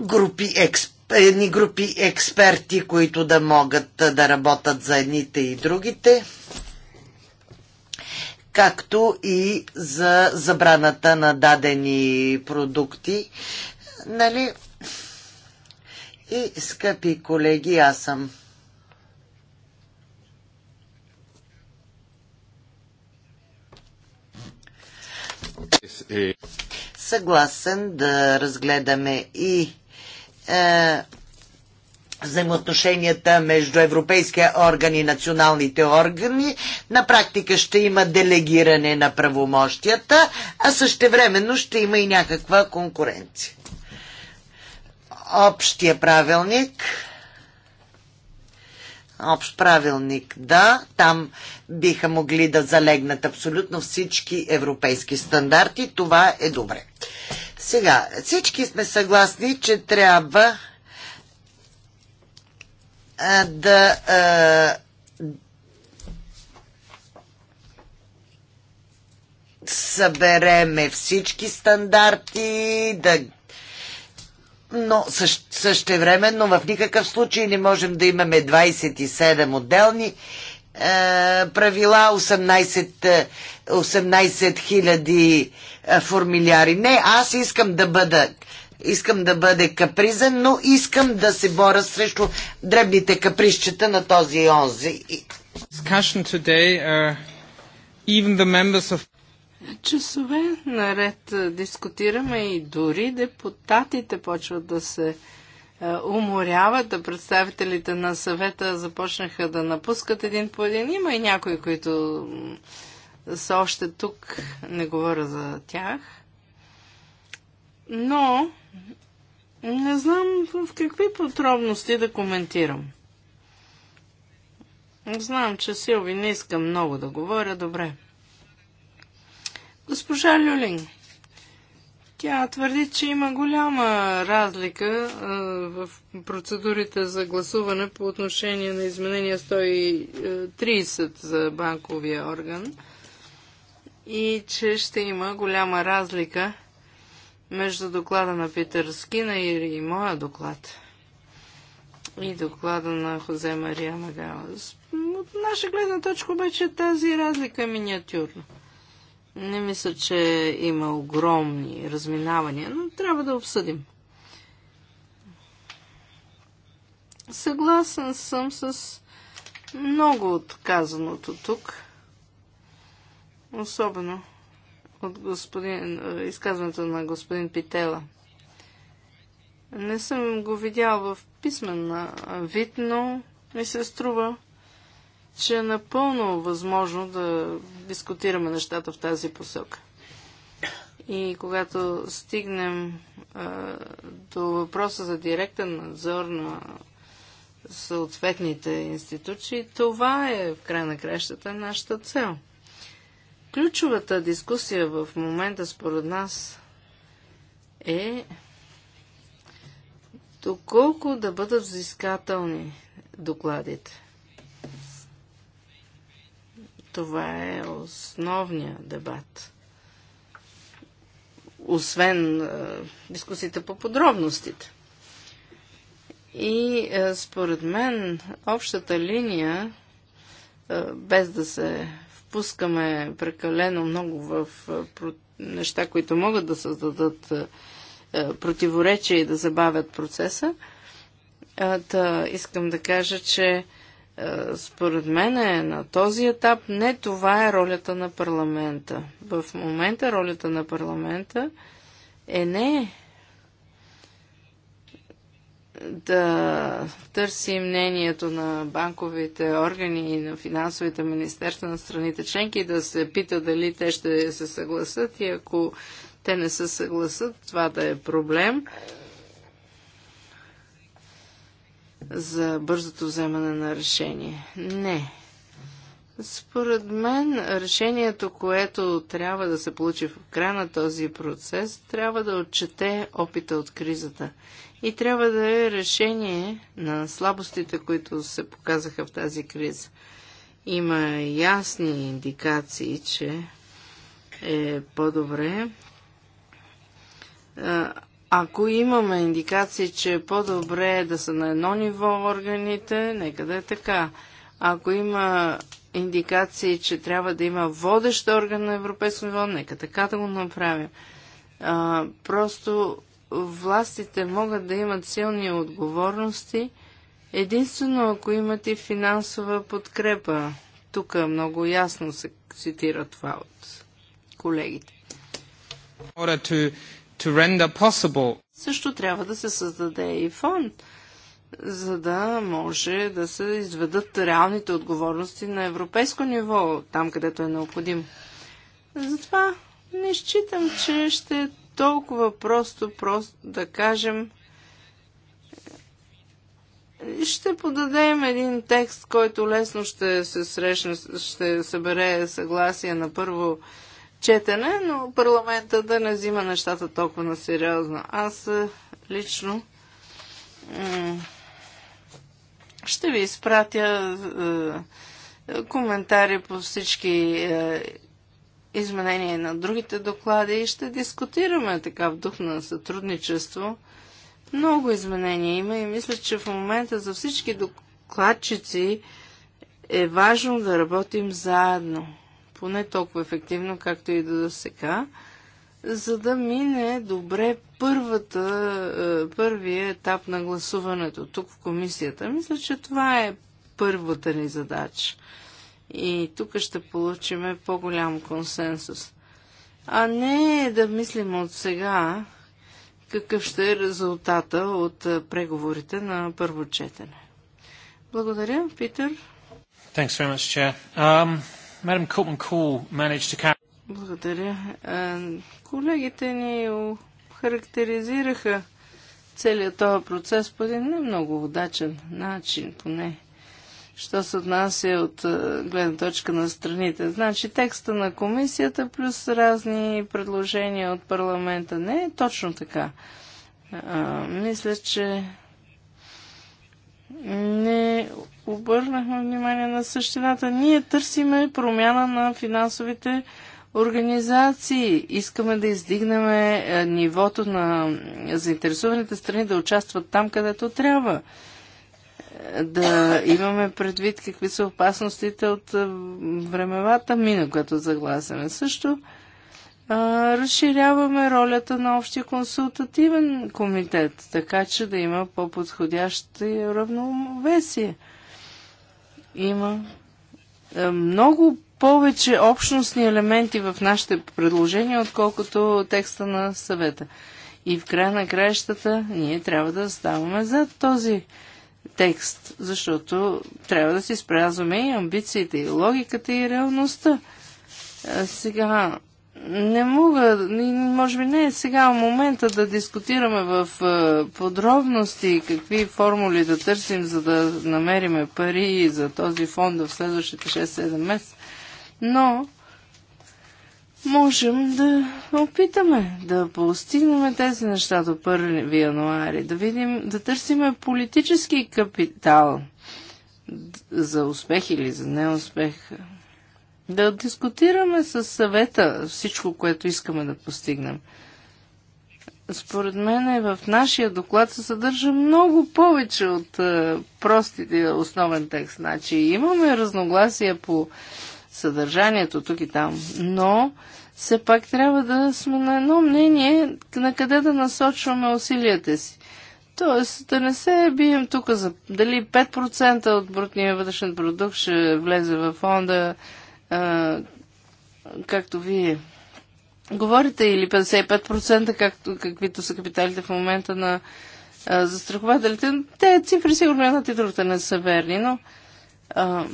групи експерти едни групи експерти, които да могат да работят за едните и другите както и за забраната на дадени продукти. Нали? И, скъпи колеги, аз съм е. съгласен да разгледаме и е, взаимоотношенията между Европейския орган и националните органи. На практика ще има делегиране на правомощията, а същевременно ще има и някаква конкуренция. Общия правилник. Общ правилник, да. Там биха могли да залегнат абсолютно всички европейски стандарти. Това е добре. Сега, всички сме съгласни, че трябва да събереме всички стандарти, да но също, същевременно в никакъв случай не можем да имаме 27 отделни е, правила, 18, 18 000 формиляри. Не, аз искам да бъда искам да бъде капризен, но искам да се боря срещу дребните капризчета на този онзи. Uh, Часове наред дискутираме и дори депутатите почват да се уморяват, а представителите на съвета започнаха да напускат един по един. Има и някои, които са още тук, не говоря за тях. Но не знам в какви подробности да коментирам. Знам, че Силви не иска много да говоря. Добре. Госпожа Люлин, тя твърди, че има голяма разлика а, в процедурите за гласуване по отношение на изменение 130 за банковия орган и че ще има голяма разлика между доклада на Питър Скина и, и моя доклад. И доклада на Хозе Мария Магала. От наша гледна точка обаче тази разлика е миниатюрна. Не мисля, че има огромни разминавания, но трябва да обсъдим. Съгласен съм с много от казаното тук. Особено от господин, е, изказването на господин Питела. Не съм го видял в писмен вид, но ми се струва, че е напълно възможно да дискутираме нещата в тази посока. И когато стигнем а, до въпроса за директен надзор на съответните институции, това е в край на кращата нашата цел – Ключовата дискусия в момента според нас е доколко да бъдат взискателни докладите. Това е основният дебат. Освен е, дискусията по подробностите. И е, според мен общата линия, е, без да се впускаме прекалено много в неща, които могат да създадат противоречия и да забавят процеса. Та искам да кажа, че според мен е на този етап не това е ролята на парламента. В момента ролята на парламента е не да търси мнението на банковите органи и на финансовите министерства на страните членки и да се пита дали те ще се съгласат и ако те не се съгласат, това да е проблем за бързото вземане на решение. Не. Според мен решението, което трябва да се получи в края на този процес, трябва да отчете опита от кризата и трябва да е решение на слабостите, които се показаха в тази криза. Има ясни индикации, че е по-добре. Ако имаме индикации, че е по-добре да са на едно ниво органите, нека да е така. Ако има индикации, че трябва да има водещ орган на европейско ниво, нека така да го направим. А, просто властите могат да имат силни отговорности, единствено ако имат и финансова подкрепа. Тук много ясно се цитира това от колегите. To, to Също трябва да се създаде и фонд, за да може да се изведат реалните отговорности на европейско ниво, там където е необходимо. Затова не считам, че ще е толкова просто, просто да кажем, ще подадем един текст, който лесно ще се срещне, ще събере съгласие на първо четене, но парламента да не взима нещата толкова на сериозно. Аз е, лично ще ви изпратя е, е, коментари по всички изменение на другите доклади и ще дискутираме така в дух на сътрудничество. Много изменения има и мисля, че в момента за всички докладчици е важно да работим заедно, поне толкова ефективно, както и до сега, за да мине добре първата, е, първия етап на гласуването тук в комисията. Мисля, че това е първата ни задача. И тук ще получим по-голям консенсус. А не да мислим от сега какъв ще е резултата от преговорите на първо четене. Благодаря, Питър. Much, um, to... Благодаря. Колегите ни характеризираха целият този процес по един не много удачен начин, поне що се отнася от е, гледна точка на страните. Значи текста на комисията плюс разни предложения от парламента. Не е точно така. А, мисля, че не обърнахме внимание на същината. Ние търсиме промяна на финансовите организации. Искаме да издигнем е, нивото на заинтересованите страни да участват там, където трябва да имаме предвид какви са опасностите от времевата мина, като загласяме. Също а, разширяваме ролята на общия консултативен комитет, така че да има по-подходящо равновесие. Има а, много повече общностни елементи в нашите предложения, отколкото текста на съвета. И в края на краищата ние трябва да ставаме зад този текст, защото трябва да си спрязваме и амбициите, и логиката, и реалността. А, сега, не мога, може би не е сега момента да дискутираме в подробности какви формули да търсим, за да намериме пари за този фонд в следващите 6-7 месеца. Но можем да опитаме да постигнем тези неща до 1 януари, да видим, да търсиме политически капитал за успех или за неуспех. Да дискутираме с съвета всичко, което искаме да постигнем. Според мен е, в нашия доклад се съдържа много повече от е, простите основен текст. Значи имаме разногласия по съдържанието тук и там, но все пак трябва да сме на едно мнение на къде да насочваме усилията си. Тоест да не се бием тук за дали 5% от брутния вътрешен продукт ще влезе в фонда, а, както вие говорите, или 55%, както, каквито са капиталите в момента на застрахователите. Те цифри сигурно едната и другата не са верни, но а,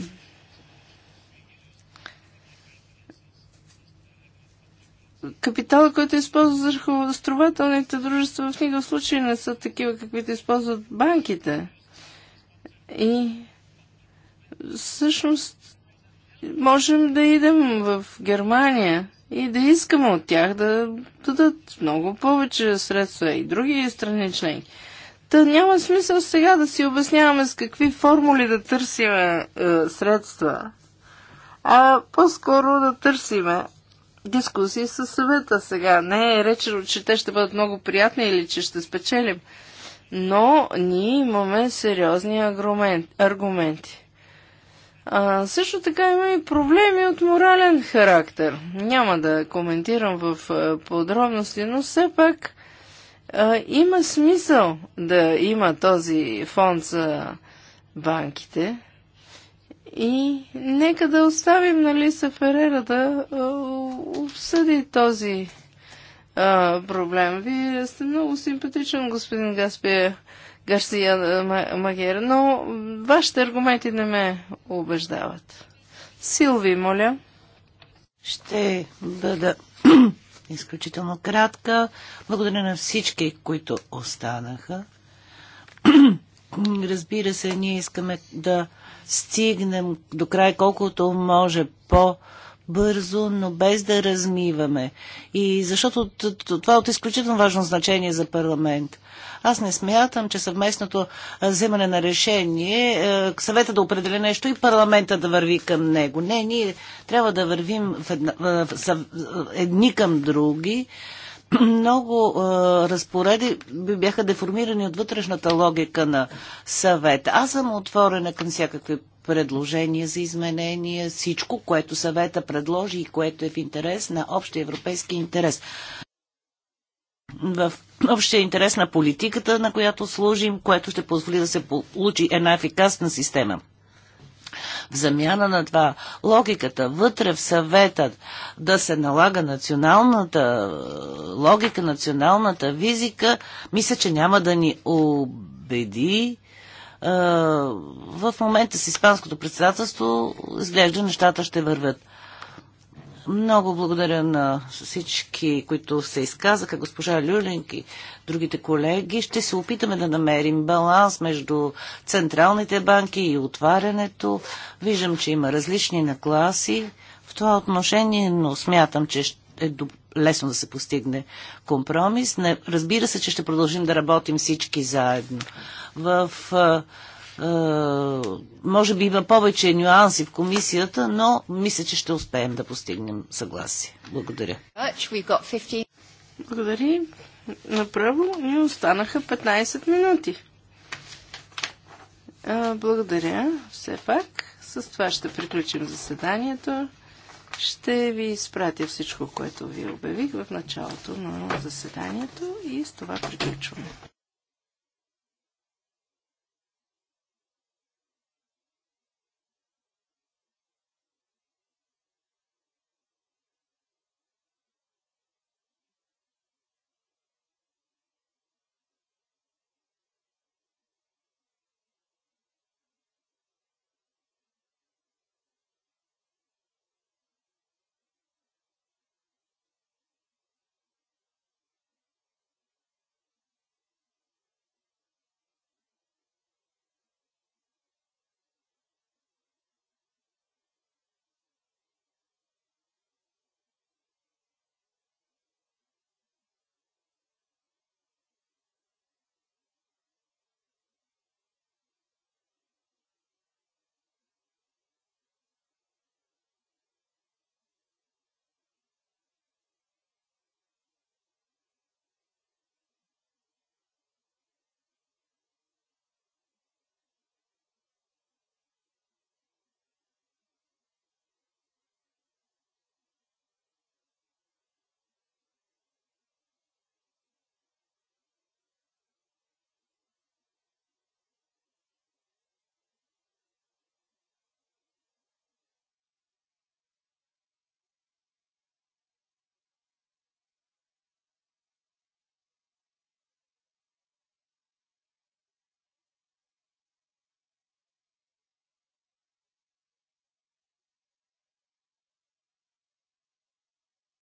капитала, който използва застрахователните дружества, в никакъв случай не са такива, каквито използват банките. И всъщност можем да идем в Германия и да искаме от тях да дадат много повече средства и други страни членки. Та няма смисъл сега да си обясняваме с какви формули да търсиме е, средства, а по-скоро да търсиме дискусии с съвета сега. Не е речено, че те ще бъдат много приятни или че ще спечелим. Но ние имаме сериозни аргументи. А, също така има и проблеми от морален характер. Няма да коментирам в подробности, но все пак а, има смисъл да има този фонд за банките, и нека да оставим на Лиса Ферера да обсъди този а, проблем. Вие сте много симпатичен, господин Гаспия Гарсия Магера, но вашите аргументи не ме убеждават. Силви, моля. Ще бъда изключително кратка. Благодаря на всички, които останаха. Разбира се, ние искаме да стигнем до край колкото може по- бързо, но без да размиваме. И защото това е от изключително важно значение за парламент. Аз не смятам, че съвместното вземане на решение, съвета да определи нещо и парламента да върви към него. Не, ние трябва да вървим в една, в, в, едни към други много а, разпореди бяха деформирани от вътрешната логика на съвета. Аз съм отворена към всякакви предложения за изменения, всичко, което съвета предложи и което е в интерес на общия европейски интерес. В общия интерес на политиката, на която служим, което ще позволи да се получи една ефикасна система. В замяна на това логиката вътре в съвета да се налага националната е, логика, националната визика, мисля, че няма да ни убеди. Е, в момента с Испанското председателство изглежда нещата ще вървят. Много благодаря на всички, които се изказаха, госпожа Люлинг и другите колеги. Ще се опитаме да намерим баланс между централните банки и отварянето. Виждам, че има различни накласи в това отношение, но смятам, че е лесно да се постигне компромис. разбира се, че ще продължим да работим всички заедно. В е, може би има повече нюанси в комисията, но мисля, че ще успеем да постигнем съгласие. Благодаря. Благодаря. Направо ни останаха 15 минути. Е, благодаря. Все пак с това ще приключим заседанието. Ще ви изпратя всичко, което ви обявих в началото на заседанието и с това приключваме.